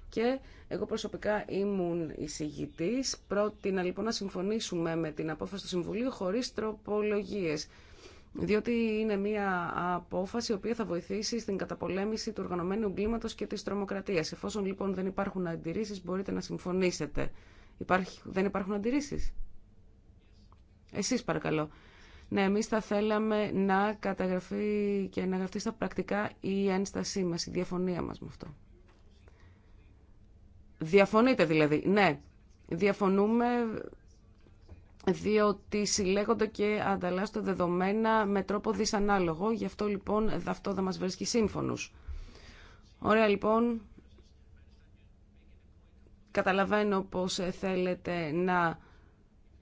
και εγώ προσωπικά ήμουν εισηγητή. Πρότεινα λοιπόν να συμφωνήσουμε με την απόφαση του Συμβουλίου χωρί τροπολογίε. διότι είναι μια απόφαση η οποία θα βοηθήσει στην καταπολέμηση του οργανωμένου κλίματος και τη τρομοκρατίας. Εφόσον λοιπόν δεν υπάρχουν αντιρρήσει, μπορείτε να συμφωνήσετε. Υπάρχει, δεν υπάρχουν αντιρρήσει. Εσείς παρακαλώ. Ναι, εμείς θα θέλαμε να καταγραφεί και να γραφτεί στα πρακτικά η ένστασή μας, η διαφωνία μας με αυτό. Διαφωνείτε δηλαδή, ναι. Διαφωνούμε διότι συλλέγονται και ανταλλάσσονται δεδομένα με τρόπο δυσανάλογο. Γι' αυτό λοιπόν αυτό δεν μας βρίσκει σύμφωνους. Ωραία λοιπόν, καταλαβαίνω πως θέλετε να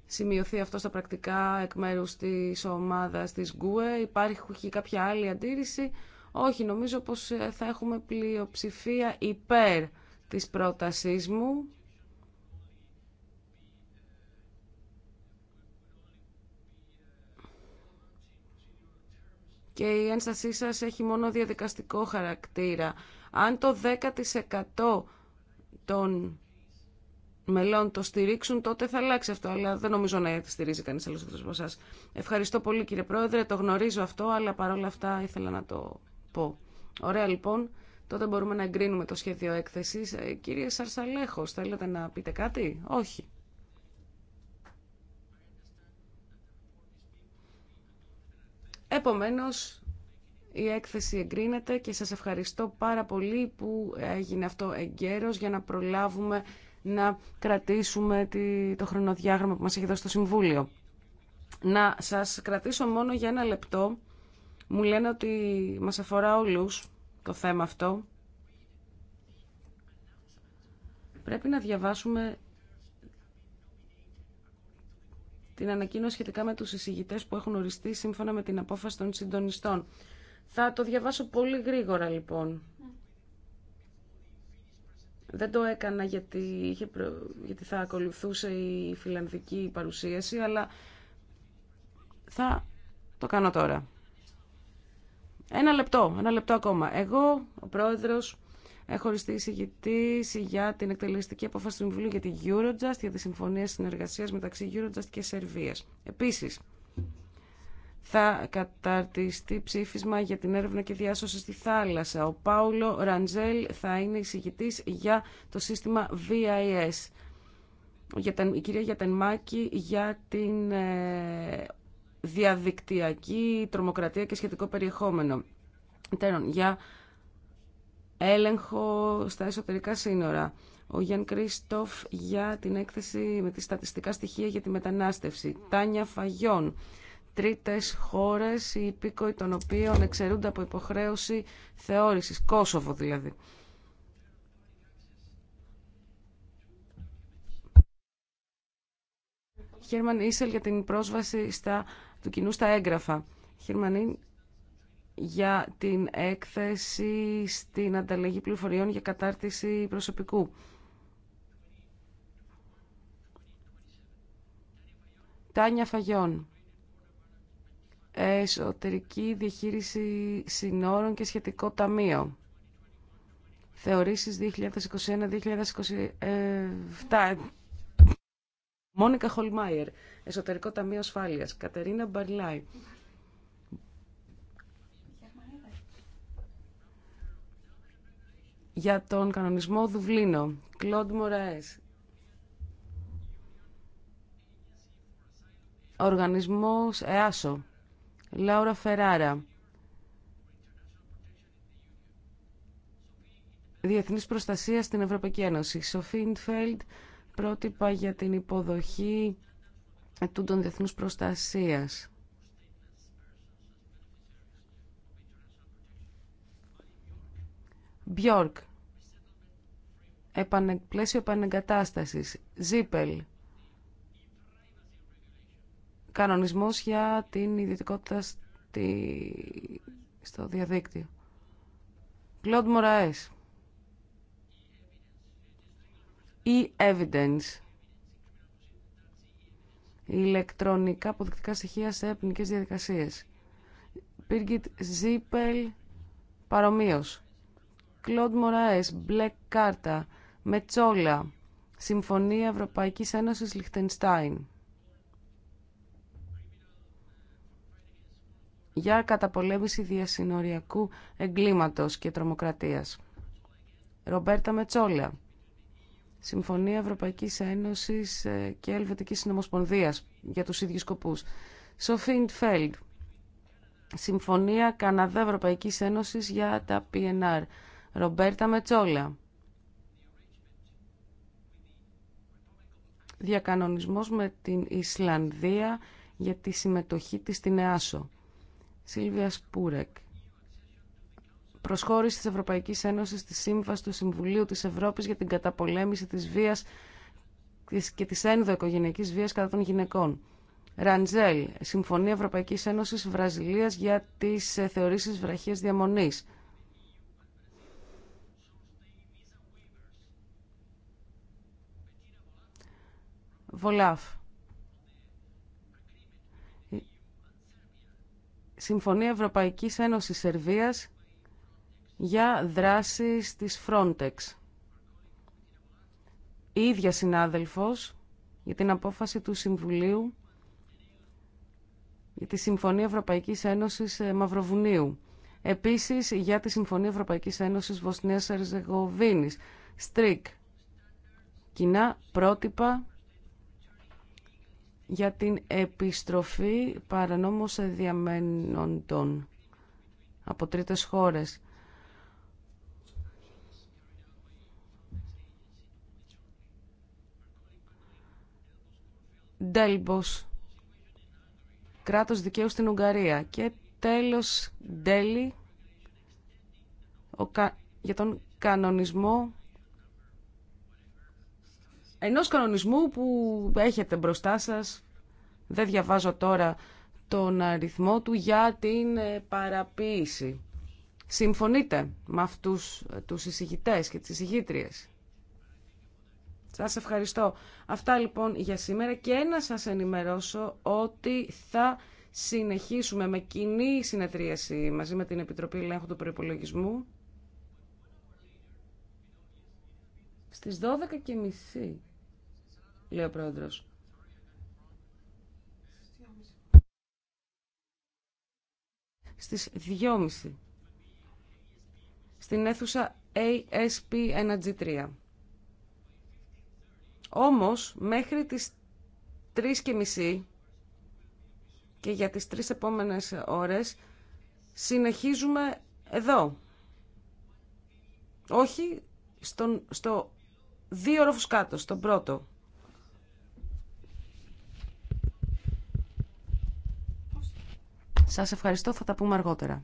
σημειωθεί αυτό στα πρακτικά εκ μέρους της ομάδας της ΓΚΟΕ. Υπάρχει κάποια άλλη αντίρρηση. Όχι, νομίζω πως ε, θα έχουμε πλειοψηφία υπέρ της πρότασής μου. Και η ένστασή σας έχει μόνο διαδικαστικό χαρακτήρα. Αν το 10% των μελών το στηρίξουν, τότε θα αλλάξει αυτό. Αλλά δεν νομίζω να στηρίζει κανεί άλλο από εσά. Ευχαριστώ πολύ, κύριε Πρόεδρε. Το γνωρίζω αυτό, αλλά παρόλα αυτά ήθελα να το πω. Ωραία, λοιπόν. Τότε μπορούμε να εγκρίνουμε το σχέδιο έκθεση. Ε, κύριε Σαρσαλέχο, θέλετε να πείτε κάτι, Όχι. Επομένως, η έκθεση εγκρίνεται και σας ευχαριστώ πάρα πολύ που έγινε αυτό εγκαίρος για να προλάβουμε να κρατήσουμε το χρονοδιάγραμμα που μας έχει δώσει το Συμβούλιο. Να σας κρατήσω μόνο για ένα λεπτό. Μου λένε ότι μας αφορά όλους το θέμα αυτό. Πρέπει να διαβάσουμε την ανακοίνωση σχετικά με τους εισηγητές που έχουν οριστεί σύμφωνα με την απόφαση των συντονιστών. Θα το διαβάσω πολύ γρήγορα λοιπόν. Ναι. Δεν το έκανα γιατί, είχε γιατί θα ακολουθούσε η φιλανδική παρουσίαση, αλλά θα το κάνω τώρα. Ένα λεπτό, ένα λεπτό ακόμα. Εγώ, ο πρόεδρος, έχω οριστεί εισηγητή για την εκτελεστική απόφαση του Συμβουλίου για τη Eurojust, για τη συμφωνία συνεργασίας μεταξύ Eurojust και Σερβίας. Επίσης, θα καταρτιστεί ψήφισμα για την έρευνα και διάσωση στη θάλασσα. Ο Πάουλο Ραντζέλ θα είναι εισηγητή για το σύστημα VIS. Η κυρία Γιατενμάκη για την ε, διαδικτυακή τρομοκρατία και σχετικό περιεχόμενο. Τέρον για έλεγχο στα εσωτερικά σύνορα. Ο Γιάν Κρίστοφ για την έκθεση με τη στατιστικά στοιχεία για τη μετανάστευση. Τάνια Φαγιόν τρίτες χώρες, οι υπήκοοι των οποίων εξαιρούνται από υποχρέωση θεώρησης, Κόσοβο δηλαδή. Χέρμαν Ίσελ για την πρόσβαση στα, του κοινού στα έγγραφα. Χέρμαν για την έκθεση στην ανταλλαγή πληροφοριών για κατάρτιση προσωπικού. Τάνια Φαγιών εσωτερική διαχείριση συνόρων και σχετικό ταμείο. Θεωρήσεις 2021-2027. Μόνικα Χολμάιερ, Εσωτερικό Ταμείο Ασφάλειας. Κατερίνα Μπαρλάι. Για τον κανονισμό Δουβλίνο, Κλοντ Μοραές. Οργανισμός ΕΑΣΟ. Λάουρα Φεράρα. Διεθνής προστασία στην Ευρωπαϊκή Ένωση. Σοφίντφελντ, πρότυπα για την υποδοχή των διεθνούς προστασίας. Μπιόρκ, πλαίσιο επανεγκατάστασης. Ζίπελ, κανονισμός για την ιδιωτικότητα στο διαδίκτυο. Κλοντ Μωραές. Η evidence. Ηλεκτρονικά αποδεικτικά στοιχεία σε ποινικέ διαδικασίε. Πίργκιτ Ζίπελ παρομοίω. Κλοντ Μωράες, μπλε κάρτα, Μετσόλα, Συμφωνία Ευρωπαϊκή Ένωση Λιχτενστάιν. για καταπολέμηση διασυνοριακού εγκλήματος και τρομοκρατίας. Ρομπέρτα Μετσόλα, Συμφωνία Ευρωπαϊκής Ένωσης ε, και Ελβετικής Συνομοσπονδίας για τους ίδιους σκοπούς. Σοφίντ Φέλντ, Συμφωνία Καναδά Ευρωπαϊκής Ένωσης για τα PNR. Ρομπέρτα Μετσόλα. Διακανονισμός με την Ισλανδία για τη συμμετοχή της στην ΕΑΣΟ. Σίλβια Σπούρεκ. Προσχώρηση τη Ευρωπαϊκή Ένωση στη Σύμβαση του Συμβουλίου τη Ευρώπη για την καταπολέμηση τη βία και της ένδοοικογενειακή βία κατά των γυναικών. Ραντζέλ, Συμφωνία Ευρωπαϊκή Ένωση Βραζιλία για τι ε, θεωρήσει βραχία διαμονή. Βολάφ. Συμφωνία Ευρωπαϊκής Ένωσης Σερβίας για δράσεις της Frontex. Η ίδια συνάδελφος για την απόφαση του Συμβουλίου για τη Συμφωνία Ευρωπαϊκής Ένωσης ε, Μαυροβουνίου. Επίσης για τη Συμφωνία Ευρωπαϊκής Ένωσης Βοσνίας Ερζεγοβίνης. Στρίκ. Κοινά πρότυπα για την επιστροφή παρανόμως διαμένοντων από τρίτες χώρες. Ντέλμπος, κράτος δικαίου στην Ουγγαρία και τέλος Ντέλη για τον κανονισμό ενός κανονισμού που έχετε μπροστά σας, δεν διαβάζω τώρα τον αριθμό του, για την ε, παραποίηση. Συμφωνείτε με αυτούς ε, τους εισηγητές και τις εισηγήτριες. Σας ευχαριστώ. Αυτά λοιπόν για σήμερα και να σας ενημερώσω ότι θα συνεχίσουμε με κοινή συνεδρίαση μαζί με την Επιτροπή Ελέγχου του Προϋπολογισμού στις 12.30 λέει ο πρόεδρος. Στις 2.30 στην αίθουσα ASP1G3. Όμως, μέχρι τις 3.30 και για τις τρεις επόμενες ώρες συνεχίζουμε εδώ. Όχι στον, στο δύο όροφους κάτω, στον πρώτο. Σας ευχαριστώ, θα τα πούμε αργότερα.